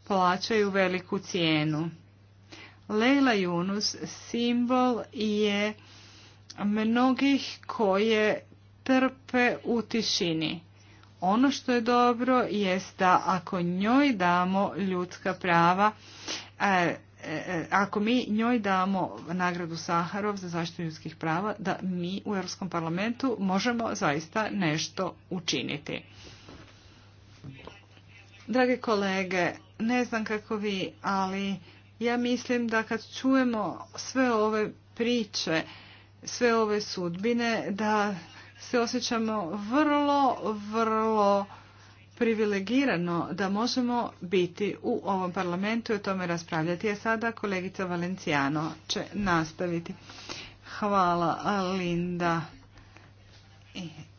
plaćaju veliku cijenu. Leila Yunus simbol je mnogih koje trpe u tišini. Ono što je dobro jest da ako njoj damo ljudska prava, e, e, ako mi njoj damo nagradu Saharov za zaštitu ljudskih prava, da mi u Europskom parlamentu možemo zaista nešto učiniti. Drage kolege, ne znam kako vi, ali ja mislim da kad čujemo sve ove priče, sve ove sudbine, da se osjećamo vrlo, vrlo privilegirano da možemo biti u ovom parlamentu i o tome raspravljati. A sada kolegica Valenciano će nastaviti. Hvala Linda.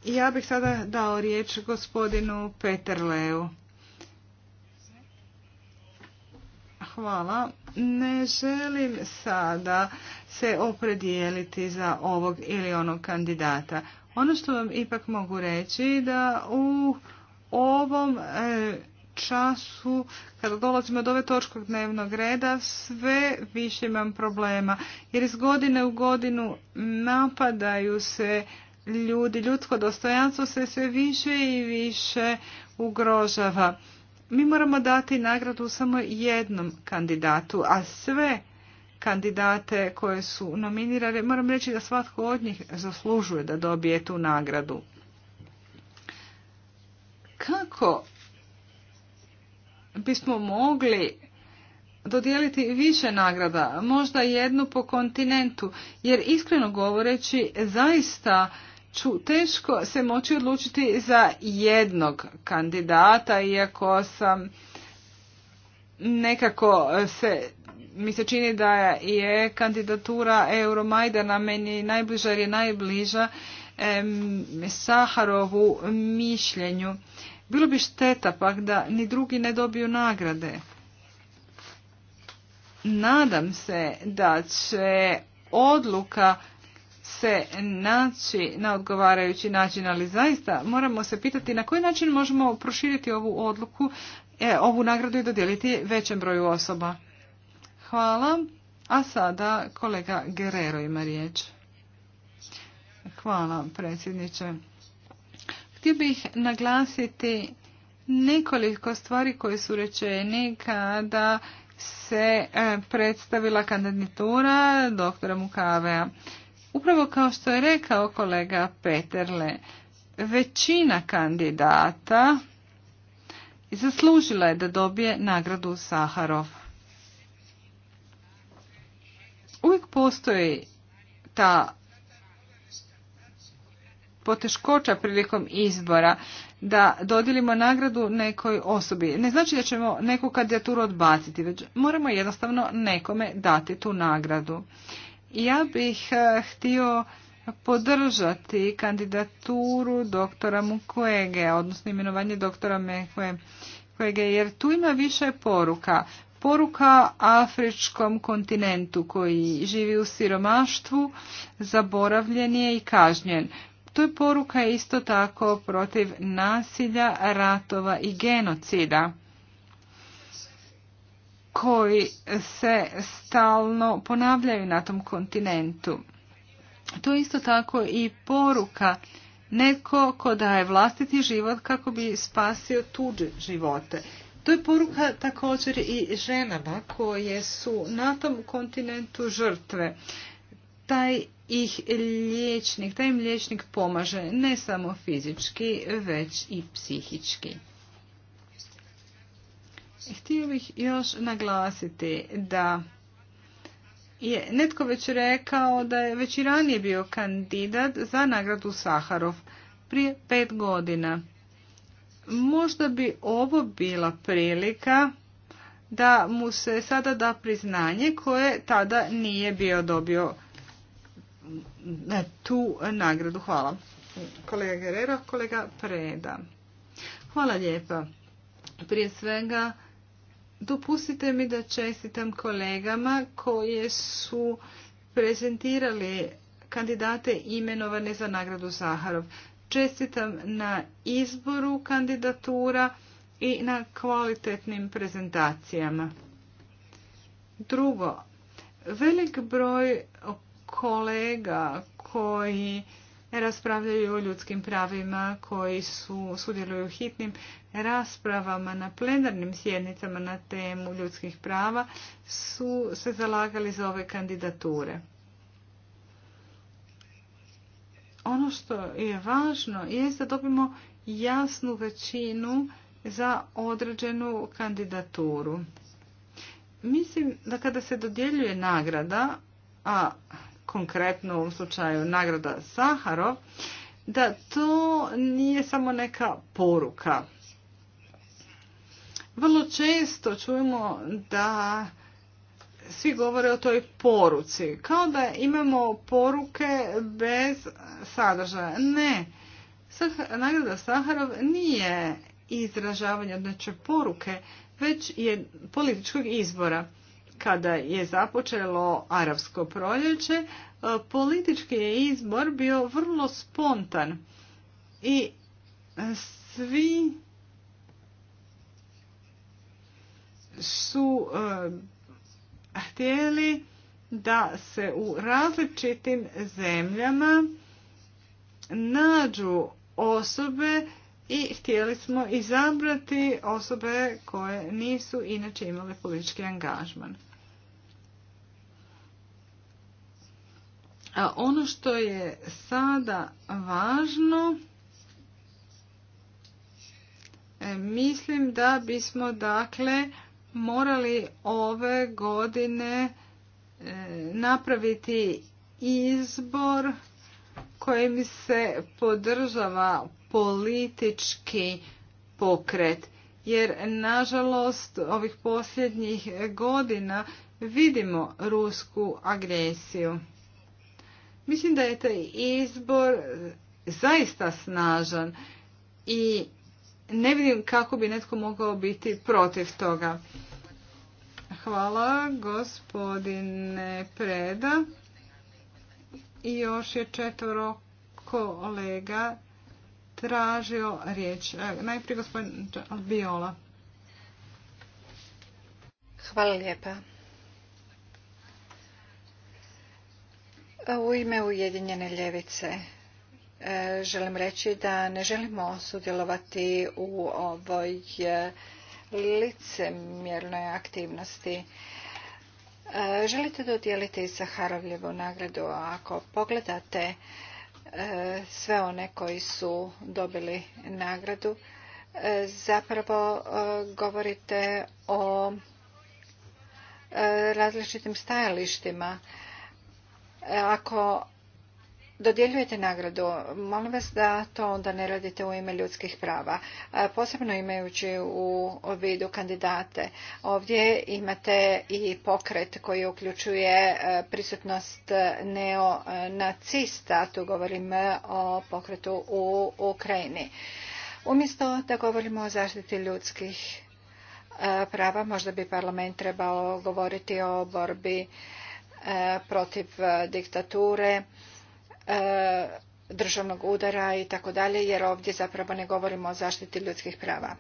Ja bih sada dao riječ gospodinu Peterleu. Hvala. Ne želim sada se opredijeliti za ovog ili onog kandidata. Ono što vam ipak mogu reći da u ovom e, času, kada dolazimo do ove točke dnevnog reda, sve više imam problema. Jer iz godine u godinu napadaju se ljudi, ljudsko dostojanstvo se sve više i više ugrožava. Mi moramo dati nagradu samo jednom kandidatu, a sve kandidate koje su nominirane. Moram reći da svatko od njih zaslužuje da dobije tu nagradu. Kako bismo mogli dodijeliti više nagrada, možda jednu po kontinentu, jer iskreno govoreći zaista ću teško se moći odlučiti za jednog kandidata, iako sam nekako se mi se čini da je kandidatura Euromajdana meni najbliža jer je najbliža Saharovu mišljenju. Bilo bi šteta pak da ni drugi ne dobiju nagrade. Nadam se da će odluka se naći na odgovarajući način, ali zaista moramo se pitati na koji način možemo proširiti ovu odluku, e, ovu nagradu i dodijeliti većem broju osoba. Hvala. A sada kolega Guerrero ima riječ. Hvala predsjedniče. Htio bih naglasiti nekoliko stvari koje su rečeni kada se e, predstavila kandidatura doktora Mukavea. Upravo kao što je rekao kolega Peterle, većina kandidata zaslužila je da dobije nagradu Saharov. Uvijek postoji ta poteškoća prilikom izbora da dodijelimo nagradu nekoj osobi. Ne znači da ćemo neku kandidaturu odbaciti, već moramo jednostavno nekome dati tu nagradu. Ja bih eh, htio podržati kandidaturu doktora Mukwege, odnosno imenovanje doktora Mukwege, jer tu ima više poruka poruka afričkom kontinentu koji živi u siromaštvu, zaboravljen je i kažnjen. To je poruka isto tako protiv nasilja, ratova i genocida koji se stalno ponavljaju na tom kontinentu. To je isto tako i poruka netko ko daje vlastiti život kako bi spasio tuđe živote. To je poruka također i ženama koje su na tom kontinentu žrtve. Taj ih liječnik, taj im liječnik pomaže ne samo fizički, već i psihički. Htio bih još naglasiti da je netko već rekao da je već i ranije bio kandidat za nagradu Saharov prije pet godina. Možda bi ovo bila prilika da mu se sada da priznanje koje tada nije bio dobio e, tu nagradu. Hvala. Kolega Guerrero, kolega Preda. Hvala lijepa. Prije svega, dopustite mi da čestitam kolegama koje su prezentirali kandidate imenovane za nagradu Zaharov. Čestitam na izboru kandidatura i na kvalitetnim prezentacijama. Drugo, velik broj kolega koji raspravljaju o ljudskim pravima, koji su sudjeluju u hitnim raspravama na plenarnim sjednicama na temu ljudskih prava, su se zalagali za ove kandidature. ono što je važno je da dobimo jasnu većinu za određenu kandidaturu. Mislim da kada se dodjeljuje nagrada, a konkretno u ovom slučaju nagrada Saharov, da to nije samo neka poruka. Vrlo često čujemo da svi govore o toj poruci. Kao da imamo poruke bez sadržaja. Ne. Nagrada Saharov nije izražavanje, znači poruke, već je političkog izbora. Kada je započelo arapsko proljeće, e, politički je izbor bio vrlo spontan i svi su e, htjeli da se u različitim zemljama nađu osobe i htjeli smo izabrati osobe koje nisu inače imale politički angažman. A ono što je sada važno, e, mislim da bismo dakle morali ove godine e, napraviti izbor kojim se podržava politički pokret. Jer, nažalost, ovih posljednjih godina vidimo rusku agresiju. Mislim da je taj izbor zaista snažan i ne vidim kako bi netko mogao biti protiv toga. Hvala gospodine Preda. I još je četvro kolega tražio riječ. E, najprije gospodin Biola. Hvala lijepa. U ime Ujedinjene ljevice želim reći da ne želimo sudjelovati u ovoj e, licemjernoj aktivnosti. E, želite dodijeliti Saharovljevu nagradu, a ako pogledate e, sve one koji su dobili nagradu, zapravo govorite o različitim stajalištima. Ako dodjeljujete nagradu, molim vas da to onda ne radite u ime ljudskih prava, posebno imajući u vidu kandidate. Ovdje imate i pokret koji uključuje e, prisutnost e, neonacista, tu govorim e, o pokretu u Ukrajini. Umjesto da govorimo o zaštiti ljudskih prava, možda bi parlament trebao govoriti o borbi protiv diktature, E, državnog udara i tako dalje, jer ovdje zapravo ne govorimo o zaštiti ljudskih prava.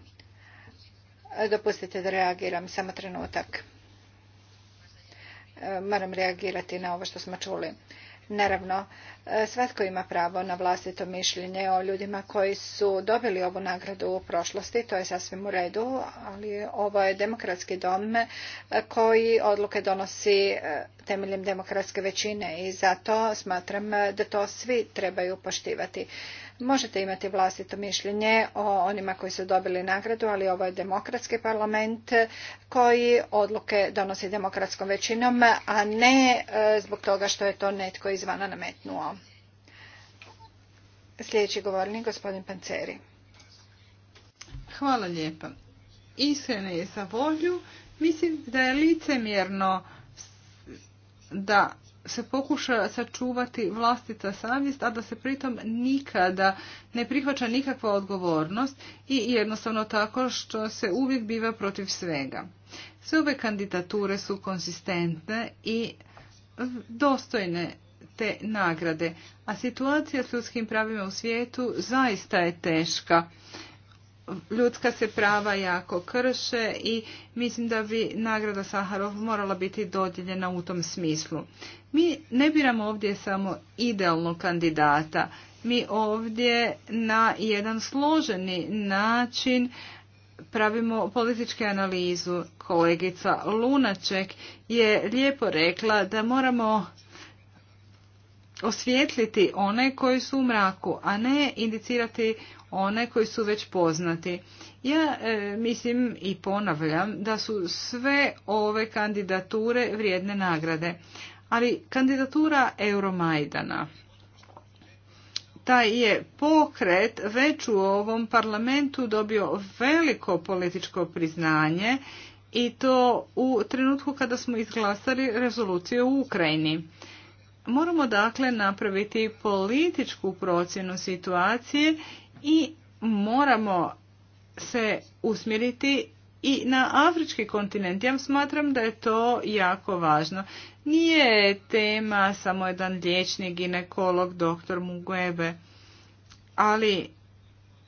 E, dopustite da reagiram samo trenutak. E, moram reagirati na ovo što smo čuli. Naravno, E, svatko ima pravo na vlastito mišljenje o ljudima koji su dobili ovu nagradu u prošlosti, to je sasvim u redu, ali ovo je demokratski dom e, koji odluke donosi e, temeljem demokratske većine i zato smatram da to svi trebaju poštivati. Možete imati vlastito mišljenje o onima koji su dobili nagradu, ali ovo je demokratski parlament koji odluke donosi demokratskom većinom, a ne zbog toga što je to netko izvana nametnuo. Sljedeći govornik, gospodin Panceri. Hvala lijepa. Iskreno je za volju. Mislim da je licemjerno da se pokuša sačuvati vlastita savjest, a da se pritom nikada ne prihvaća nikakva odgovornost i jednostavno tako što se uvijek biva protiv svega. Sve ove kandidature su konsistentne i dostojne te nagrade. A situacija s ljudskim pravima u svijetu zaista je teška. Ljudska se prava jako krše i mislim da bi nagrada Saharov morala biti dodijeljena u tom smislu. Mi ne biramo ovdje samo idealnog kandidata. Mi ovdje na jedan složeni način pravimo političke analizu. Kolegica Lunaček je lijepo rekla da moramo osvijetliti one koji su u mraku, a ne indicirati one koji su već poznati. Ja e, mislim i ponavljam da su sve ove kandidature vrijedne nagrade, ali kandidatura Euromajdana, taj je pokret već u ovom parlamentu dobio veliko političko priznanje i to u trenutku kada smo izglasali rezoluciju u Ukrajini. Moramo dakle napraviti političku procjenu situacije i moramo se usmjeriti i na afrički kontinent. Ja smatram da je to jako važno. Nije tema samo jedan liječnik, ginekolog, doktor Mugwebe, ali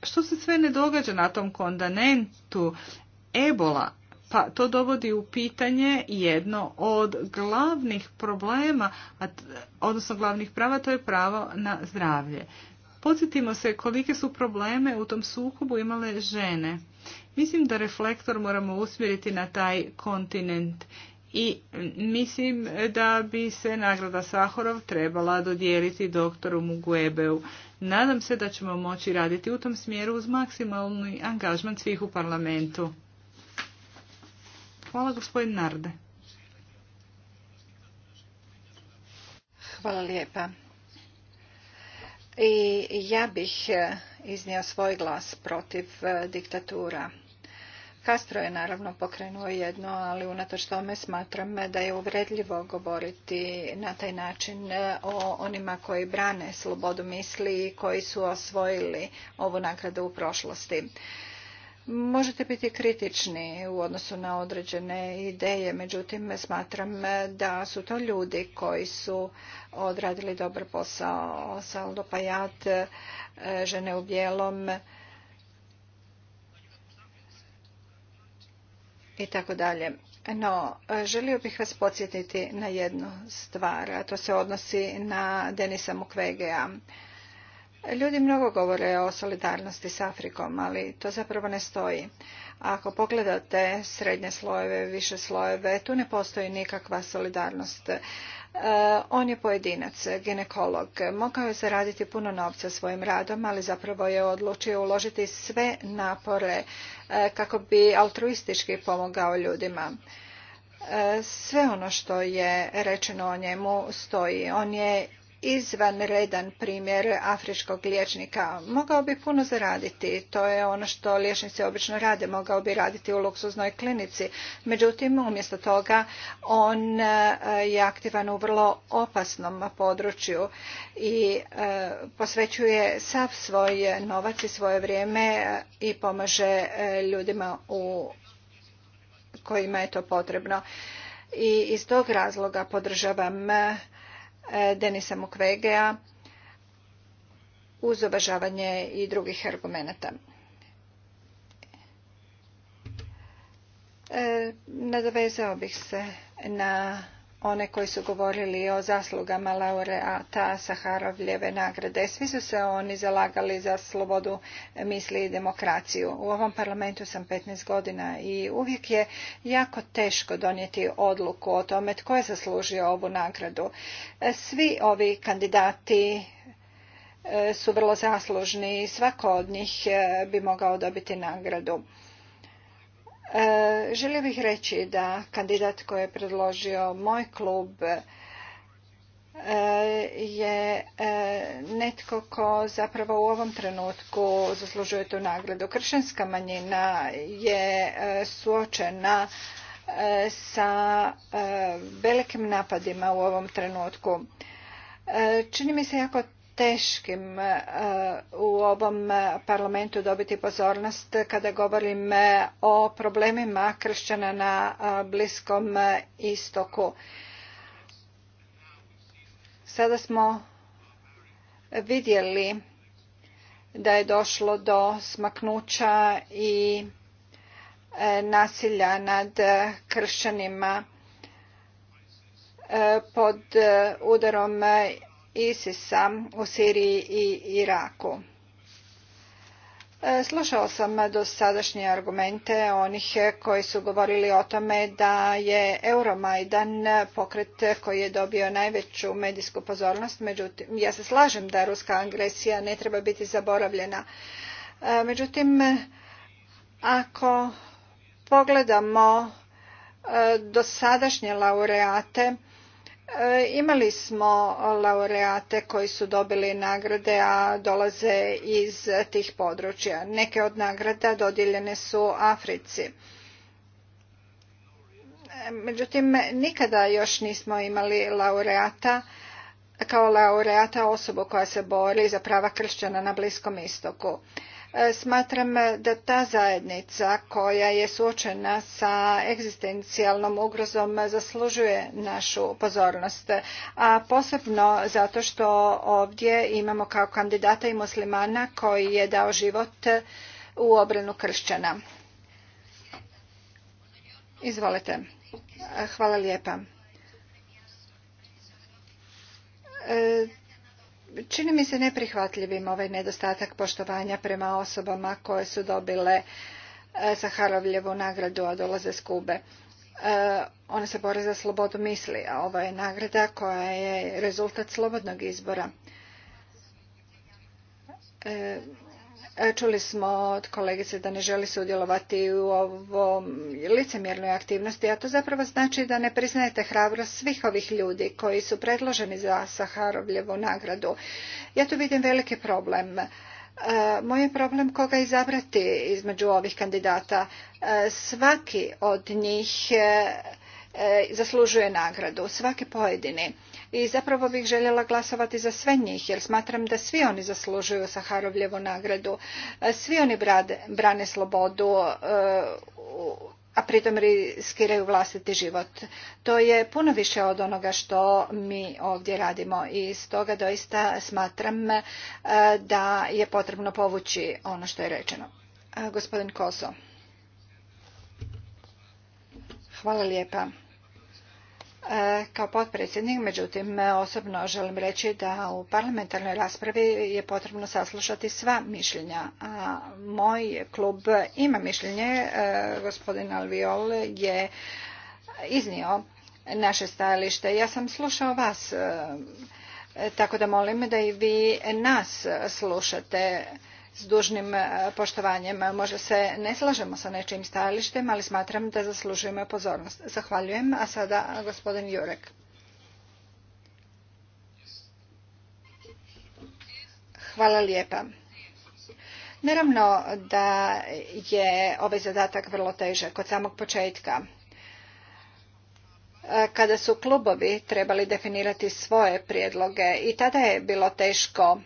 što se sve ne događa na tom kontinentu? Ebola pa to dovodi u pitanje jedno od glavnih problema, odnosno glavnih prava, to je pravo na zdravlje. Podsjetimo se kolike su probleme u tom sukobu imale žene. Mislim da reflektor moramo usmjeriti na taj kontinent i mislim da bi se nagrada Sahorov trebala dodijeliti doktoru Muguebeu. Nadam se da ćemo moći raditi u tom smjeru uz maksimalni angažman svih u parlamentu. Hvala gospodin Narde. Hvala lijepa. I ja bih e, iznio svoj glas protiv e, diktatura. Castro je naravno pokrenuo jedno, ali unatoč tome smatram da je uvredljivo govoriti na taj način e, o onima koji brane slobodu misli i koji su osvojili ovu nagradu u prošlosti. Možete biti kritični u odnosu na određene ideje, međutim smatram da su to ljudi koji su odradili dobar posao. Saldo Pajat, e, žene u bijelom i tako dalje. No, želio bih vas podsjetiti na jednu stvar, a to se odnosi na Denisa Mukwegea Ljudi mnogo govore o solidarnosti s Afrikom, ali to zapravo ne stoji. Ako pogledate srednje slojeve, više slojeve, tu ne postoji nikakva solidarnost. E, on je pojedinac, ginekolog. Mogao je zaraditi puno novca svojim radom, ali zapravo je odlučio uložiti sve napore e, kako bi altruistički pomogao ljudima. E, sve ono što je rečeno o njemu stoji. On je izvanredan primjer afričkog liječnika. Mogao bi puno zaraditi, to je ono što liječnici obično rade, mogao bi raditi u luksuznoj klinici. Međutim, umjesto toga on e, je aktivan u vrlo opasnom području i e, posvećuje sav svoj novac i svoje vrijeme e, i pomaže ljudima u kojima je to potrebno. I iz tog razloga podržavam E, Denisa Mukwegea uz obažavanje i drugih argumenata. E, nadovezao bih se na one koji su govorili o zaslugama laureata Saharovljeve nagrade. Svi su se oni zalagali za slobodu misli i demokraciju. U ovom parlamentu sam 15 godina i uvijek je jako teško donijeti odluku o tome tko je zaslužio ovu nagradu. Svi ovi kandidati e, su vrlo zaslužni i svako od njih e, bi mogao dobiti nagradu. E, želio bih reći da kandidat koji je predložio moj klub e, je e, netko ko zapravo u ovom trenutku zaslužuje tu nagradu. Kršćanska manjina je suočena sa velikim napadima u ovom trenutku. Čini mi se jako teškim e, u ovom parlamentu dobiti pozornost kada govorim e, o problemima kršćana na e, Bliskom istoku. Sada smo vidjeli da je došlo do smaknuća i nasilja nad kršćanima pod udarom isis u Siriji i Iraku. E, slušao sam dosadašnje argumente onih koji su govorili o tome da je Euromajdan pokret koji je dobio najveću medijsku pozornost. Međutim, ja se slažem da ruska agresija ne treba biti zaboravljena. E, međutim, ako pogledamo e, dosadašnje laureate E, imali smo laureate koji su dobili nagrade, a dolaze iz tih područja. Neke od nagrada dodijeljene su Africi. E, međutim, nikada još nismo imali laureata kao laureata osobu koja se bori za prava kršćana na Bliskom istoku. E, smatram e, da ta zajednica koja je suočena sa egzistencijalnom ugrozom e, zaslužuje našu pozornost a posebno zato što ovdje imamo kao kandidata i muslimana koji je dao život u obranu kršćana. Izvolite. Hvala lijepa. Čini mi se neprihvatljivim ovaj nedostatak poštovanja prema osobama koje su dobile e, Saharovljevu nagradu, a dolaze s Kube. E, one se bore za slobodu misli, a ovo je nagrada koja je rezultat slobodnog izbora e, E, čuli smo od kolegice da ne želi sudjelovati u ovoj licemjernoj aktivnosti, a to zapravo znači da ne priznajete hrabrost svih ovih ljudi koji su predloženi za Saharovljevu nagradu. Ja tu vidim veliki problem. E, moj je problem koga izabrati između ovih kandidata. E, svaki od njih zaslužuje nagradu, svaki pojedini i zapravo bih željela glasovati za sve njih jer smatram da svi oni zaslužuju Saharovljevu nagradu. E, svi oni brane slobodu, e, a pritom riskiraju vlastiti život. To je puno više od onoga što mi ovdje radimo i stoga doista smatram e, da je potrebno povući ono što je rečeno. Gospodin Koso. Hvala lijepa. E, kao potpredsjednik, međutim osobno želim reći da u parlamentarnoj raspravi je potrebno saslušati sva mišljenja. A moj klub ima mišljenje, e, gospodin Alviol je iznio naše stajalište. Ja sam slušao vas, e, tako da molim da i vi nas slušate s dužnim e, poštovanjem. Možda se ne slažemo sa nečim stajalištem, ali smatram da zaslužujemo pozornost. Zahvaljujem, a sada e, gospodin Jurek. Hvala lijepa. Naravno da je ovaj zadatak vrlo težak od samog početka. E, kada su klubovi trebali definirati svoje prijedloge i tada je bilo teško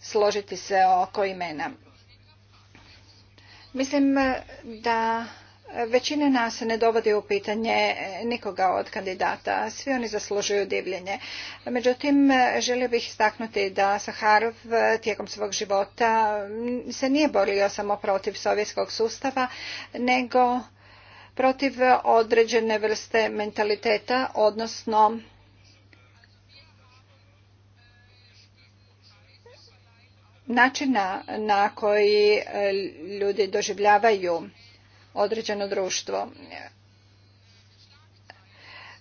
složiti se oko imena. Mislim eh, da većina nas ne dovodi u pitanje eh, nikoga od kandidata. Svi oni zaslužuju divljenje. Međutim, eh, želio bih istaknuti da Saharov tijekom svog života mm, se nije borio samo protiv sovjetskog sustava, nego protiv određene vrste mentaliteta, odnosno načina na koji e, ljudi doživljavaju određeno društvo.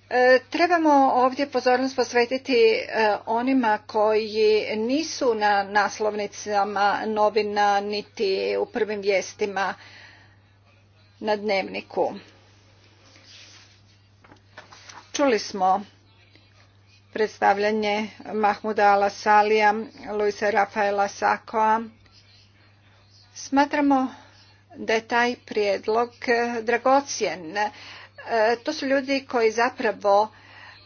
E, trebamo ovdje pozornost posvetiti e, onima koji nisu na naslovnicama novina niti u prvim vijestima na dnevniku. Čuli smo predstavljanje Mahmuda Al-Asalija, Luisa Rafaela Sakoa. Smatramo da je taj prijedlog eh, dragocjen. Eh, to su ljudi koji zapravo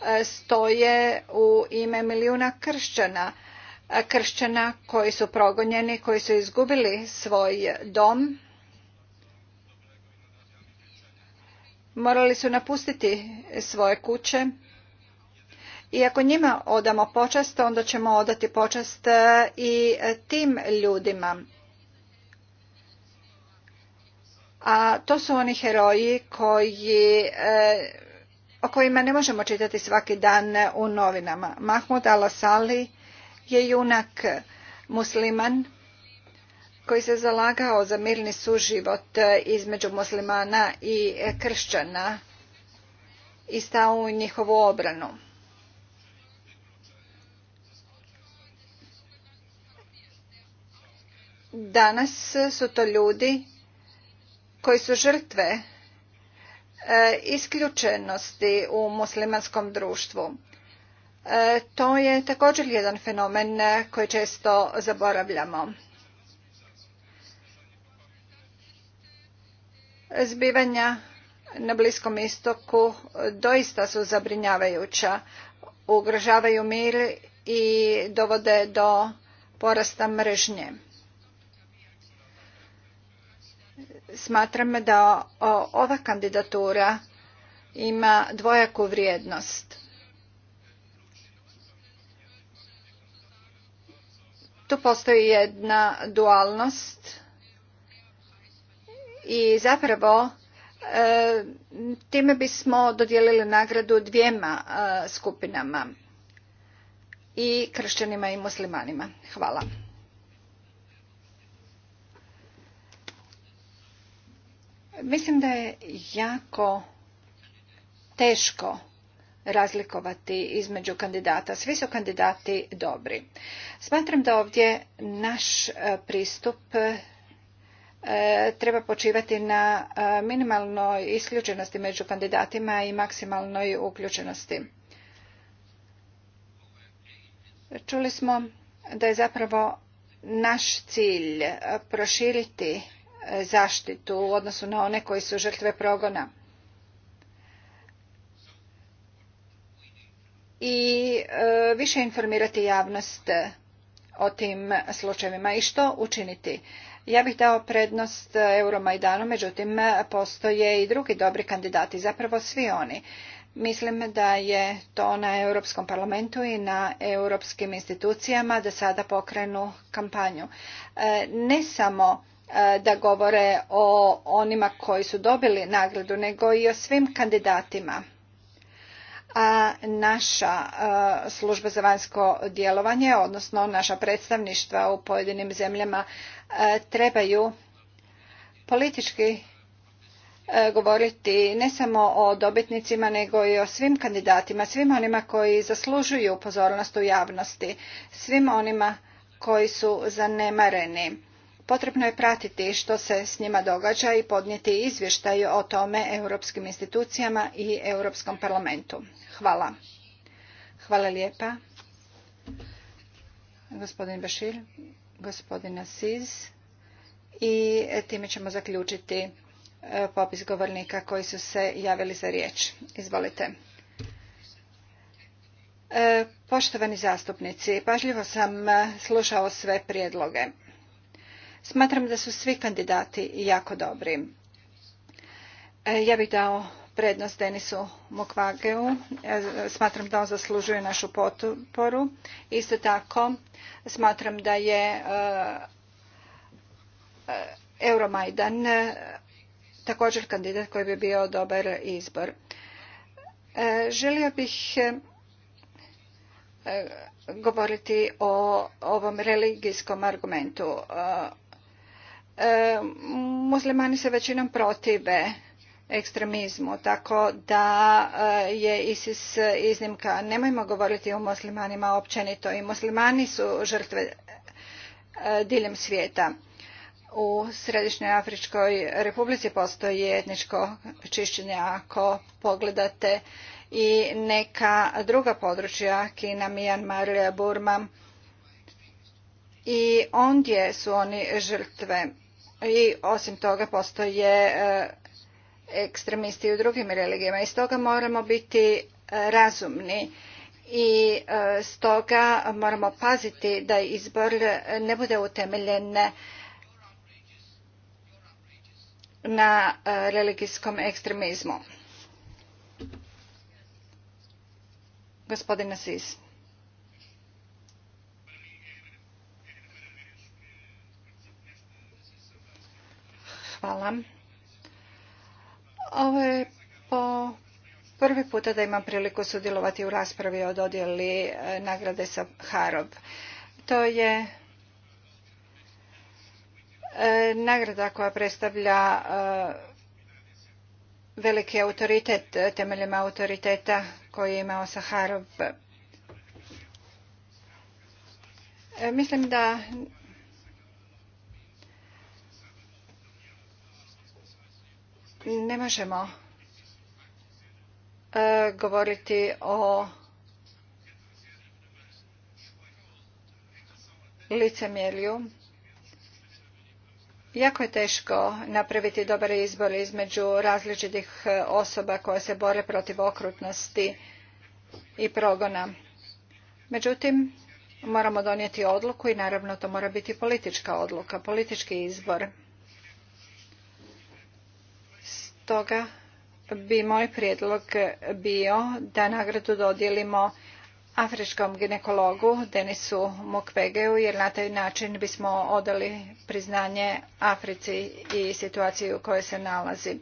eh, stoje u ime milijuna kršćana. Kršćana koji su progonjeni, koji su izgubili svoj dom. Morali su napustiti svoje kuće i ako njima odamo počast, onda ćemo odati počast e, i e, tim ljudima. A to su oni heroji koji e, o kojima ne možemo čitati svaki dan u novinama. Mahmud al-Asali je junak musliman koji se zalagao za mirni suživot između muslimana i kršćana i stao u njihovu obranu. Danas su to ljudi koji su žrtve e, isključenosti u muslimanskom društvu. E, to je također jedan fenomen koji često zaboravljamo. Zbivanja na Bliskom istoku doista su zabrinjavajuća, ugrožavaju mir i dovode do porasta mrežnje. Smatram da ova kandidatura ima dvojaku vrijednost. Tu postoji jedna dualnost i zapravo e, time bismo dodijelili nagradu dvijema e, skupinama i kršćanima i muslimanima. Hvala. Mislim da je jako teško razlikovati između kandidata. Svi su kandidati dobri. Smatram da ovdje naš e, pristup e, treba počivati na e, minimalnoj isključenosti među kandidatima i maksimalnoj uključenosti. Čuli smo da je zapravo naš cilj proširiti zaštitu u odnosu na one koji su žrtve progona. I e, više informirati javnost o tim slučajevima i što učiniti. Ja bih dao prednost Euromajdanu, međutim postoje i drugi dobri kandidati, zapravo svi oni. Mislim da je to na Europskom parlamentu i na europskim institucijama da sada pokrenu kampanju. E, ne samo E, da govore o onima koji su dobili nagradu, nego i o svim kandidatima. A naša e, služba za vanjsko djelovanje, odnosno naša predstavništva u pojedinim zemljama, e, trebaju politički govoriti ne samo o dobitnicima nego i o svim kandidatima, svim onima koji zaslužuju pozornost u javnosti, svim onima koji su zanemareni Potrebno je pratiti što se s njima događa i podnijeti izvještaj o tome europskim institucijama i Europskom parlamentu. Hvala. Hvala lijepa. Gospodin Bešir, gospodin i time ćemo zaključiti e, popis govornika koji su se javili za riječ. Izvolite. E, poštovani zastupnici, pažljivo sam e, slušao sve prijedloge. Smatram da su svi kandidati jako dobri. E, ja bih dao prednost Denisu Mukvageu. E, smatram da on zaslužuje našu potporu. Isto tako, smatram da je e, Euromajdan također kandidat koji bi bio dobar izbor. Želio bih govoriti o ovom religijskom argumentu. E, muslimani se većinom protive ekstremizmu, tako da e, je ISIS iznimka. Nemojmo govoriti o muslimanima općenito i muslimani su žrtve e, diljem svijeta. U Središnjoj Afričkoj Republici postoji etničko čišćenje ako pogledate i neka druga područja, Kina, Mijanmar, Burma, i ondje su oni žrtve i osim toga postoje e, ekstremisti u drugim religijama i stoga moramo biti e, razumni i e, stoga moramo paziti da izbor ne bude utemeljen na religijskom ekstremizmu. Gospodine Sis. Hvala. Ovo je po prvi puta da imam priliku sudjelovati u raspravi o dodjeli e, nagrade Saharov. To je e, nagrada koja predstavlja e, veliki autoritet temeljem autoriteta koji je imao Saharov. Mislim da Ne možemo e, govoriti o licemjerju. Jako je teško napraviti dobar izbor između različitih e, osoba koje se bore protiv okrutnosti i progona. Međutim, moramo donijeti odluku i naravno to mora biti politička odluka, politički izbor. toga bi moj prijedlog bio da nagradu dodijelimo afričkom ginekologu Denisu Mukwegeu jer na taj način bismo odali priznanje Africi i situaciji u kojoj se nalazi.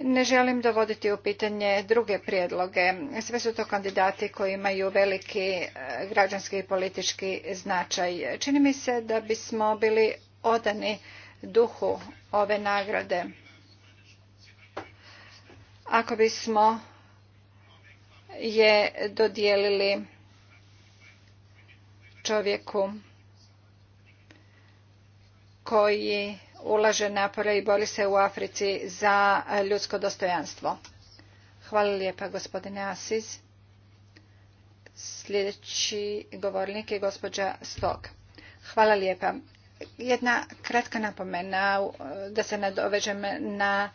Ne želim dovoditi u pitanje druge prijedloge. Sve su to kandidati koji imaju veliki e, građanski i politički značaj. Čini mi se da bismo bili odani duhu ove nagrade ako bismo je dodijelili čovjeku koji ulaže napore i bori se u Africi za ljudsko dostojanstvo. Hvala lijepa gospodine Asiz. Sljedeći govornik je gospođa Stok. Hvala lijepa. Jedna kratka napomena da se nadovežem na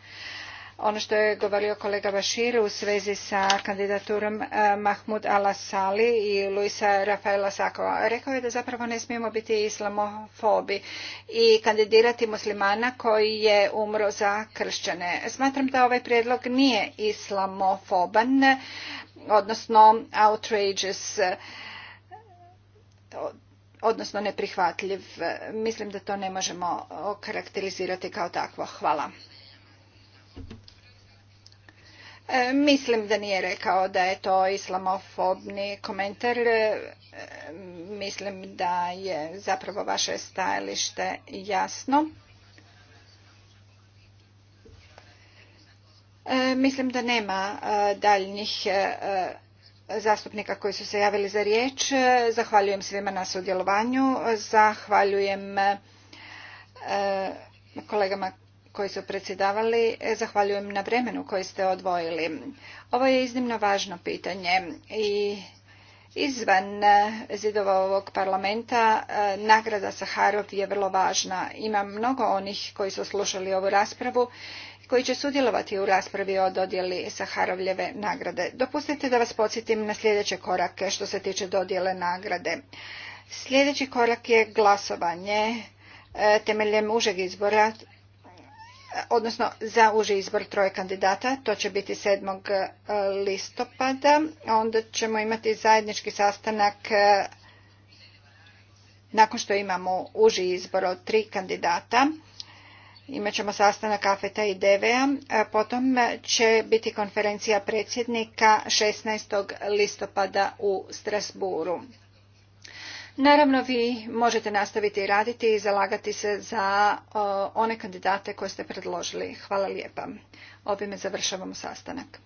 ono što je govorio kolega Bashir u svezi sa kandidaturom eh, Mahmud al Sali i Luisa Rafaela Sakova. Rekao je da zapravo ne smijemo biti islamofobi i kandidirati muslimana koji je umro za kršćane. Smatram da ovaj prijedlog nije islamofoban, odnosno outrageous odnosno neprihvatljiv. Mislim da to ne možemo okarakterizirati kao takvo. Hvala. E, mislim da nije rekao da je to islamofobni komentar. E, mislim da je zapravo vaše stajalište jasno. E, mislim da nema daljnjih zastupnika koji su se javili za riječ. Zahvaljujem svima na sudjelovanju. Zahvaljujem kolegama koji su predsjedavali, e, zahvaljujem na vremenu koji ste odvojili. Ovo je iznimno važno pitanje i izvan e, zidova ovog parlamenta e, nagrada Saharov je vrlo važna. Ima mnogo onih koji su slušali ovu raspravu koji će sudjelovati u raspravi o dodjeli Saharovljeve nagrade. Dopustite da vas podsjetim na sljedeće korake što se tiče dodjele nagrade. Sljedeći korak je glasovanje temeljem užeg izbora odnosno za uži izbor troje kandidata, to će biti 7. E, listopada. Onda ćemo imati zajednički sastanak e, nakon što imamo uži izbor od tri kandidata. Imat ćemo sastanak AFETA i DVA, e, potom će biti konferencija predsjednika 16. listopada u Strasburu. Naravno, vi možete nastaviti i raditi i zalagati se za one kandidate koje ste predložili. Hvala lijepa. Ovime završavamo sastanak.